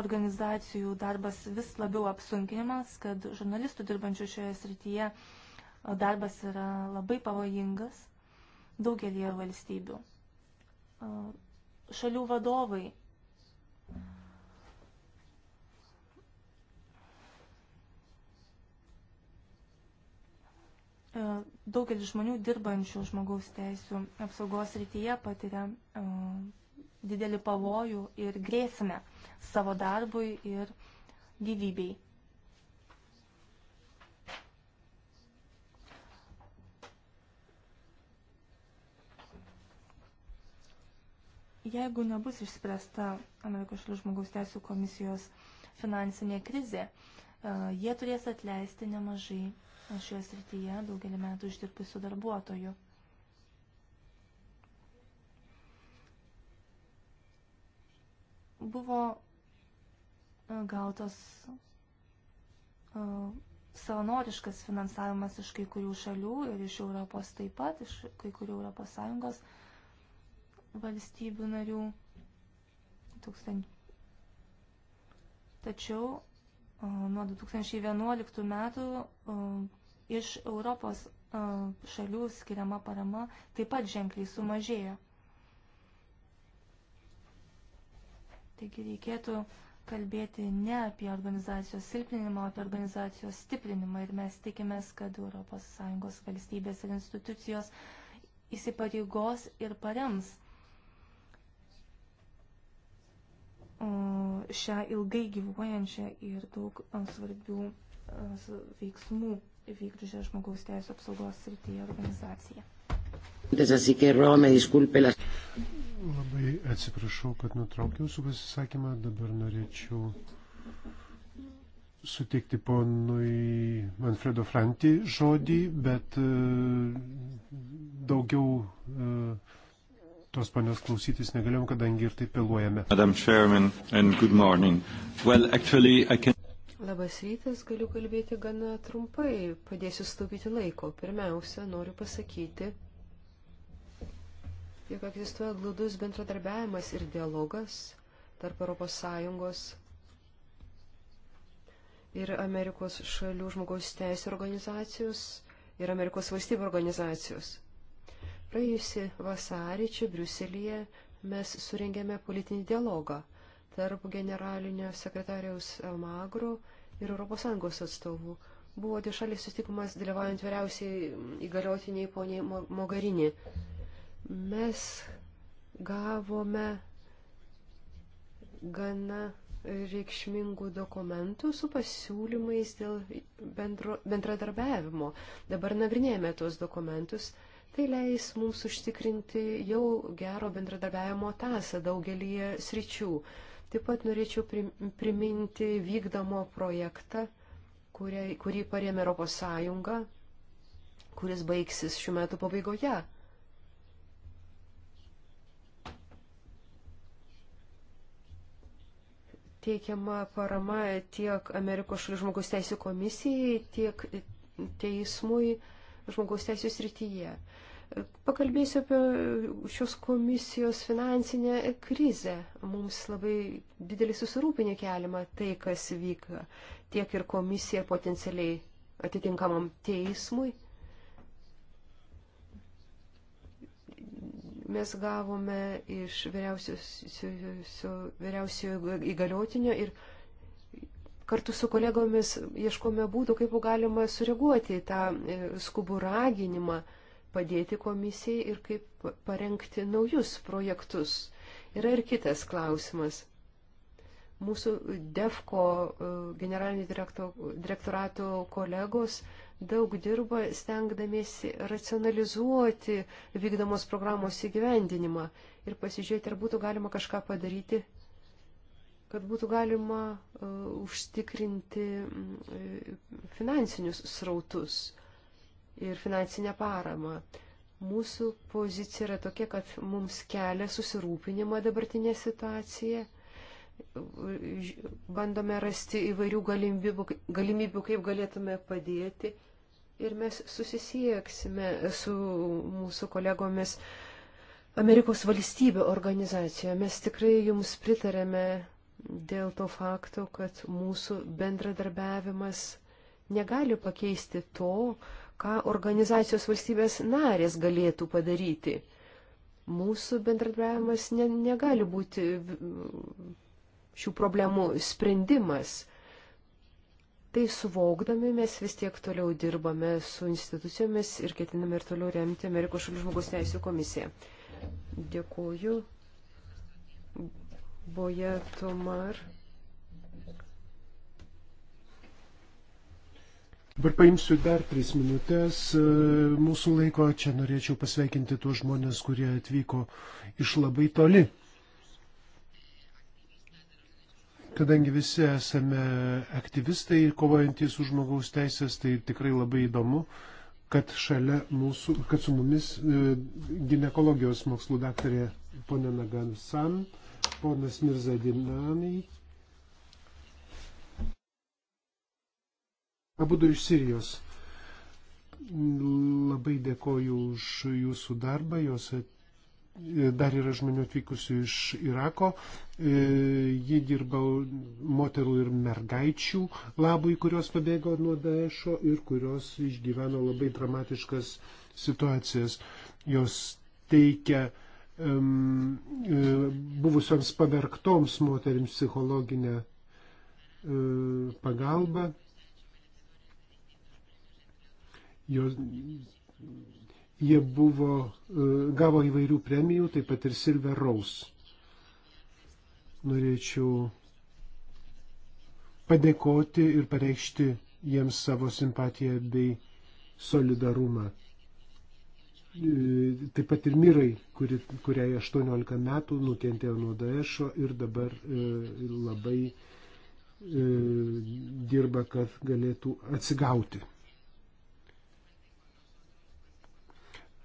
organizacijų darbas vis labiau apsunkinimas, kad žurnalistų dirbančių šioje srityje uh, darbas yra labai pavojingas daugelį valstybių. Šalių vadovai e, Daugelis žmonių dirbančių žmogaus teisų apsaugos rytyje patiria e, didelį pavojų ir grėsmę savo darbui ir gyvybei. Jeigu nebus išspręsta Amerikos šalių žmogaus teisų komisijos finansinė krizė, e, jie turės atleisti nemažai šioje srityje daugelį metų išdirbusių darbuotojų. Buvo e, gautas e, savanoriškas finansavimas iš kai kurių šalių ir iš Europos taip pat, iš kai kurių Europos Sąjungos šalių valstybių narių. Tūkstant... Tačiau o, nuo 2011 metų o, iš Europos o, šalių skiriama parama taip pat ženkliai sumažėjo. Taigi reikėtų kalbėti ne apie organizacijos silpninimą, o apie organizacijos stiprinimą ir mes tikimės, kad ES valstybės ir institucijos įsipareigos ir parems šią ilgai gyvuojančią ir daug svarbių veiksmų vykdžią žmogaus teisų apsaugos srityje organizaciją. Labai atsiprašau, kad nutraukiau su pasisakymą. Dabar norėčiau suteikti ponui Manfredo Franti žodį, bet e, daugiau uh, tos ponios klausytis negalėjom, kadangi ir taip vėluojame. Well, can... Labas rytas, galiu kalbėti gana trumpai, padėsiu sutaupyti laiko. Pirmiausia, noriu pasakyti, jog egzistuoja glūdus bendradarbiavimas ir dialogas tarp ES ir Amerikos šalių žmogaus teisų organizacijos ir Amerikos valstybių organizacijos. Praėjusi vasarį čia Briuselėje mes surengėme politinį dialogą tarp generalinio sekretariaus Magro ir ES atstovų. Buvo dešalis sustikimas dalyvaujant vyriausiai įgaliotiniai poniai Mogarinį. Mes gavome gana reikšmingų dokumentų su pasiūlymais dėl bendro, bendradarbiavimo. Dabar nagrinėjame tuos dokumentus Tai leis mums užtikrinti jau gero bendradarbiavimo tasą daugelį sričių. Taip pat norėčiau priminti vykdomo projektą, kurį, kurį parėmė Europos Sąjunga, kuris baigsis šių metų pabaigoje. Teikiama parama tiek Amerikos šalių žmogus teisų komisijai, tiek teismui žmogaus teisų srityje. Pakalbėsiu apie šios komisijos finansinę krizę. Mums labai didelį susirūpinį keliamą tai, kas vyka tiek ir komisija potencialiai atitinkamam teismui. Mes gavome iš vyriausiojo įgaliotinio ir Kartu su kolegomis ieškome būdų, kaip galima sureaguoti į tą e, skubų raginimą padėti komisijai ir kaip parengti naujus projektus. Yra ir kitas klausimas. Mūsų DEFCO e, generalinio direktorato kolegos daug dirba stengdamiesi racionalizuoti vykdomos programos įgyvendinimą ir pasižiūrėti, ar būtų galima kažką padaryti kad būtų galima e, užtikrinti mm, e, finansinius srautus ir finansinę paramą. Mūsų pozicija yra tokia, kad mums kelia susirūpinimą dabartinė situacija. Bandome rasti įvairių galimybių, galimybių kaip galėtume padėti. Ir mes susisieksime su mūsų kolegomis Amerikos valstybių organizacijoje. Mes tikrai jums pritarėme dėl to fakto, kad mūsų bendradarbiavimas negali pakeisti to, ką organizacijos valstybės narės galėtų padaryti. Mūsų bendradarbiavimas ne, negali būti šių problemų sprendimas. Tai suvokdami mes vis tiek toliau dirbame su institucijomis ir ketiname ir toliau remti Amerikos šalių žmogus teisų komisiją. Dėkuoju. Boje Tomar. Dabar paimsiu dar tris minutės e, mūsų laiko. Čia norėčiau pasveikinti tuos žmonės, kurie atvyko iš labai toli. Kadangi visi esame aktyvistai kovojantys už žmogaus teisės, tai tikrai labai įdomu. Uh, kad šalia mūsų, kad su mumis e, gynekologijos mokslų daktarė ponė Nagansan, ponas Mirza Dinami. Abu du iš Sirijos. Labai dėkoju už jūsų darbą, jos atėjimą dar yra žmonių atvykusių iš Irako. E, ji dirba moterų ir mergaičių labui, kurios pabėgo nuo Daesho ir kurios išgyveno labai dramatiškas situacijas. Jos teikia um, buvusioms pavergtoms moterims psichologinę um, pagalbą. Jos Jie buvo, e, gavo įvairių premijų, taip pat ir Silver Rose. Norėčiau padėkoti ir pareikšti jiems savo simpatiją bei solidarumą. E, taip pat ir Mirai, kuri, kuriai 18 metų nukentėjo nuo Daešo ir dabar e, labai e, dirba, kad galėtų atsigauti.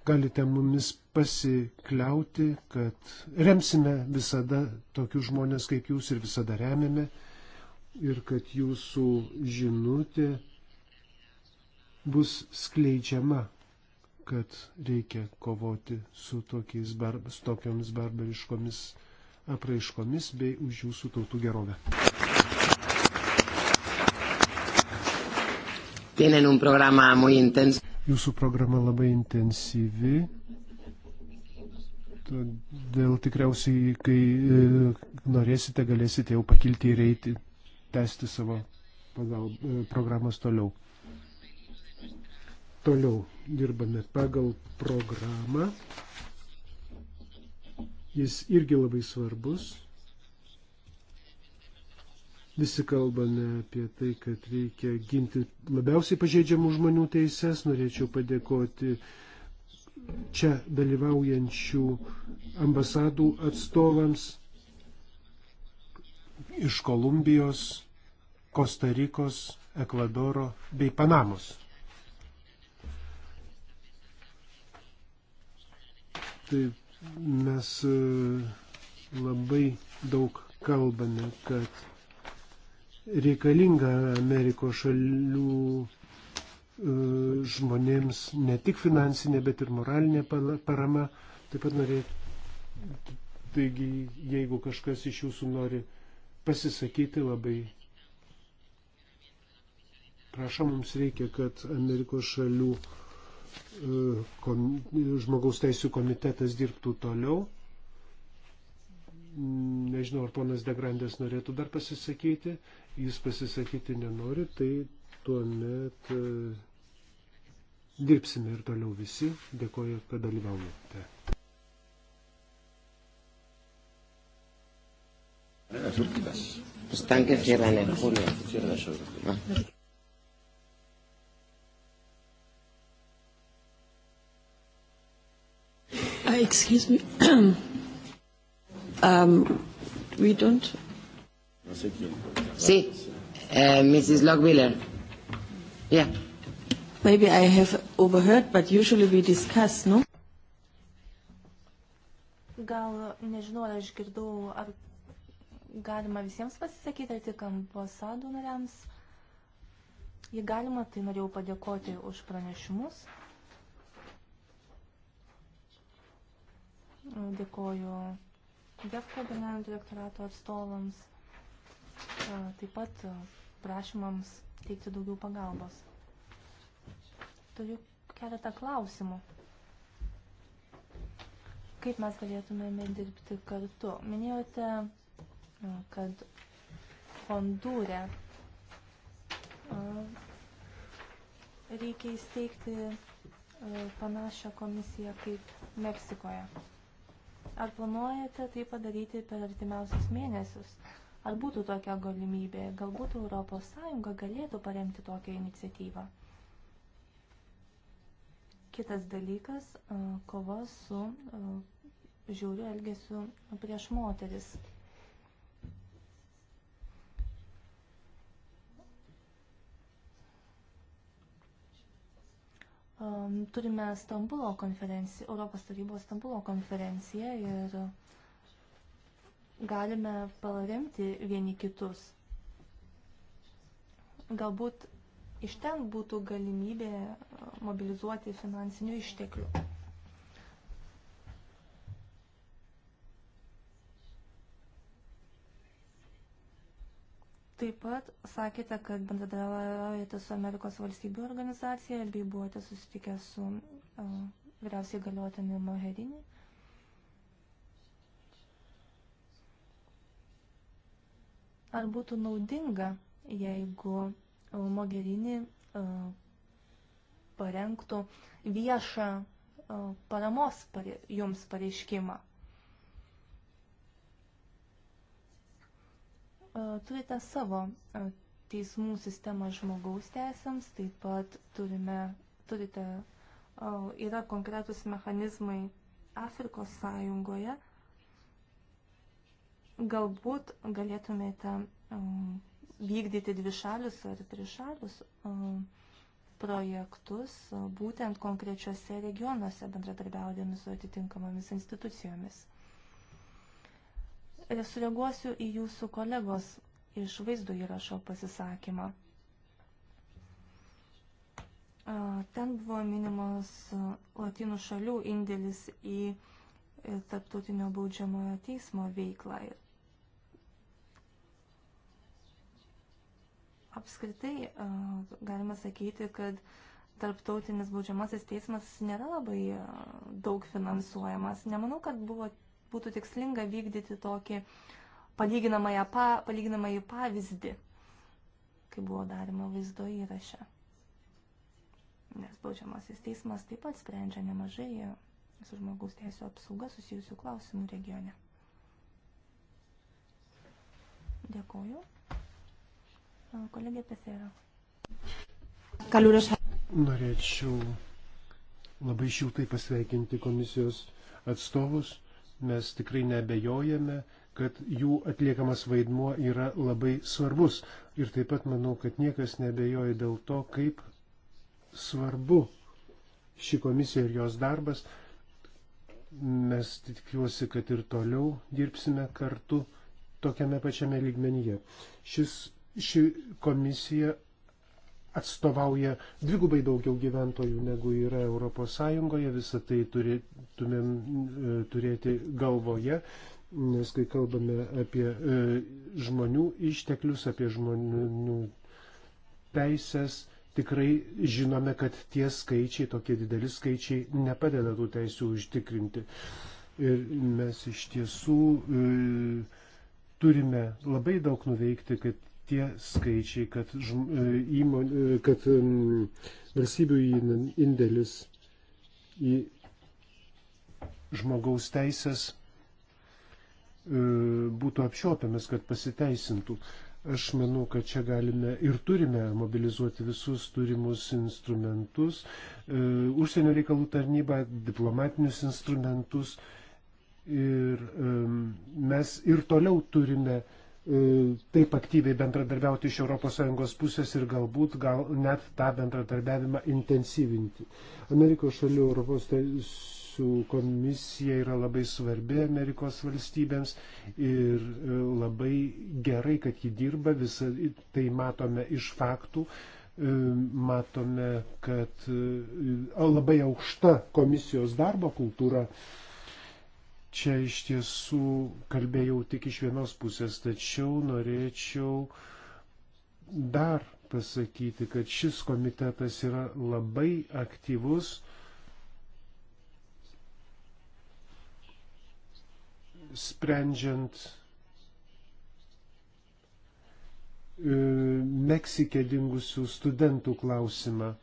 galite mumis pasikliauti, kad remsime visada tokius žmonės kaip jūs ir visada remiame ir kad jūsų žinutė bus skleidžiama, kad reikia kovoti su, bar, su tokiamis barbariškomis apraiškomis bei už jūsų tautų gerovę. Tienen un programa muy intenso. Jūsų programa labai intensyvi. Todėl tikriausiai, kai e, norėsite, galėsite jau pakilti ir eiti, tęsti savo pagal, e, programas toliau. Toliau dirbame pagal programą. Jis irgi labai svarbus. Visi kalbame apie tai, kad reikia ginti labiausiai pažeidžiamų žmonių teises. Norėčiau padėkoti čia dalyvaujančių ambasadų atstovams iš Kolumbijos, Kostarikos, Ekvadoro bei Panamos. Tai mes e, labai daug kalbame, kad reikalinga Amerikos šalių e, žmonėms ne tik finansinė, bet ir moralinė parama. Taip pat norėtų, taigi jeigu kažkas iš jūsų nori pasisakyti labai, prašom, mums reikia, kad Amerikos šalių e, kom, žmogaus teisų komitetas dirbtų toliau. Nežinau, ar ponas Degrandės norėtų dar pasisakyti. Jis pasisakyti nenori, tai tuomet e, dirbsime ir toliau visi. Dėkoju, kad dalyvaujate. Las últimas. Están que cierran en julio. Cierran sobre. Ah. Uh, excuse me. Um, we don't. See, uh, Mrs. Lockbiller. Yeah. Maybe I have overheard, but usually we discuss, no? Gal nežinau, ar aš girdau, ar galima visiems pasisakyti, ar tik ambasadų nariams. Jei galima, tai norėjau padėkoti už pranešimus. Dėkoju DEFCO generalinio direktorato atstovams, e, taip pat e, prašymams teikti daugiau pagalbos. Turiu keletą klausimų. Kaip mes galėtumėme dirbti kartu? Minėjote, e, kad Hondūre reikia įsteigti panašią komisiją kaip Meksikoje. Ar planuojate tai padaryti per artimiausius mėnesius? Ar būtų tokia galimybė? Galbūt ES galėtų paremti tokią iniciatyvą? Kitas dalykas - kova su žiauriu elgesiu prieš moteris. um, turime Stambulo konferenciją, Europos tarybos Stambulo konferenciją ir galime paremti vieni kitus. Galbūt iš ten būtų galimybė mobilizuoti finansinių išteklių. Taip pat sakėte, kad bendradarbiaujate su Amerikos valstybių organizacija bei buvote susitikę su uh, vyriausiai galiuotami Maherinį. Ar būtų naudinga, jeigu Mogherini uh, parengtų viešą uh, paramos pare, jums pareiškimą? turite savo teismų sistemą žmogaus teisėms, taip pat turime, turite, yra konkretus mechanizmai Afrikos sąjungoje. Galbūt galėtumėte vykdyti dvišalius ar trišalius projektus būtent konkrečiose regionuose bendradarbiaudami su atitinkamomis institucijomis. E, sureaguosiu į jūsų kolegos iš vaizdo įrašo pasisakymą. Ten buvo minimos latinų šalių indėlis į e, tarptautinio baudžiamojo teismo veiklą. Apskritai galima sakyti, kad tarptautinis baudžiamasis teismas nėra labai daug finansuojamas. Nemanau, kad buvo būtų tikslinga vykdyti tokį palyginamąjį pa, pavyzdį, kaip buvo daroma vaizdo įraše. Nes baudžiamasis teismas taip pat sprendžia nemažai su žmogaus teisų apsauga susijusių klausimų regione. Dėkoju. Kolegė Pesera. Kaliūrės. Norėčiau labai šiltai pasveikinti komisijos atstovus Mes tikrai nebejojame, kad jų atliekamas vaidmuo yra labai svarbus. Ir taip pat manau, kad niekas nebejoja dėl to, kaip svarbu ši komisija ir jos darbas. Mes tikiuosi, kad ir toliau dirbsime kartu tokiame pačiame lygmenyje. Šis, ši komisija atstovauja dvigubai daugiau gyventojų negu yra ES, visą tai turėtumėm e, turėti galvoje, nes kai kalbame apie e, žmonių išteklius, apie žmonių nu, teisės, tikrai žinome, kad tie skaičiai, tokie dideli skaičiai, nepadeda tų teisių užtikrinti. Ir mes iš tiesų e, turime labai daug nuveikti, kad tie skaičiai, kad, žm, e, įmon, e, kad um, valstybių indėlis į žmogaus teisės e, būtų apčiopiamas, kad pasiteisintų. Aš manau, kad čia galime ir turime mobilizuoti visus turimus instrumentus, užsienio reikalų tarnybą, diplomatinius instrumentus ir mes ir toliau turime uh, E, taip aktyviai bendradarbiauti iš ES pusės ir galbūt gal net tą bendradarbiavimą intensyvinti. Amerikos šalių Europos teisų komisija yra labai svarbi Amerikos valstybėms ir e, labai gerai, kad ji dirba, visą tai matome iš faktų. E, matome, kad labai aukšta komisijos darbo kultūra uh, čia iš tiesų kalbėjau tik iš vienos pusės, tačiau norėčiau dar pasakyti, kad šis komitetas yra labai aktyvus. Sprendžiant e, Meksikė dingusių studentų klausimą.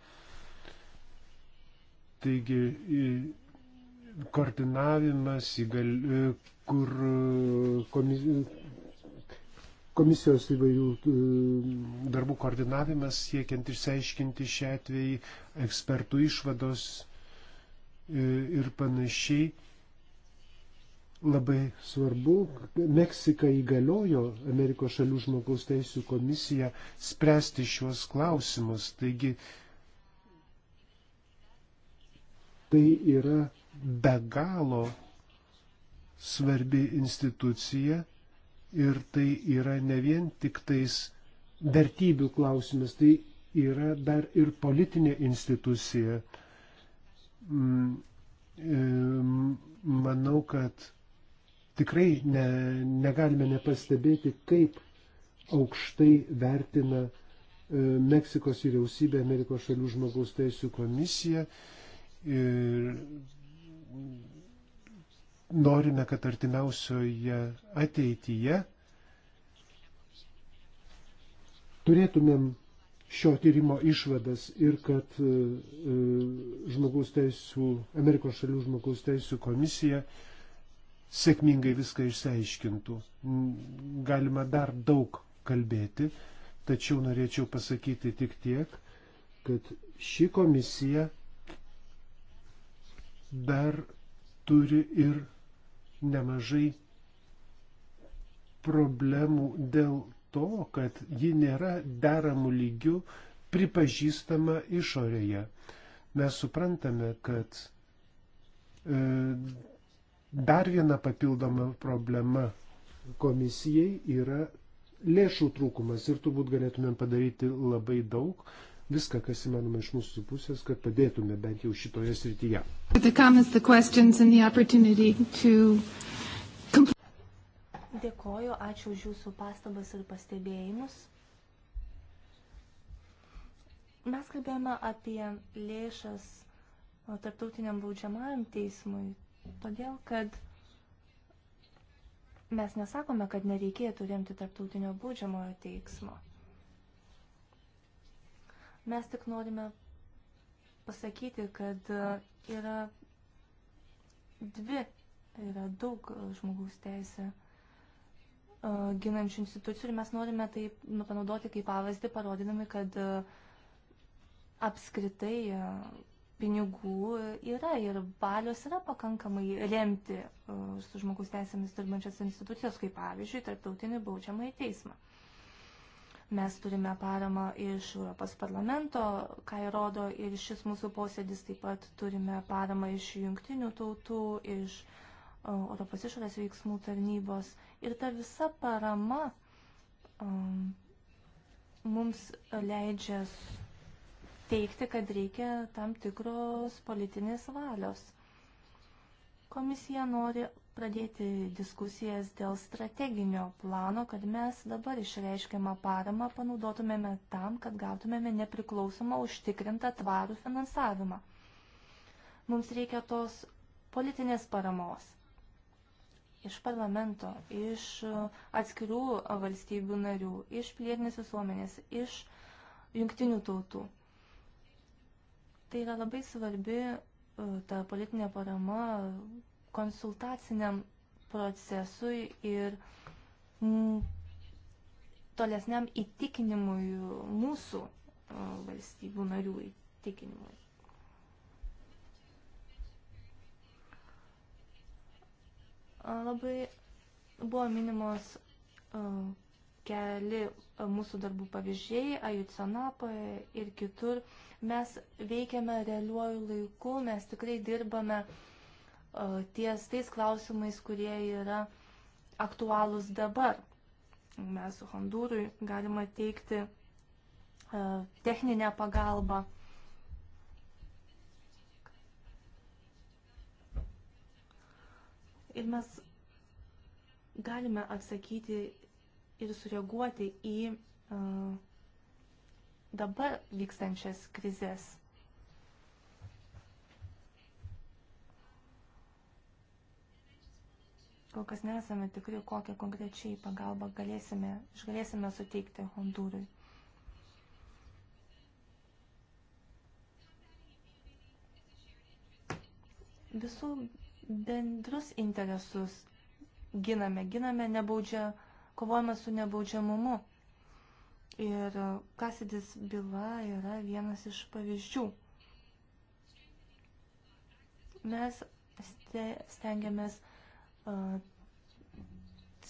Taigi koordinavimas, e, kur e, komisijos įvairių e, darbų koordinavimas siekiant išsiaiškinti šią atvejį, ekspertų išvados ir panašiai. Labai svarbu, Meksika įgaliojo Amerikos šalių žmogaus teisų komisiją spręsti šiuos klausimus. Taigi tai yra be galo svarbi institucija ir tai yra ne vien tik tais vertybių klausimas, tai yra dar ir politinė institucija. Mm, manau, kad tikrai ne, negalime nepastebėti, kaip aukštai vertina e, Meksikos vyriausybė Amerikos šalių žmogaus teisų komisija ir norime, kad artimiausioje ateityje turėtumėm šio tyrimo išvadas ir kad e, e, žmogaus teisų, Amerikos šalių žmogaus teisų komisija sėkmingai viską išsiaiškintų. Galima dar daug kalbėti, tačiau norėčiau pasakyti tik tiek, kad ši komisija dar turi ir nemažai problemų dėl to, kad ji nėra deramų lygių pripažįstama išorėje. Mes suprantame, kad e, dar viena papildoma problema komisijai yra lėšų trūkumas ir turbūt galėtumėm padaryti labai daug, viską, kas įmanoma iš mūsų pusės, kad padėtume bent jau šitoje srityje. Dėkoju, ačiū už Jūsų pastabas ir pastebėjimus. Mes kalbėjome apie lėšas tarptautiniam baudžiamajam teismui, todėl kad mes nesakome, kad nereikėtų remti tarptautinio baudžiamojo teiksmo. Mes tik norime pasakyti, kad e, yra dvi, yra daug e, žmogaus teisė e, ginančių institucijų ir mes norime tai nu, panaudoti kaip pavyzdį, parodydami, kad apskritai pinigų yra ir valios yra pakankamai remti su žmogus teisėmis dirbančias institucijos, kaip pavyzdžiui, tarptautinį baudžiamąjį teismą. Mes turime paramą iš Europos parlamento, ką įrodo ir šis mūsų posėdis, taip pat turime paramą iš jungtinių tautų, iš e, Europos išorės veiksmų tarnybos. Ir ta visa parama um, mums leidžia teikti, kad reikia tam tikros politinės valios. Komisija nori pradėti diskusijas dėl strateginio plano, kad mes dabar išreiškiamą paramą panaudotumėme tam, kad gautumėme nepriklausomą užtikrintą tvarų finansavimą. Mums reikia tos politinės paramos iš parlamento, iš atskirų valstybių narių, iš plėtinės visuomenės, iš jungtinių tautų. Tai yra labai svarbi e, ta politinė parama konsultaciniam procesui ir tolesniam įtikinimui mūsų e, valstybių narių įtikinimui. Labai buvo minimos e, keli e, mūsų darbų pavyzdžiai, Ajucenapoje ir kitur. Mes veikiame realiuoju laiku, mes tikrai dirbame uh, ties tais klausimais, kurie yra aktualūs dabar. Mes Hondūrui galima teikti techninę pagalbą. Ir mes galime atsakyti ir sureaguoti į dabar vykstančias krizės. Kol kas nesame tikri, kokią konkrečiai pagalbą galėsime, išgalėsime suteikti Hondūrui. Visų bendrus interesus giname, giname nebaudžia, kovojame su nebaudžiamumu. Ir Kasidis byla yra vienas iš pavyzdžių. Mes stengiamės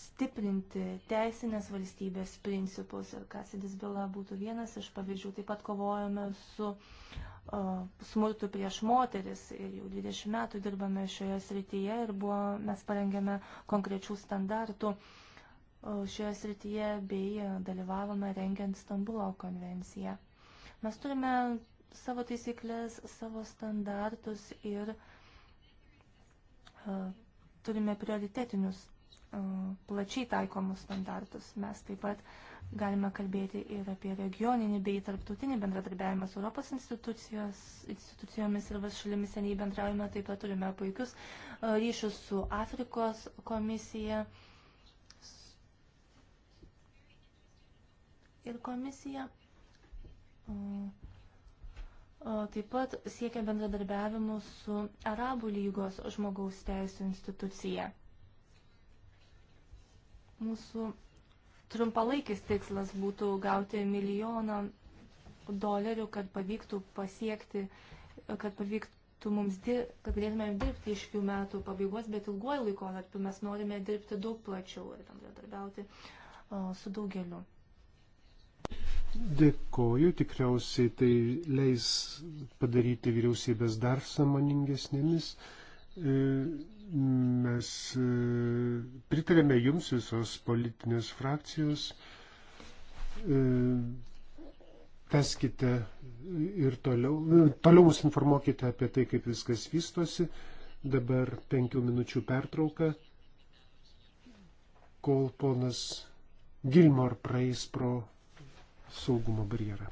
stiprinti teisinės valstybės principus ir Kasidis byla būtų vienas iš pavyzdžių. Taip pat kovojame su uh, smurtu prieš moteris ir jau 20 metų dirbame šioje srityje ir buvo, mes parengėme konkrečių standartų uh, šioje srityje bei dalyvavome rengiant Stambulo konvenciją. Mes turime savo taisyklės, savo standartus ir uh, turime prioritetinius e, plačiai taikomus standartus. Mes taip pat galime kalbėti ir apie regioninį bei tarptautinį bendradarbiavimą su Europos institucijomis ir vis šalimis seniai bendraujame. Taip pat turime puikius e, ryšius su Afrikos komisija. Ir komisija e, Taip pat siekia bendradarbiavimu su Arabų lygos žmogaus teisų institucija. Mūsų trumpalaikis tikslas būtų gauti milijoną dolerių, kad pavyktų pasiekti, kad pavyktų mums, dir, kad galėtume dirbti iš šių metų pabaigos, bet ilguoju laikotarpiu mes norime dirbti daug plačiau ir bendradarbiauti su daugeliu Dėkoju, tikriausiai tai leis padaryti vyriausybės dar samoningesnėmis. E, mes e, pritarėme jums visos politinės frakcijos. E, Teskite ir toliau, toliau mus informuokite apie tai, kaip viskas vystosi. Dabar penkių minučių pertrauka, kol ponas Gilmor praeis pro saugumo barjerą.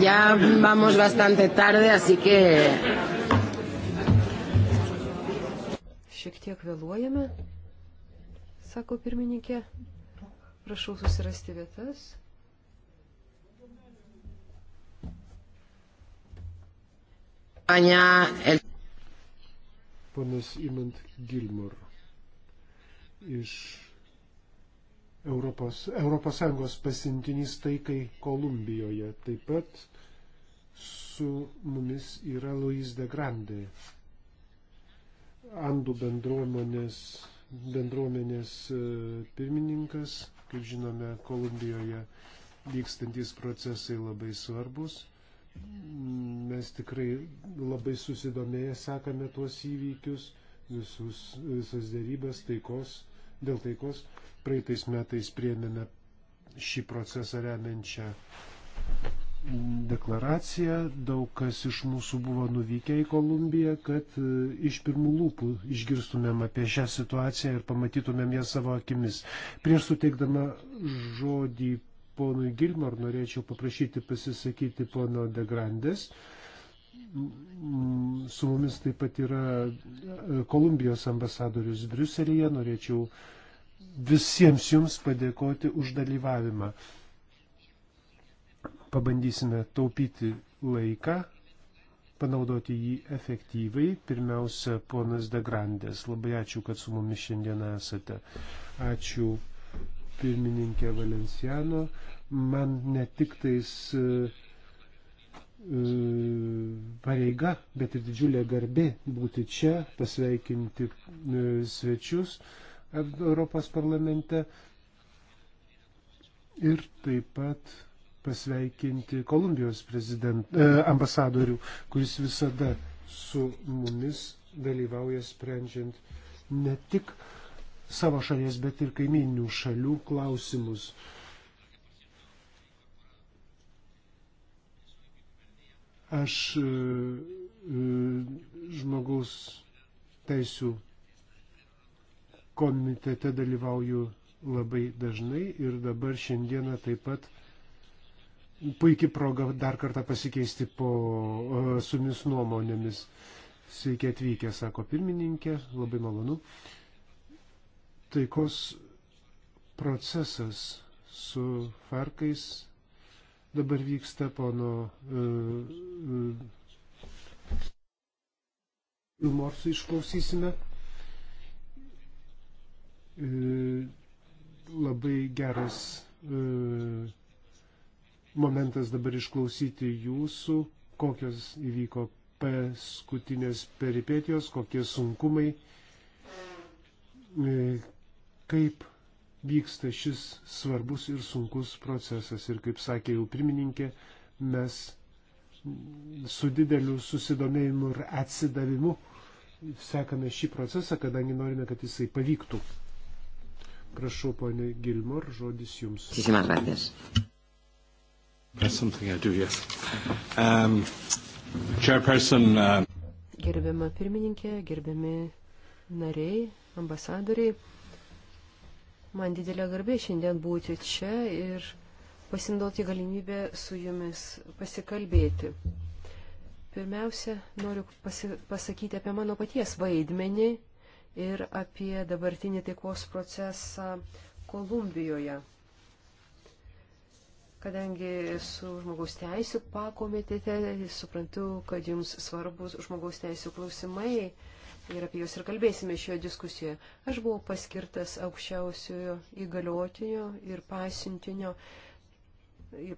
Ya vamos bastante tarde, así que. Šiek tiek vėluojame, sako pirmininkė. Prašau susirasti vietas. Ponas Imant Gilmor iš Europos, Europos Sąjungos pasintinys taikai Kolumbijoje. Taip pat su mumis yra Luis de Grande, Andų bendruomenės, bendruomenės e, pirmininkas. Kaip žinome, Kolumbijoje vykstantis procesai labai svarbus. Mes tikrai labai susidomėję sekame tuos įvykius, visus, visas dėrybės, taikos dėl taikos. Praeitais metais priemėme šį procesą remiančią deklaraciją. Daug kas iš mūsų buvo nuvykę į Kolumbiją, kad e, iš pirmų lūpų išgirstumėm apie šią situaciją ir pamatytumėm ją savo akimis. Prieš suteikdama žodį ponui Gilmar norėčiau paprašyti pasisakyti pono Degrandės. Grandės Su mumis taip pat yra e, Kolumbijos ambasadorius Briuselėje. Norėčiau visiems jums padėkoti už dalyvavimą. Pabandysime taupyti laiką, panaudoti jį efektyviai. Pirmiausia, ponas Degrandės, labai ačiū, kad su mumis šiandieną esate. Ačiū pirmininkė Valenciano. Man ne tik tais uh, pareiga, bet ir didžiulė garbė būti čia, pasveikinti e, svečius Europos parlamente ir taip pat pasveikinti Kolumbijos prezident, e, ambasadorių, kuris visada su mumis dalyvauja sprendžiant ne tik savo šalies, bet ir kaiminių šalių klausimus. E, Aš e, e, žmogaus teisų komitete dalyvauju labai dažnai ir dabar šiandieną taip pat puikiai proga dar kartą pasikeisti po e, sumis nuomonėmis. Sveiki atvykę, sako pirmininkė, labai malonu. Taikos procesas su farkais dabar vyksta pono Ilmorsų e, e, išklausysime. E, labai geras e, momentas dabar išklausyti jūsų, kokios įvyko paskutinės peripetijos, kokie sunkumai, e, kaip vyksta šis svarbus ir sunkus procesas. Ir kaip sakė jau pirmininkė, mes su dideliu susidomėjimu ir atsidavimu sekame šį procesą, kadangi norime, kad jisai pavyktų. Prašau, ponė Gilmor, žodis jums. Muchísimas gracias. That's something I do, yes. Um, chairperson. Uh... Gerbiama pirmininkė, gerbiami nariai, ambasadoriai. Man didelė garbė šiandien būti čia ir pasinaudoti galimybę su jumis pasikalbėti. Pirmiausia, noriu pasi pasakyti apie mano paties vaidmenį ir apie dabartinį taikos procesą Kolumbijoje. Kadangi esu žmogaus teisų pakomitete, suprantu, kad jums svarbus žmogaus teisų klausimai ir apie juos ir kalbėsime šioje diskusijoje. Aš buvau paskirtas aukščiausiojo įgaliotinio ir pasiuntinio,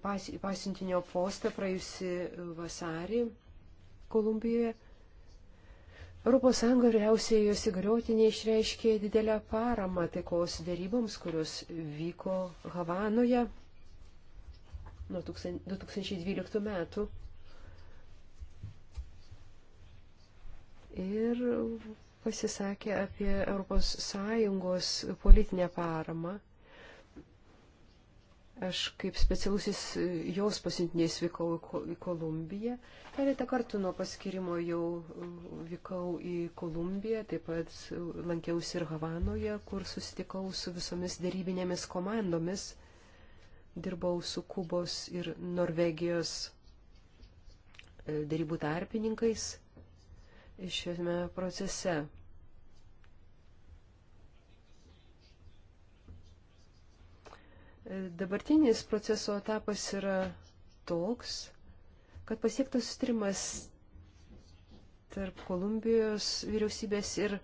pas, pasiuntinio postą praėjusi vasarį Kolumbijoje. ES vyriausiai jos įgaliotinė išreiškė didelę paramą taikos dėryboms, kurios vyko Havanoje nuo 2012 metų. ir pasisakė apie ES politinę paramą. Aš kaip specialusis jos pasiuntinės vykau į Kolumbiją. Keletą kartų nuo paskirimo jau vykau į Kolumbiją, taip pat lankiausi ir Havanoje, kur susitikau su visomis dėrybinėmis komandomis. Dirbau su Kubos ir Norvegijos e, dėrybų tarpininkais šiame procese. Dabartinis proceso etapas yra toks, kad pasiektas sustrimas tarp Kolumbijos vyriausybės ir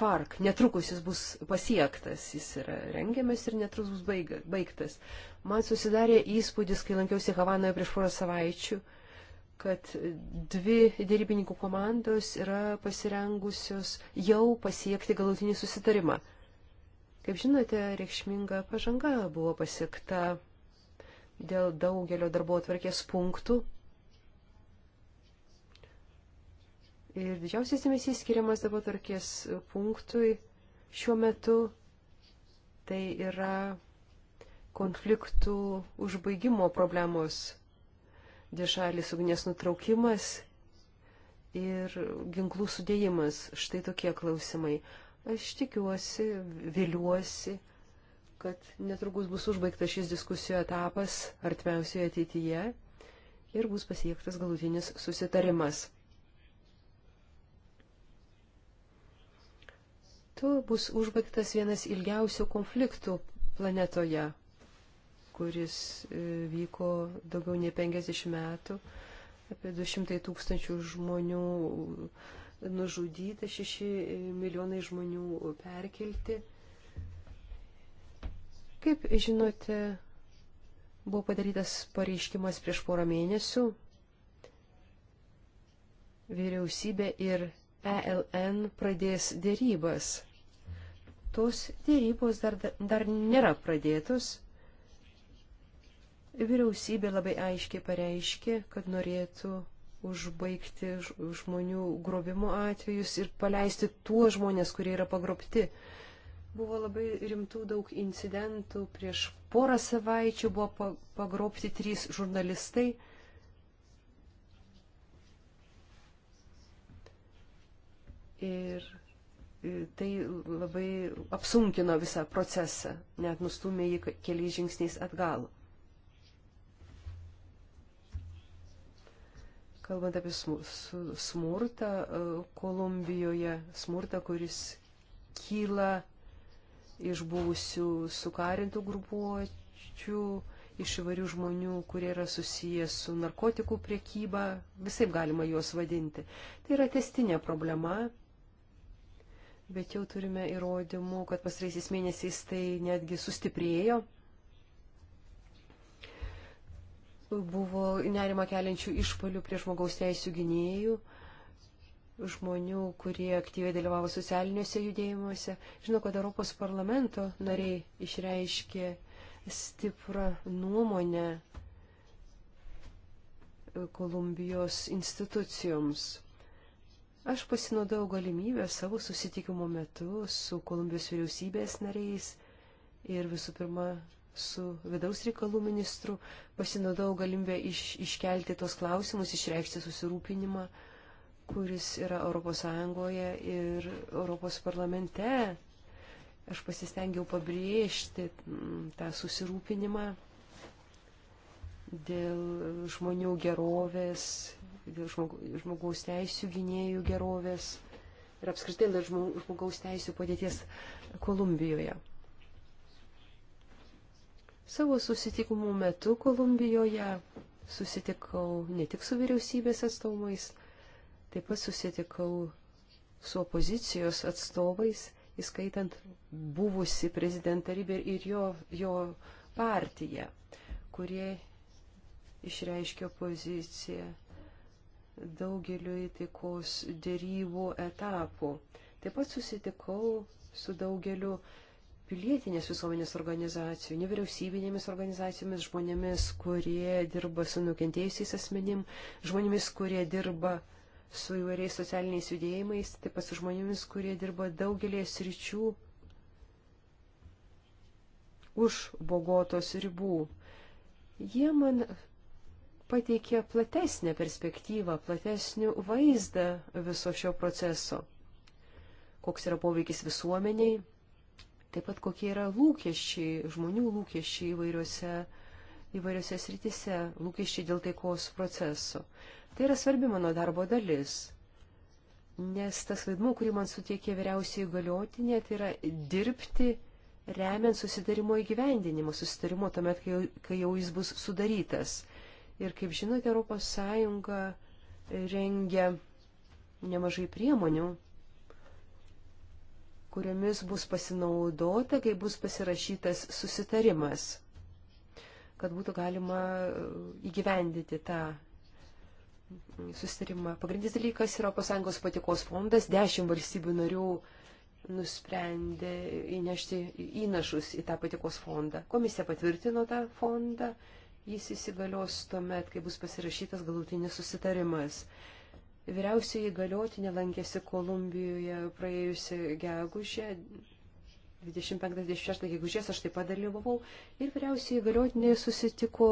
FARC. Netrukus jis bus pasiektas, jis yra rengiamas ir netrukus bus baigtas. Man susidarė įspūdis, kai lankiausi Havanoje prieš porą savaičių, kad dvi dėrybininkų komandos yra pasirengusios jau pasiekti galutinį susitarimą. Kaip žinote, reikšminga pažanga buvo pasiekta dėl daugelio darbo atvarkės punktų. Ir didžiausias dėmesys skiriamas darbo atvarkės punktui šiuo metu tai yra konfliktų užbaigimo problemos dvišalis ugnies nutraukimas ir ginklų sudėjimas. Štai tokie klausimai. Aš tikiuosi, viliuosi, kad netrukus bus užbaigtas šis diskusijų etapas artimiausioje ateityje ir bus pasiektas galutinis susitarimas. Tu bus užbaigtas vienas ilgiausių konfliktų planetoje kuris e, vyko daugiau nei 50 metų. Apie 200 tūkstančių žmonių nužudyta, 6 milijonai žmonių perkelti. Kaip žinote, buvo padarytas pareiškimas prieš porą mėnesių. Vyriausybė ir ELN pradės dėrybas tos dėrybos dar, dar nėra pradėtos. Vyriausybė labai aiškiai pareiškė, kad norėtų užbaigti žmonių grobimo atvejus ir paleisti tuos žmonės, kurie yra pagrobti. Buvo labai rimtų daug incidentų. Prieš porą savaičių buvo pagrobti trys žurnalistai. Ir tai labai apsunkino visą procesą, net nustumė jį keliais žingsniais atgal. Kalbant apie smurtą e, Kolumbijoje, smurtą, kuris kyla iš buvusių sukarintų grupuočių, iš įvairių žmonių, kurie yra susijęs su narkotikų priekyba, visai galima juos vadinti. Tai yra testinė problema, bet jau turime įrodymų, kad pasraisiais mėnesiais tai netgi sustiprėjo. buvo nerima keliančių išpolių prie žmogaus teisų gynėjų, žmonių, kurie aktyviai dalyvavo socialiniuose judėjimuose. Žinau, kad Europos parlamento nariai išreiškė stiprą nuomonę Kolumbijos institucijoms. Aš pasinaudojau galimybę savo susitikimo metu su Kolumbijos vyriausybės nariais ir visų pirma su vidaus reikalų ministru, pasinaudau galimybę iš, iškelti tos klausimus, išreikšti susirūpinimą, kuris yra ES ir ES parlamente. Aš pasistengiau pabrėžti mm, tą susirūpinimą dėl žmonių gerovės, dėl žmogaus teisų gynėjų gerovės ir apskritai dėl žmogaus teisų padėties Kolumbijoje. Savo susitikimų metu Kolumbijoje susitikau ne tik su vyriausybės atstovais, taip pat susitikau su opozicijos atstovais, įskaitant buvusi prezidentą Riber ir jo, jo partiją, kurie išreiškė opoziciją daugeliu taikos dėrybų etapų. Taip pat susitikau su daugeliu uh, pilietinės visuomenės organizacijų, nevyriausybinėmis organizacijomis, žmonėmis, kurie dirba su nukentėjusiais asmenim, žmonėmis, kurie dirba su įvairiais socialiniais judėjimais, taip pat su žmonėmis, kurie dirba daugelį sričių už Bogotos ribų. Jie man pateikė platesnę perspektyvą, platesnių vaizdą viso šio proceso. Koks yra poveikis visuomeniai, Taip pat kokie yra lūkesčiai, žmonių lūkesčiai įvairiuose, įvairiuose sritise, lūkesčiai dėl taikos proceso. Tai yra svarbi mano darbo dalis. Nes tas vaidmuo, kurį man suteikė vyriausiai įgaliotinė, tai yra dirbti remiant susidarimo įgyvendinimą, susidarimo tuomet, kai jau, kai jau jis bus sudarytas. Ir kaip žinote, ES rengia nemažai priemonių kuriomis bus pasinaudota, kai bus pasirašytas susitarimas, kad būtų galima e, įgyvendyti tą susitarimą. Pagrindinis dalykas yra ES patikos fondas, dešimt valstybių narių nusprendė įnešti įnašus į tą patikos fondą. Komisija patvirtino tą fondą, jis įsigalios tuomet, kai bus pasirašytas galutinis susitarimas. Vyriausiai galiotinė lankėsi Kolumbijoje praėjusi gegužė, 25-26 gegužės aš taip pat dalyvavau ir vyriausiai galiotinė susitiko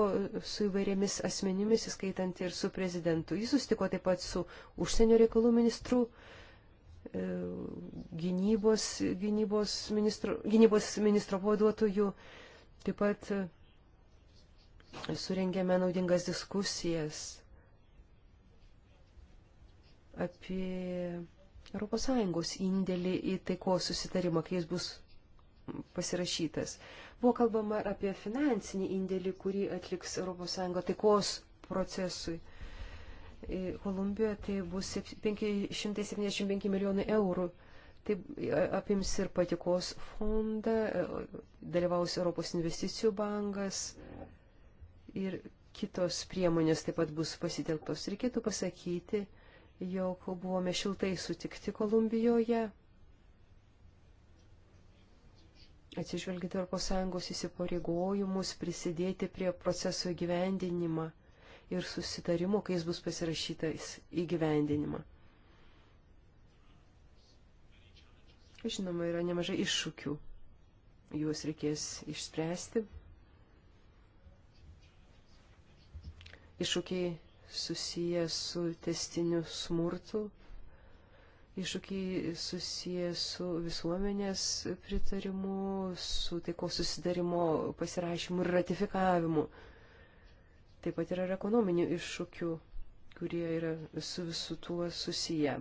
su įvairiomis asmenimis, įskaitant ir su prezidentu. Jis susitiko taip pat su užsienio reikalų ministru, e, gynybos, gynybos, ministro, gynybos ministro pavaduotoju, taip pat surengėme naudingas diskusijas apie ES indėlį į taikos susitarimą, kai jis bus pasirašytas. Buvo kalbama apie finansinį indėlį, kurį atliks ES taikos procesui. E, Kolumbijoje tai bus 575 milijonai eurų. Tai apims ir patikos fondą, e, dalyvaus Europos investicijų bankas ir kitos priemonės taip pat bus pasitelktos. Reikėtų pasakyti, jog buvome šiltai sutikti Kolumbijoje. Atsižvelgite Europos Sąjungos įsipareigojimus prisidėti prie proceso įgyvendinimą ir susitarimo, kai jis bus pasirašytas įgyvendinimą. Žinoma, yra nemažai iššūkių. Juos reikės išspręsti. Iššūkiai susiję su testiniu smurtu, iššūkiai susiję su visuomenės pritarimu, su taiko susidarimo pasirašymu ir ratifikavimu. Taip pat yra ir ekonominių iššūkių, kurie yra su visu tuo susiję.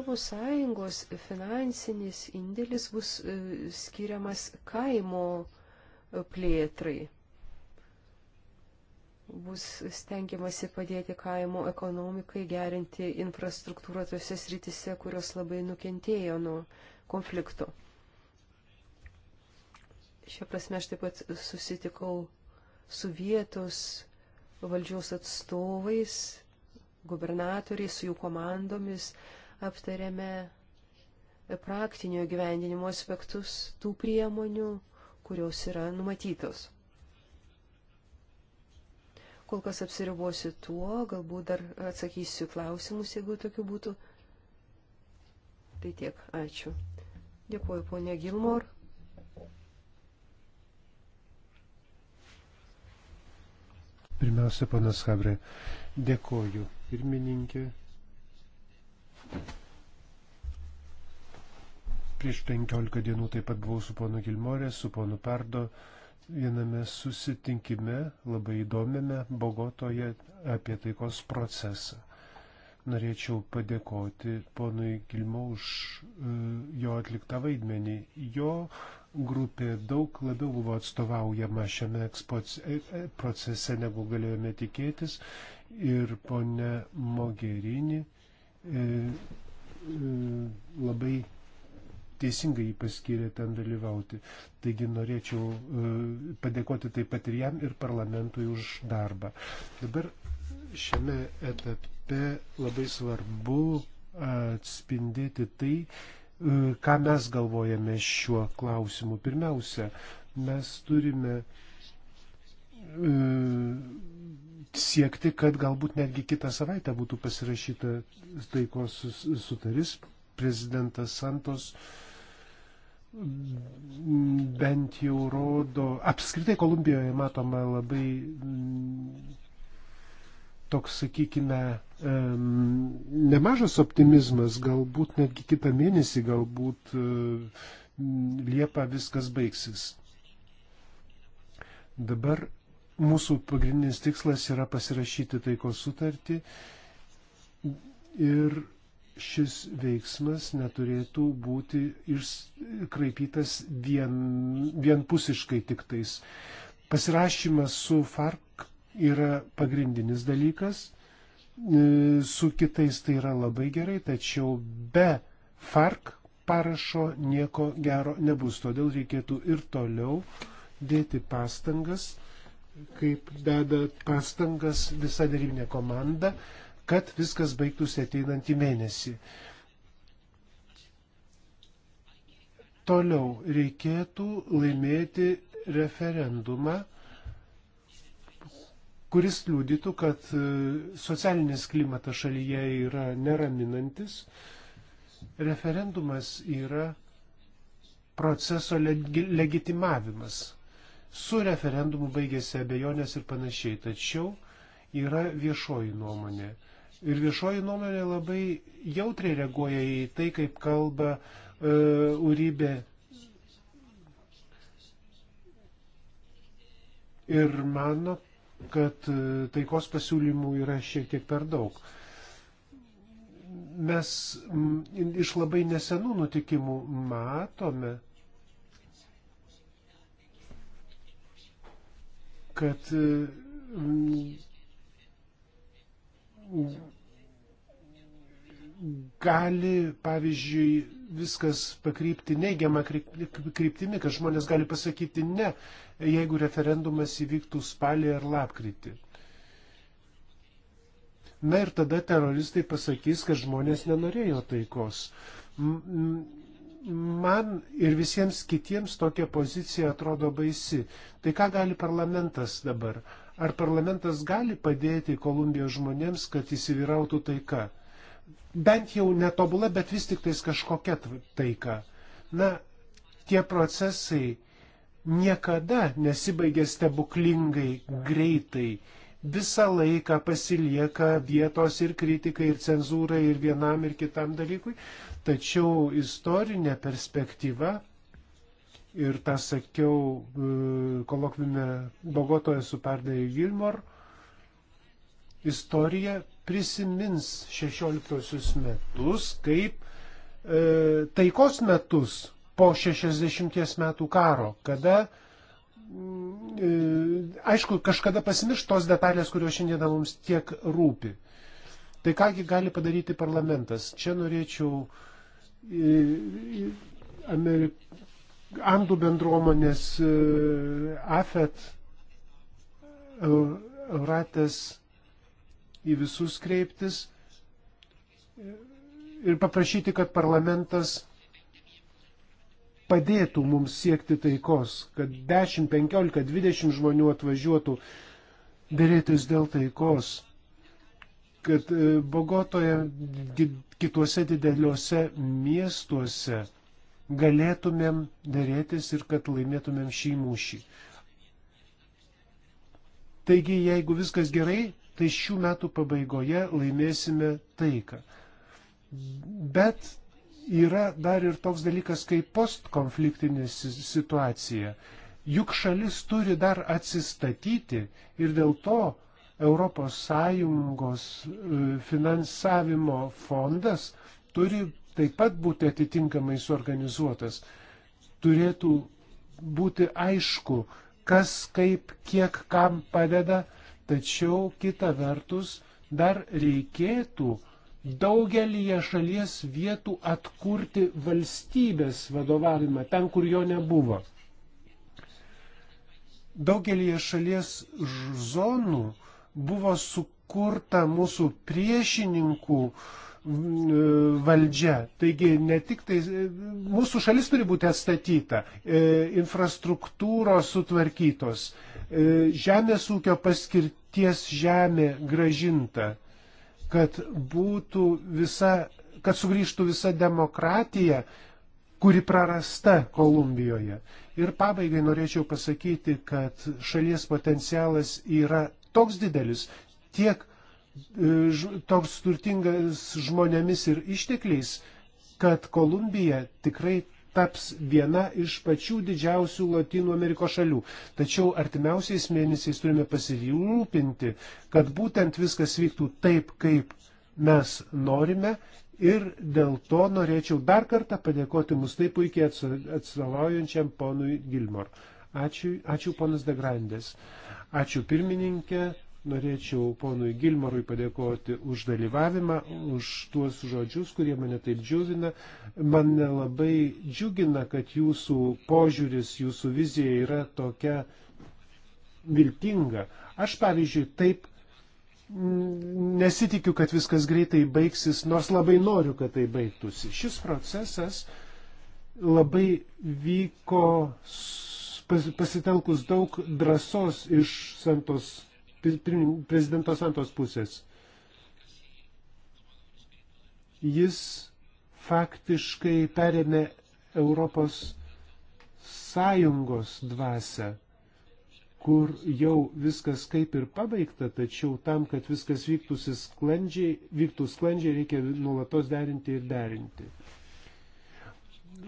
ES finansinis indėlis bus e, skiriamas kaimo e, plėtrai bus stengiamasi padėti kaimo ekonomikai, gerinti infrastruktūrą tose sritise, kurios labai nukentėjo nuo konflikto. Šią prasme aš taip pat susitikau su vietos valdžios atstovais, gubernatoriais, su jų komandomis, aptarėme praktinio gyvendinimo aspektus tų priemonių, kurios yra numatytos. Kol kas apsiribuosiu tuo, galbūt dar atsakysiu klausimus, jeigu tokių būtų. Tai tiek, ačiū. Dėkuoju, ponė Gilmor. Pirmiausia, panas Habrė, dėkoju pirmininkė. Prieš penkiolika dienų taip pat buvau su ponu Gilmorė, su ponu Pardo viename susitinkime, labai įdomiame Bogotoje apie taikos procesą. Norėčiau padėkoti ponui Gilmo už e, jo atliktą vaidmenį. Jo grupė daug labiau buvo atstovaujama šiame e, e, procese, negu galėjome tikėtis. Ir ponė Mogerini labai teisingai jį paskyrė ten dalyvauti. Taigi norėčiau e, padėkoti taip pat ir jam, ir parlamentui už darbą. Dabar šiame etape labai svarbu atspindėti tai, e, ką mes galvojame šiuo klausimu. Pirmiausia, mes turime e, siekti, kad galbūt netgi kitą savaitę būtų pasirašyta taikos sutaris. Prezidentas Santos uh, bent jau rodo, apskritai Kolumbijoje matoma labai mm, toks, sakykime, nemažas optimizmas, galbūt netgi kitą mėnesį, galbūt e, Liepa viskas baigsis. Dabar mūsų pagrindinis tikslas yra pasirašyti taikos sutartį ir šis veiksmas neturėtų būti iškraipytas vien, vienpusiškai tik tais. Pasirašymas su FARC yra pagrindinis dalykas, e, su kitais tai yra labai gerai, tačiau be FARC parašo nieko gero nebus. Todėl reikėtų ir toliau dėti pastangas, kaip deda pastangas visa darybinė komanda, kad viskas baigtųsi ateinantį mėnesį. Toliau reikėtų laimėti referendumą, kuris liūdytų, kad e, socialinis klimatas šalyje yra neraminantis. Referendumas yra proceso legitimavimas. Su referendumu baigėsi abejonės ir panašiai, tačiau yra viešoji nuomonė. Ir viešoji nuomonė labai jautriai reaguoja į tai, kaip kalba uh, e, Urybė. Ir mano, kad e, taikos pasiūlymų yra šiek tiek per daug. Mes m, iš labai nesenų nutikimų matome, kad m, e, gali, pavyzdžiui, viskas pakrypti neigiamą kryptimį, kad žmonės gali pasakyti ne, jeigu referendumas įvyktų spalį ar lapkritį. Na ir tada teroristai pasakys, kad žmonės nenorėjo taikos. Man ir visiems kitiems tokia pozicija atrodo baisi. Tai ką gali parlamentas dabar? Ar parlamentas gali padėti Kolumbijos žmonėms, kad įsivyrautų taika? Bent jau netobula, bet vis tik tais kažkokia taika. Na, tie procesai niekada nesibaigia stebuklingai greitai visą laiką pasilieka vietos ir kritikai, ir cenzūrai, ir vienam, ir kitam dalykui. Tačiau istorinė perspektyva ir tą sakiau e, kolokvime Bogotoje su Perdai Gilmor, istorija prisimins 16 metus kaip e, taikos metus po 60 metų karo, kada mm, e, Aišku, kažkada pasimirš tos detalės, kurios šiandieną mums tiek rūpi. Tai kągi gali padaryti parlamentas? Čia norėčiau e, Amerik Andų bendruomonės, e, AFET, Euratės į visus kreiptis ir paprašyti, kad parlamentas padėtų mums siekti taikos, kad 10, 15, 20 žmonių atvažiuotų dėrėtis dėl taikos, kad e, Bogotoje, kituose dideliuose miestuose galėtumėm dėrėtis ir kad laimėtumėm šį mūšį. Taigi, jeigu viskas gerai, tai šių metų pabaigoje laimėsime taiką. Bet yra dar ir toks dalykas kaip postkonfliktinė situacija. Juk šalis turi dar atsistatyti ir dėl to ES e, finansavimo fondas turi taip pat būti atitinkamai suorganizuotas. Turėtų būti aišku, kas kaip, kiek kam padeda, tačiau kita vertus dar reikėtų daugelį šalies vietų atkurti valstybės vadovavimą ten, kur jo nebuvo. Daugelį šalies zonų buvo sukurta mūsų priešininkų uh, Mm, e, valdžia. Taigi ne tik tai mūsų šalis turi būti atstatyta, e, infrastruktūros sutvarkytos, e, žemės ūkio paskirties žemė gražinta, kad būtų visa, kad sugrįžtų visa demokratija, kuri prarasta Kolumbijoje. Ir pabaigai norėčiau pasakyti, kad šalies potencialas yra toks didelis tiek toks turtingas žmonėmis ir ištekliais, kad Kolumbija tikrai taps viena iš pačių didžiausių Latino Amerikos šalių. Tačiau artimiausiais mėnesiais turime pasirūpinti, kad būtent viskas vyktų taip, kaip mes norime. Ir dėl to norėčiau dar kartą padėkoti mus taip puikiai atstovaujančiam ponui Gilmor. Ačiū, ačiū ponas Degrandės. Ačiū pirmininkė, Norėčiau ponui Gilmarui padėkoti už dalyvavimą, už tuos žodžius, kurie mane taip džiugina. Mane labai džiugina, kad jūsų požiūris, jūsų vizija yra tokia viltinga. Aš, pavyzdžiui, taip nesitikiu, kad viskas greitai baigsis, nors labai noriu, kad tai baigtųsi. Šis procesas labai vyko pasitelkus daug drąsos iš Santos prezidento Santos pusės. Jis faktiškai perėmė Europos Sąjungos dvasę, kur jau viskas kaip ir pabaigta, tačiau tam, kad viskas sklandžiai, vyktų sklandžiai, reikia nuolatos derinti ir derinti.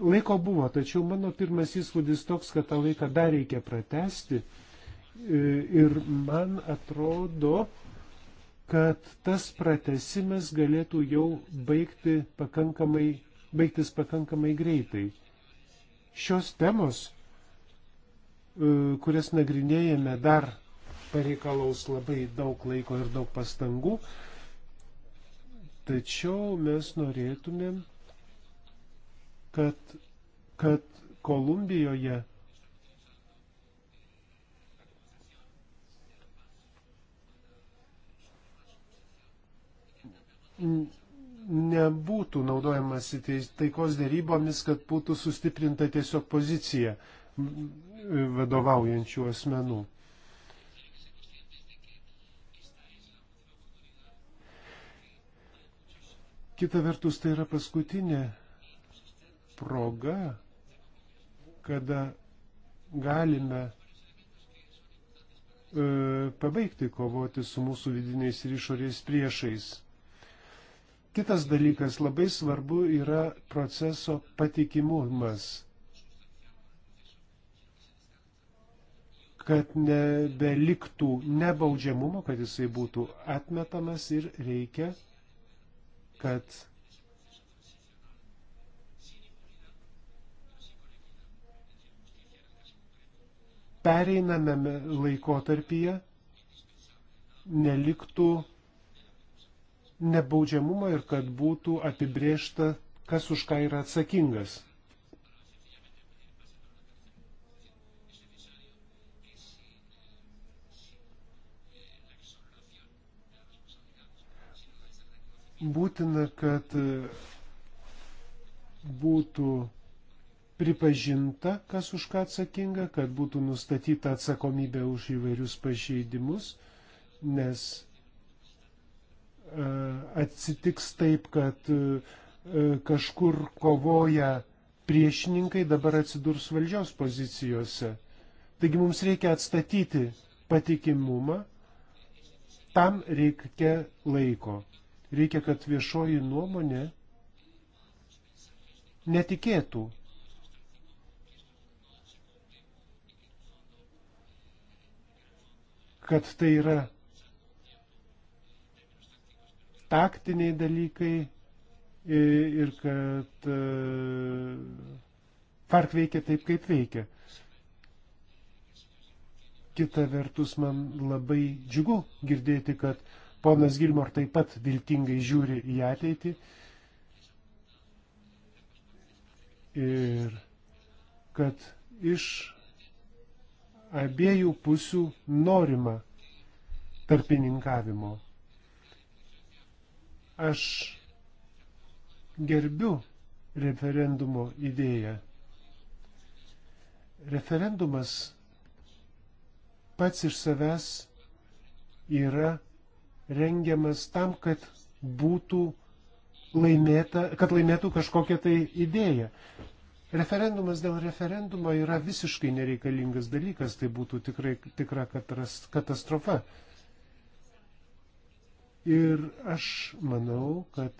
Laiko buvo, tačiau mano pirmas įspūdis toks, kad tą laiką dar reikia pratesti E, ir man atrodo, kad tas pratesimas galėtų jau baigti pakankamai, baigtis pakankamai greitai. Šios temos, e, kurias nagrinėjame, dar pareikalaus labai daug laiko ir daug pastangų, tačiau mes norėtumėm, kad, kad Kolumbijoje nebūtų naudojamasi taikos dėrybomis, kad būtų sustiprinta tiesiog pozicija vadovaujančių asmenų. Kita vertus, tai yra paskutinė proga, kada galime e, pabaigti kovoti su mūsų vidiniais ir išorės priešais. Kitas dalykas labai svarbu yra proceso patikimumas. Kad nebeliktų nebaudžiamumo, kad jisai būtų atmetamas ir reikia, kad pereinamame laikotarpyje neliktų nebaudžiamumą ir kad būtų apibriešta, kas už ką yra atsakingas. Būtina, kad būtų pripažinta, kas už ką atsakinga, kad būtų nustatyta atsakomybė už įvairius pažeidimus, nes E, atsitiks taip, kad e, e, kažkur kovoja priešininkai, dabar atsidurs valdžios pozicijose. Taigi mums reikia atstatyti patikimumą, tam reikia laiko. Reikia, kad viešoji nuomonė netikėtų kad tai yra taktiniai dalykai ir kad e, FARC veikia taip, kaip veikia. Kita vertus, man labai džiugu girdėti, kad ponas Gilmor taip pat viltingai žiūri į ateitį. Ir kad iš abiejų pusių norima tarpininkavimo. Aš gerbiu referendumo idėją. Referendumas pats iš savęs yra rengiamas tam, kad būtų laimėta, kad laimėtų kažkokią tai idėją. Referendumas dėl referendumo yra visiškai nereikalingas dalykas, tai būtų tikrai tikra katastrofa. Ir aš manau, kad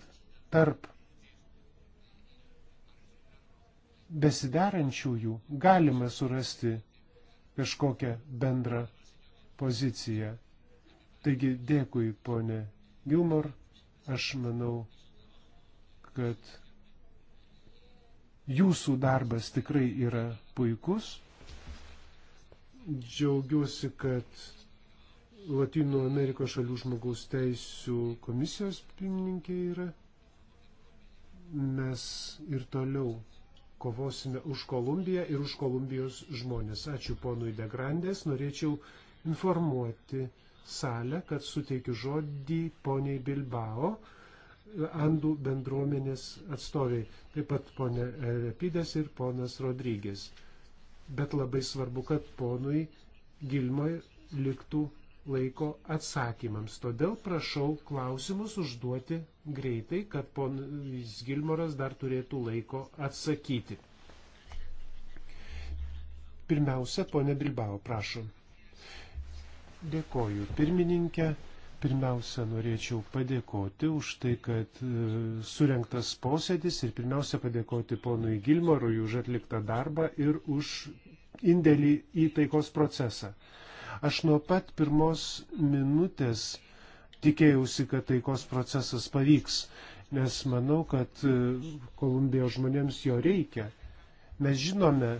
tarp besidarančiųjų galima surasti kažkokią bendrą poziciją. Taigi dėkui, ponė Gilmor, aš manau, kad jūsų darbas tikrai yra puikus. Džiaugiuosi, kad Latino Amerikos šalių žmogaus teisų komisijos pirmininkė yra. Mes ir toliau kovosime už Kolumbiją ir už Kolumbijos žmonės. Ačiū ponui Degrandės. Norėčiau informuoti salę, kad suteikiu žodį poniai Bilbao, Andų bendruomenės atstoviai, taip pat ponė Repidės ir ponas Rodrygės. Bet labai svarbu, kad ponui Gilmai liktų laiko atsakymams. Todėl prašau klausimus užduoti greitai, kad ponas Gilmoras dar turėtų laiko atsakyti. Pirmiausia, ponė Bilbao, prašom. Dėkoju pirmininkė. Pirmiausia, norėčiau padėkoti už tai, kad e, surinktas posėdis ir pirmiausia padėkoti ponui Gilmorui už atliktą darbą ir už indėlį į taikos procesą. Aš nuo pat pirmos minutės tikėjausi, kad taikos procesas pavyks, nes manau, kad e, Kolumbijos žmonėms jo reikia. Mes žinome,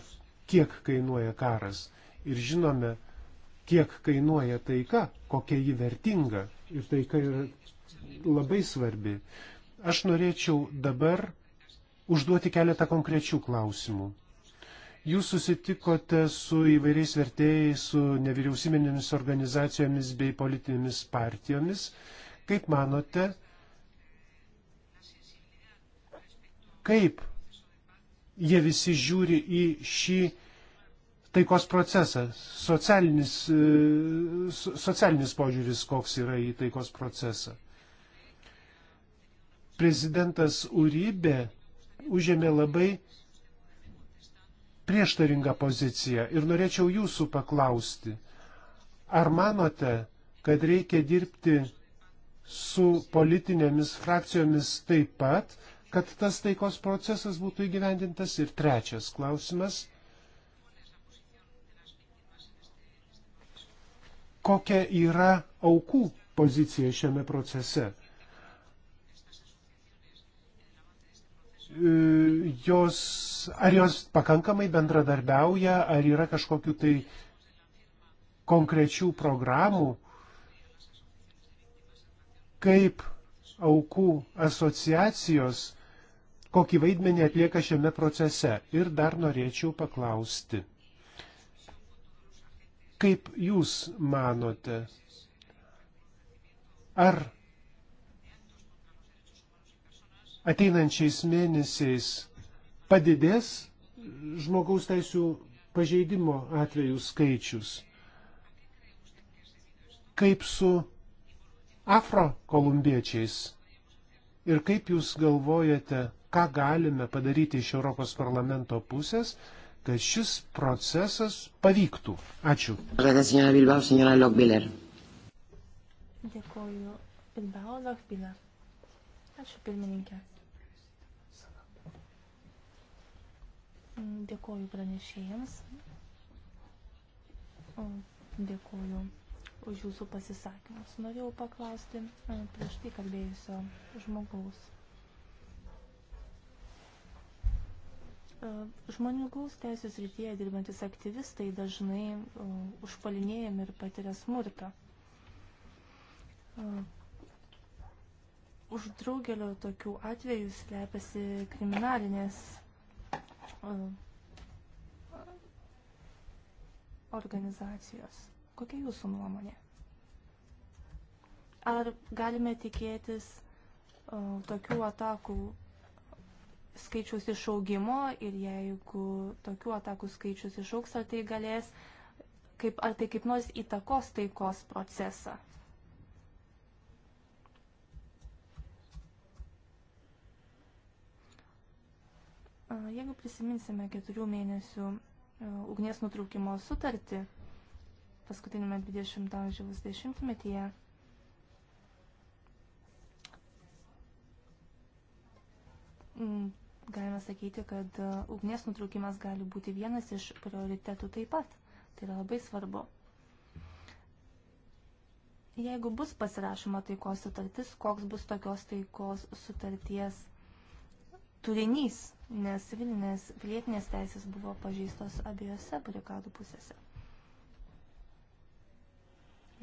kiek kainuoja karas ir žinome, kiek kainuoja taika, kokia ji vertinga ir taika yra labai svarbi. Aš norėčiau dabar užduoti keletą konkrečių klausimų. Jūs susitikote su įvairiais vertėjais, su nevyriausybinėmis organizacijomis bei politinėmis partijomis. Kaip manote, kaip jie visi žiūri į šį taikos procesą, socialinis, e, socialinis požiūris, koks yra į taikos procesą? Prezidentas Urybė užėmė labai prieštaringą poziciją ir norėčiau jūsų paklausti, ar manote, kad reikia dirbti su politinėmis frakcijomis taip pat, kad tas taikos procesas būtų įgyvendintas? Ir trečias klausimas. Kokia yra aukų pozicija šiame procese? jos, ar jos pakankamai bendradarbiauja, ar yra kažkokiu tai konkrečių programų, kaip aukų asociacijos, kokį vaidmenį atlieka šiame procese. Ir dar norėčiau paklausti, kaip jūs manote, ar ateinančiais mėnesiais padidės žmogaus teisų pažeidimo atvejų skaičius. Kaip su afrokolumbiečiais ir kaip jūs galvojate, ką galime padaryti iš Europos parlamento pusės, kad šis procesas pavyktų. Ačiū. Dėkuoju. Bilbao Lochbiller. Ačiū pirmininkė. Dėkoju pranešėjams. Dėkoju už jūsų pasisakymus. Norėjau paklausti e, prieš tai kalbėjusio žmogaus. E, žmogaus teisės rytyje dirbantis aktyvistai dažnai e, užpalinėjami ir patiria smurtą. Už draugelio tokių atvejų slepiasi kriminalinės organizacijos. Kokia jūsų nuomonė? Ar galime tikėtis tokių atakų skaičiaus išaugimo ir jeigu tokių atakų skaičius išauks, ar tai galės, kaip, ar tai kaip nors įtakos taikos procesą? Jeigu prisiminsime keturių mėnesių ugnies nutraukimo sutartį paskutinėme 20 amžiaus dešimtmetyje, galime sakyti, kad ugnies nutraukimas gali būti vienas iš prioritetų taip pat. Tai yra labai svarbu. Jeigu bus pasirašoma taikos sutartis, koks bus tokios taikos sutarties turinys, nes civilinės pilietinės teisės buvo pažeistos abiejose barikadų pusėse.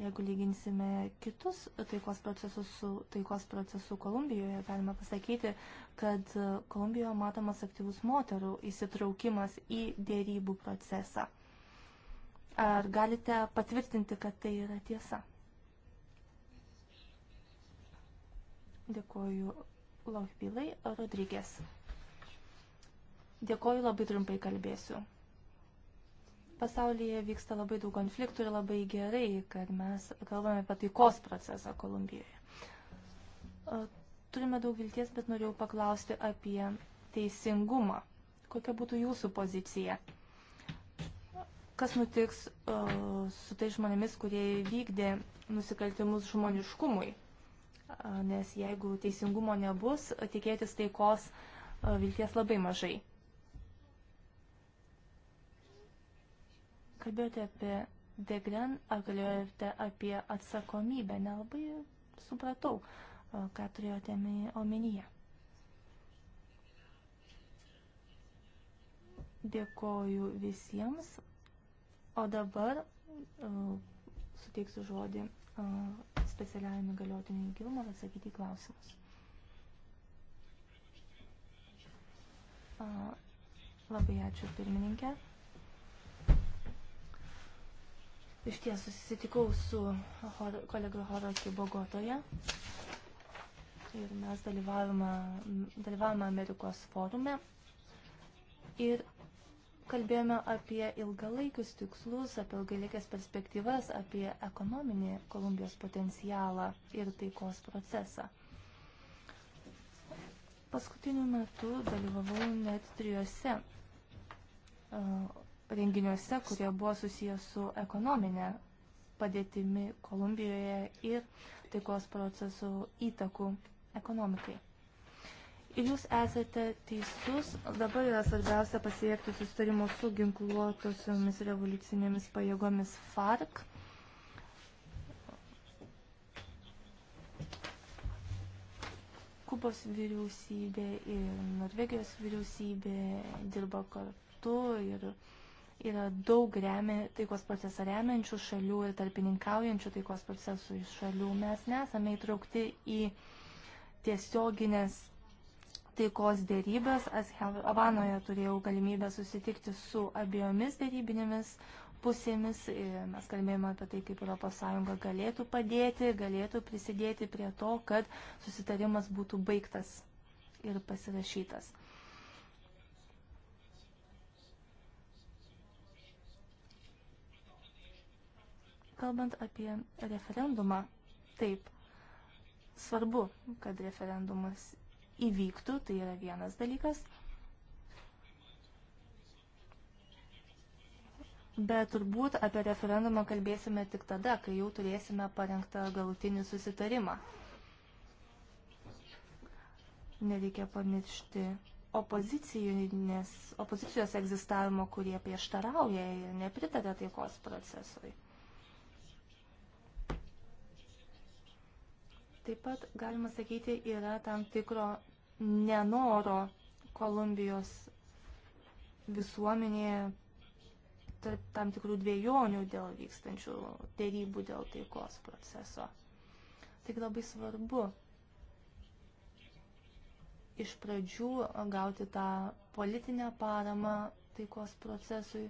Jeigu lyginsime kitus taikos procesus su taikos procesu Kolumbijoje, galima pasakyti, kad Kolumbijoje matomas aktyvus moterų įsitraukimas į dėrybų procesą. Ar galite patvirtinti, kad tai yra tiesa? Dėkuoju Lochbilai Rodrygės. Dėkoju, labai trumpai kalbėsiu. Pasaulyje vyksta labai daug konfliktų ir labai gerai, kad mes kalbame apie taikos procesą Kolumbijoje. Turime daug vilties, bet norėjau paklausti apie teisingumą. Kokia būtų jūsų pozicija? Kas nutiks uh, su tai žmonėmis, kurie vykdė nusikaltimus žmoniškumui? Uh, nes jeigu teisingumo nebus, tikėtis taikos uh, vilties labai mažai. kalbėjote apie Degren, ar kalbėjote apie atsakomybę, nelabai supratau, ką turėjote omenyje. Dėkoju visiems, o dabar uh, suteiksiu žodį uh, specialiajam įgaliotiniui Gilmar atsakyti į klausimus. Uh, labai ačiū pirmininkė. Iš ties susitikau su hor, kolega Horoki Bogotoje ir mes dalyvavome, dalyvavome Amerikos forume ir kalbėjome apie ilgalaikius tikslus, apie ilgalaikės perspektyvas, apie ekonominį Kolumbijos potencialą ir taikos procesą. Paskutiniu metu dalyvavau net trijose uh, renginiuose, kurie buvo susijęs su ekonominė padėtimi Kolumbijoje ir taikos procesų įtakų ekonomikai. Ir jūs esate teisus, dabar yra svarbiausia pasiekti sustarimo su ginkluotosiomis revoliucinėmis pajėgomis FARC. Kubos vyriausybė ir Norvegijos vyriausybė dirba kartu ir uh, Yra daug remi, taikos procesą remiančių šalių ir tarpininkaujančių taikos procesų šalių. Mes nesame įtraukti į tiesioginės taikos dėrybas. Aš Havanoje turėjau galimybę susitikti su abiejomis dėrybinėmis pusėmis. Mes kalbėjome apie tai, kaip ES galėtų padėti, galėtų prisidėti prie to, kad susitarimas būtų baigtas ir pasirašytas. kalbant apie referendumą, taip, svarbu, kad referendumas įvyktų, tai yra vienas dalykas. Bet turbūt apie referendumą kalbėsime tik tada, kai jau turėsime parengtą galutinį susitarimą. Nereikia pamiršti opozicijos egzistavimo, kurie prieštarauja ir nepritarė taikos procesui. Taip pat, galima sakyti, yra tam tikro nenoro Kolumbijos visuomenėje tam tikrų dviejonių dėl vykstančių dėrybų dėl taikos proceso. Tik labai svarbu iš pradžių gauti tą politinę paramą taikos procesui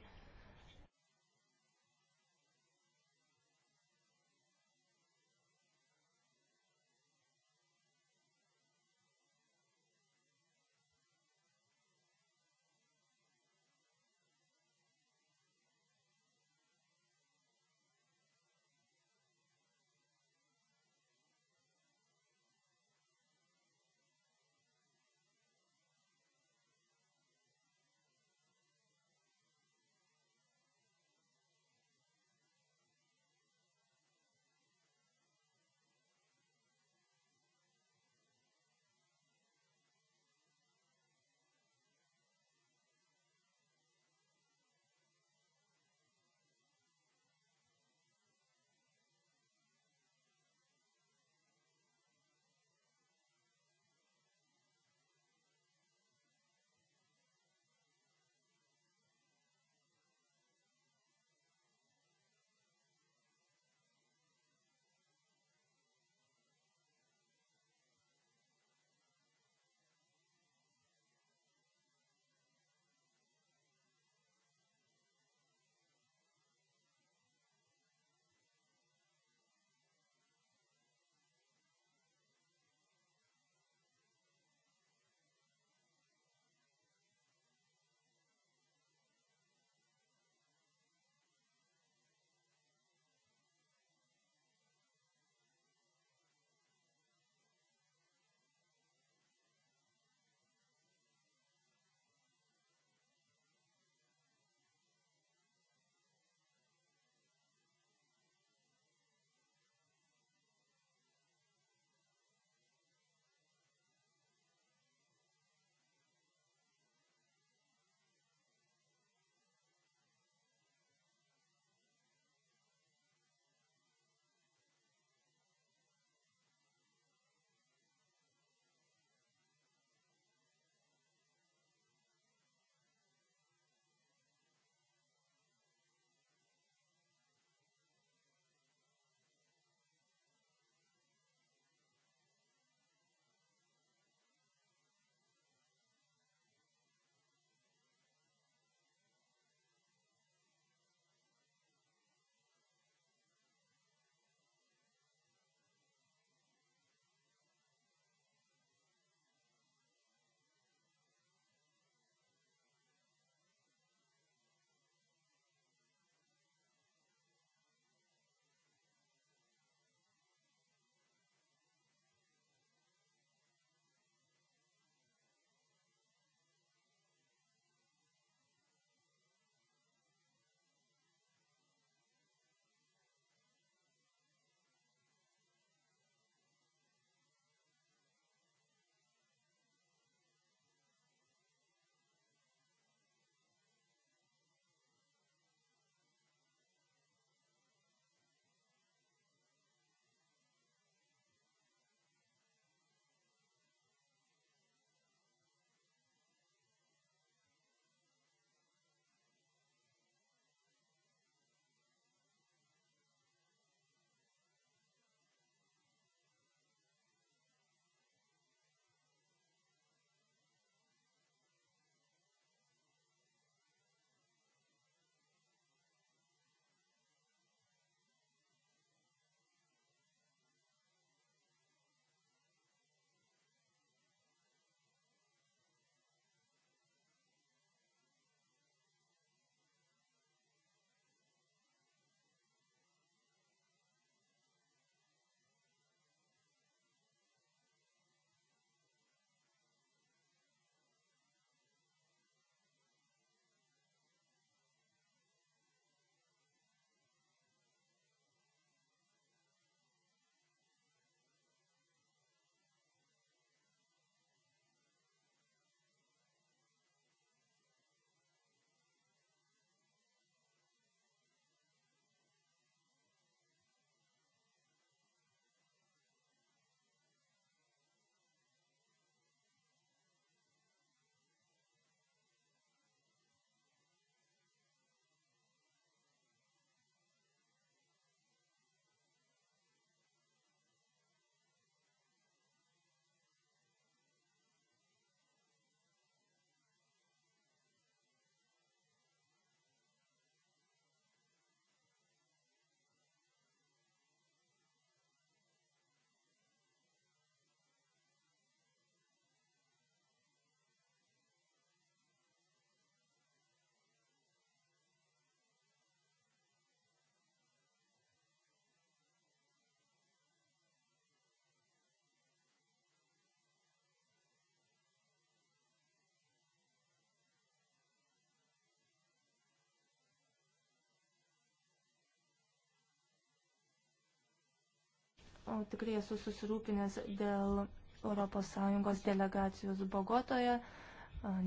tikrai esu susirūpinęs dėl ES delegacijos Bogotoje,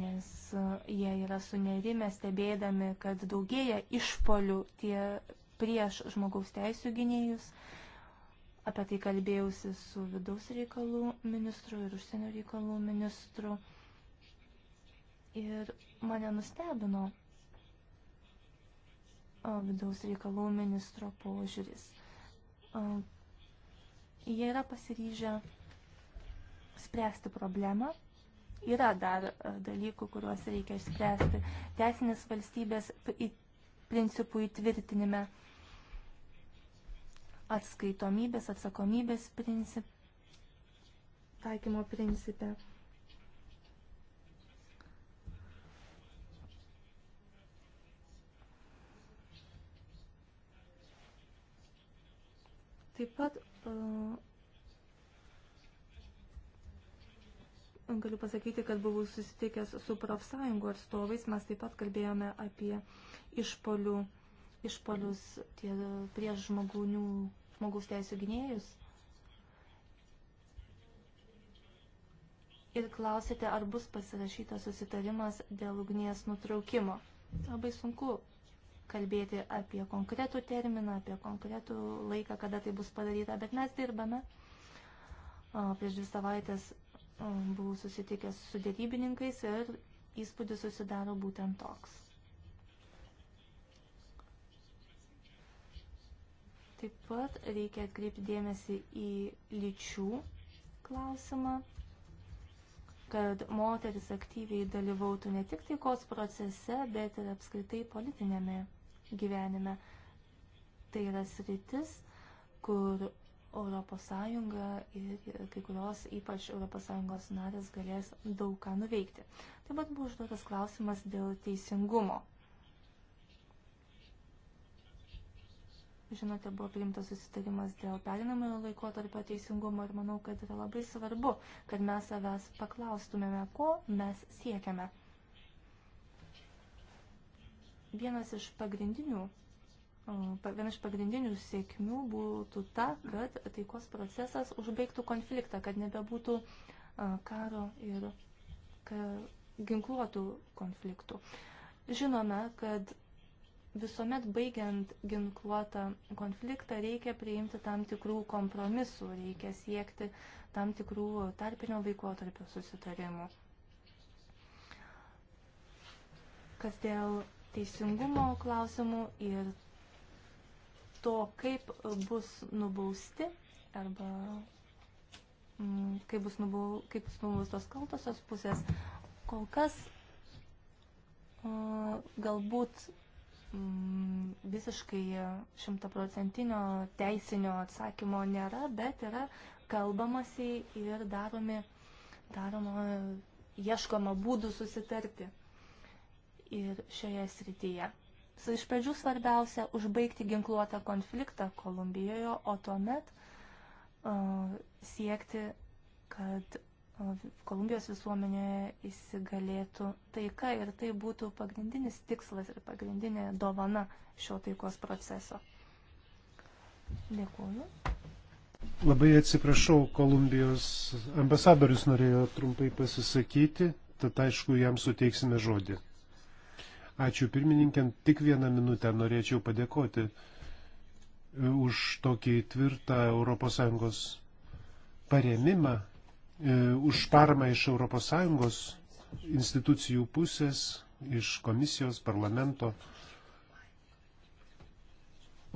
nes jie yra sunerimę stebėdami, kad daugėja išpolių tie prieš žmogaus teisų gynėjus. Apie tai kalbėjausi su vidaus reikalų ministru ir užsienio reikalų ministru. Ir mane nustebino vidaus reikalų ministro požiūris. Jie yra pasiryžę spręsti problemą. Yra dar e, dalykų, kuriuos reikia išspręsti. Teisinės valstybės principų įtvirtinime atskaitomybės, atsakomybės princip, taikymo principė. Taip pat galiu pasakyti, kad buvau susitikęs su profsąjungų atstovais, mes taip pat kalbėjome apie išpolių, išpolius tie, prieš žmogūnių, žmogaus teisų gynėjus. Ir klausėte, ar bus pasirašytas susitarimas dėl ugnies nutraukimo. Labai sunku kalbėti apie konkretų terminą, apie konkretų laiką, kada tai bus padaryta, bet mes dirbame. Prieš dvi savaitės buvau susitikęs su dėrybininkais ir įspūdis susidaro būtent toks. Taip pat reikia atkreipti dėmesį į lyčių klausimą, kad moteris aktyviai dalyvautų ne tik taikos procese, bet ir apskritai politinėme gyvenime. Tai yra sritis, kur ES ir kai kurios ypač ES narės galės daug ką nuveikti. Taip pat buvo užduotas klausimas dėl teisingumo. Žinote, buvo priimtas susitarimas dėl perinamojo laikotarpio teisingumo ir manau, kad yra labai svarbu, kad mes savęs paklaustumėme, ko mes siekiame. Vienas iš pagrindinių Viena iš pagrindinių sėkmių būtų ta, kad taikos procesas užbaigtų konfliktą, kad nebebūtų karo ir ginkluotų konfliktų. Žinome, kad visuomet baigiant ginkluotą konfliktą reikia priimti tam tikrų kompromisų, reikia siekti tam tikrų tarpinio laikotarpio susitarimų. Kas dėl teisingumo klausimų ir to, kaip bus nubausti arba mm, kaip bus, nubau, kaip bus nubaustos kaltosios pusės, kol kas mm, galbūt mm, visiškai šimtaprocentinio teisinio atsakymo nėra, bet yra kalbamasi ir daromi, daroma, ieškoma būdų susitarti ir šioje srityje. Su iš pradžių svarbiausia užbaigti ginkluotą konfliktą Kolumbijoje, o tuomet uh, siekti, kad uh, Kolumbijos visuomenėje įsigalėtų taika ir tai būtų pagrindinis tikslas ir pagrindinė dovana šio taikos proceso. Dėkuoju. Labai atsiprašau, Kolumbijos ambasadorius norėjo trumpai pasisakyti, tad aišku, jam suteiksime žodį. Ačiū pirmininkėm, tik vieną minutę norėčiau padėkoti e, už tokį tvirtą ES paremimą, e, už paramą iš ES institucijų pusės, iš komisijos, parlamento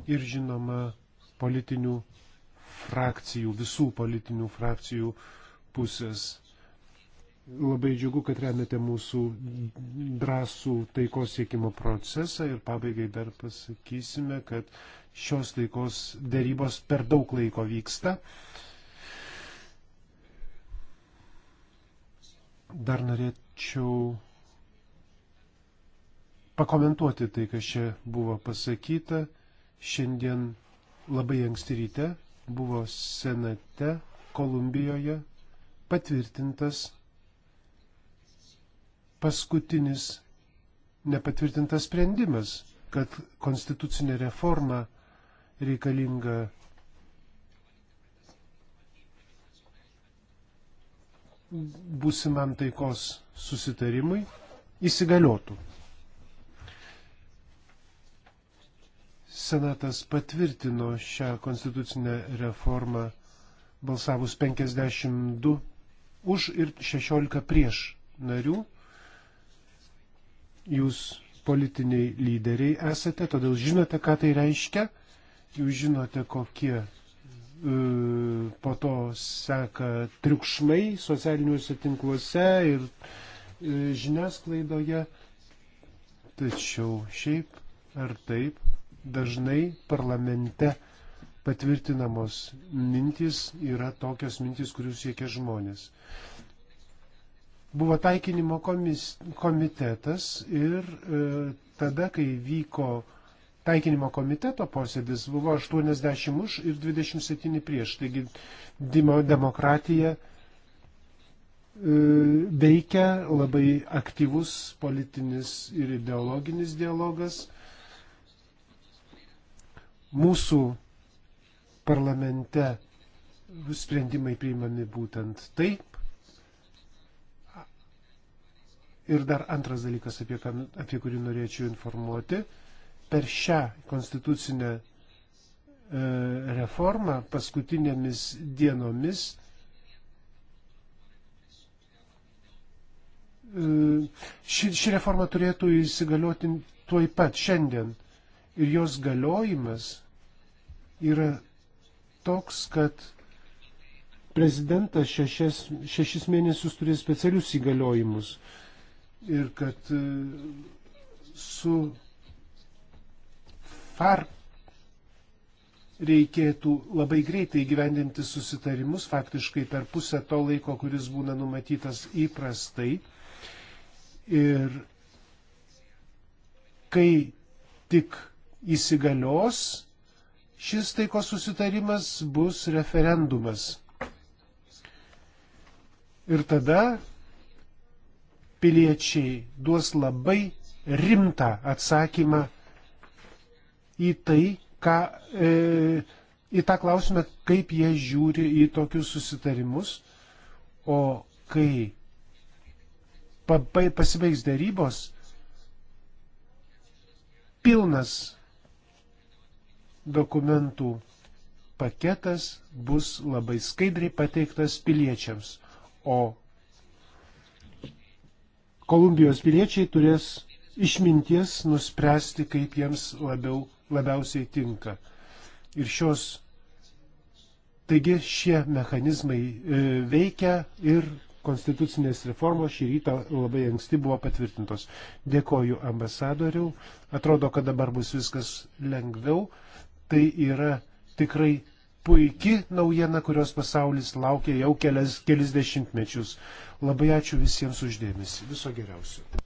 ir žinoma politinių frakcijų, visų politinių frakcijų pusės. Labai džiugu, kad remiate mūsų drąsų taikos siekimo procesą ir pabaigai dar pasakysime, kad šios taikos dėrybos per daug laiko vyksta. Dar norėčiau pakomentuoti tai, kas čia buvo pasakyta. Šiandien labai anksti ryte buvo Senate Kolumbijoje patvirtintas paskutinis nepatvirtintas sprendimas, kad konstitucinė reforma reikalinga būsimam taikos susitarimui įsigaliotų. Senatas patvirtino šią konstitucinę reformą balsavus 52 už ir 16 prieš narių Jūs politiniai lyderiai esate, todėl žinote, ką tai reiškia. Jūs žinote, kokie e, po to seka triukšmai socialiniuose tinkluose ir e, žiniasklaidoje. Tačiau šiaip ar taip dažnai parlamente patvirtinamos mintys yra tokios mintys, kurių siekia žmonės. Buvo taikinimo komis, komitetas ir e, tada, kai vyko taikinimo komiteto posėdis, buvo 80 už ir 27 prieš. Taigi demokratija e, veikia labai aktyvus politinis ir ideologinis dialogas. Mūsų parlamente sprendimai priimami būtent taip. Ir dar antras dalykas, apie, ką, apie kurį norėčiau informuoti. Per šią konstitucinę e, reformą paskutinėmis dienomis e, ši, ši reforma turėtų įsigalioti tuoj pat šiandien. Ir jos galiojimas yra toks, kad prezidentas šešias, šešis mėnesius turės specialius įgaliojimus. E, ir kad e, su FAR reikėtų labai greitai gyvendinti susitarimus, faktiškai per pusę to laiko, kuris būna numatytas įprastai. Ir kai tik įsigalios šis taikos susitarimas, bus referendumas. Ir tada piliečiai duos labai rimtą atsakymą į tai, ką, e, į tą klausimą, kaip jie žiūri į tokius susitarimus, o kai pasibaigs darybos, pilnas dokumentų paketas bus labai skaidriai pateiktas piliečiams, o Kolumbijos piliečiai turės išminties nuspręsti, kaip jiems labiau, labiausiai tinka. Ir šios, taigi šie mechanizmai e, veikia ir konstitucinės reformos šį rytą labai anksti buvo patvirtintos. Dėkoju ambasadoriu, atrodo, kad dabar bus viskas lengviau. Tai yra tikrai puiki naujiena, kurios pasaulis laukia jau kelias, kelis dešimtmečius. Labai ačiū visiems uždėmesi. Viso geriausio.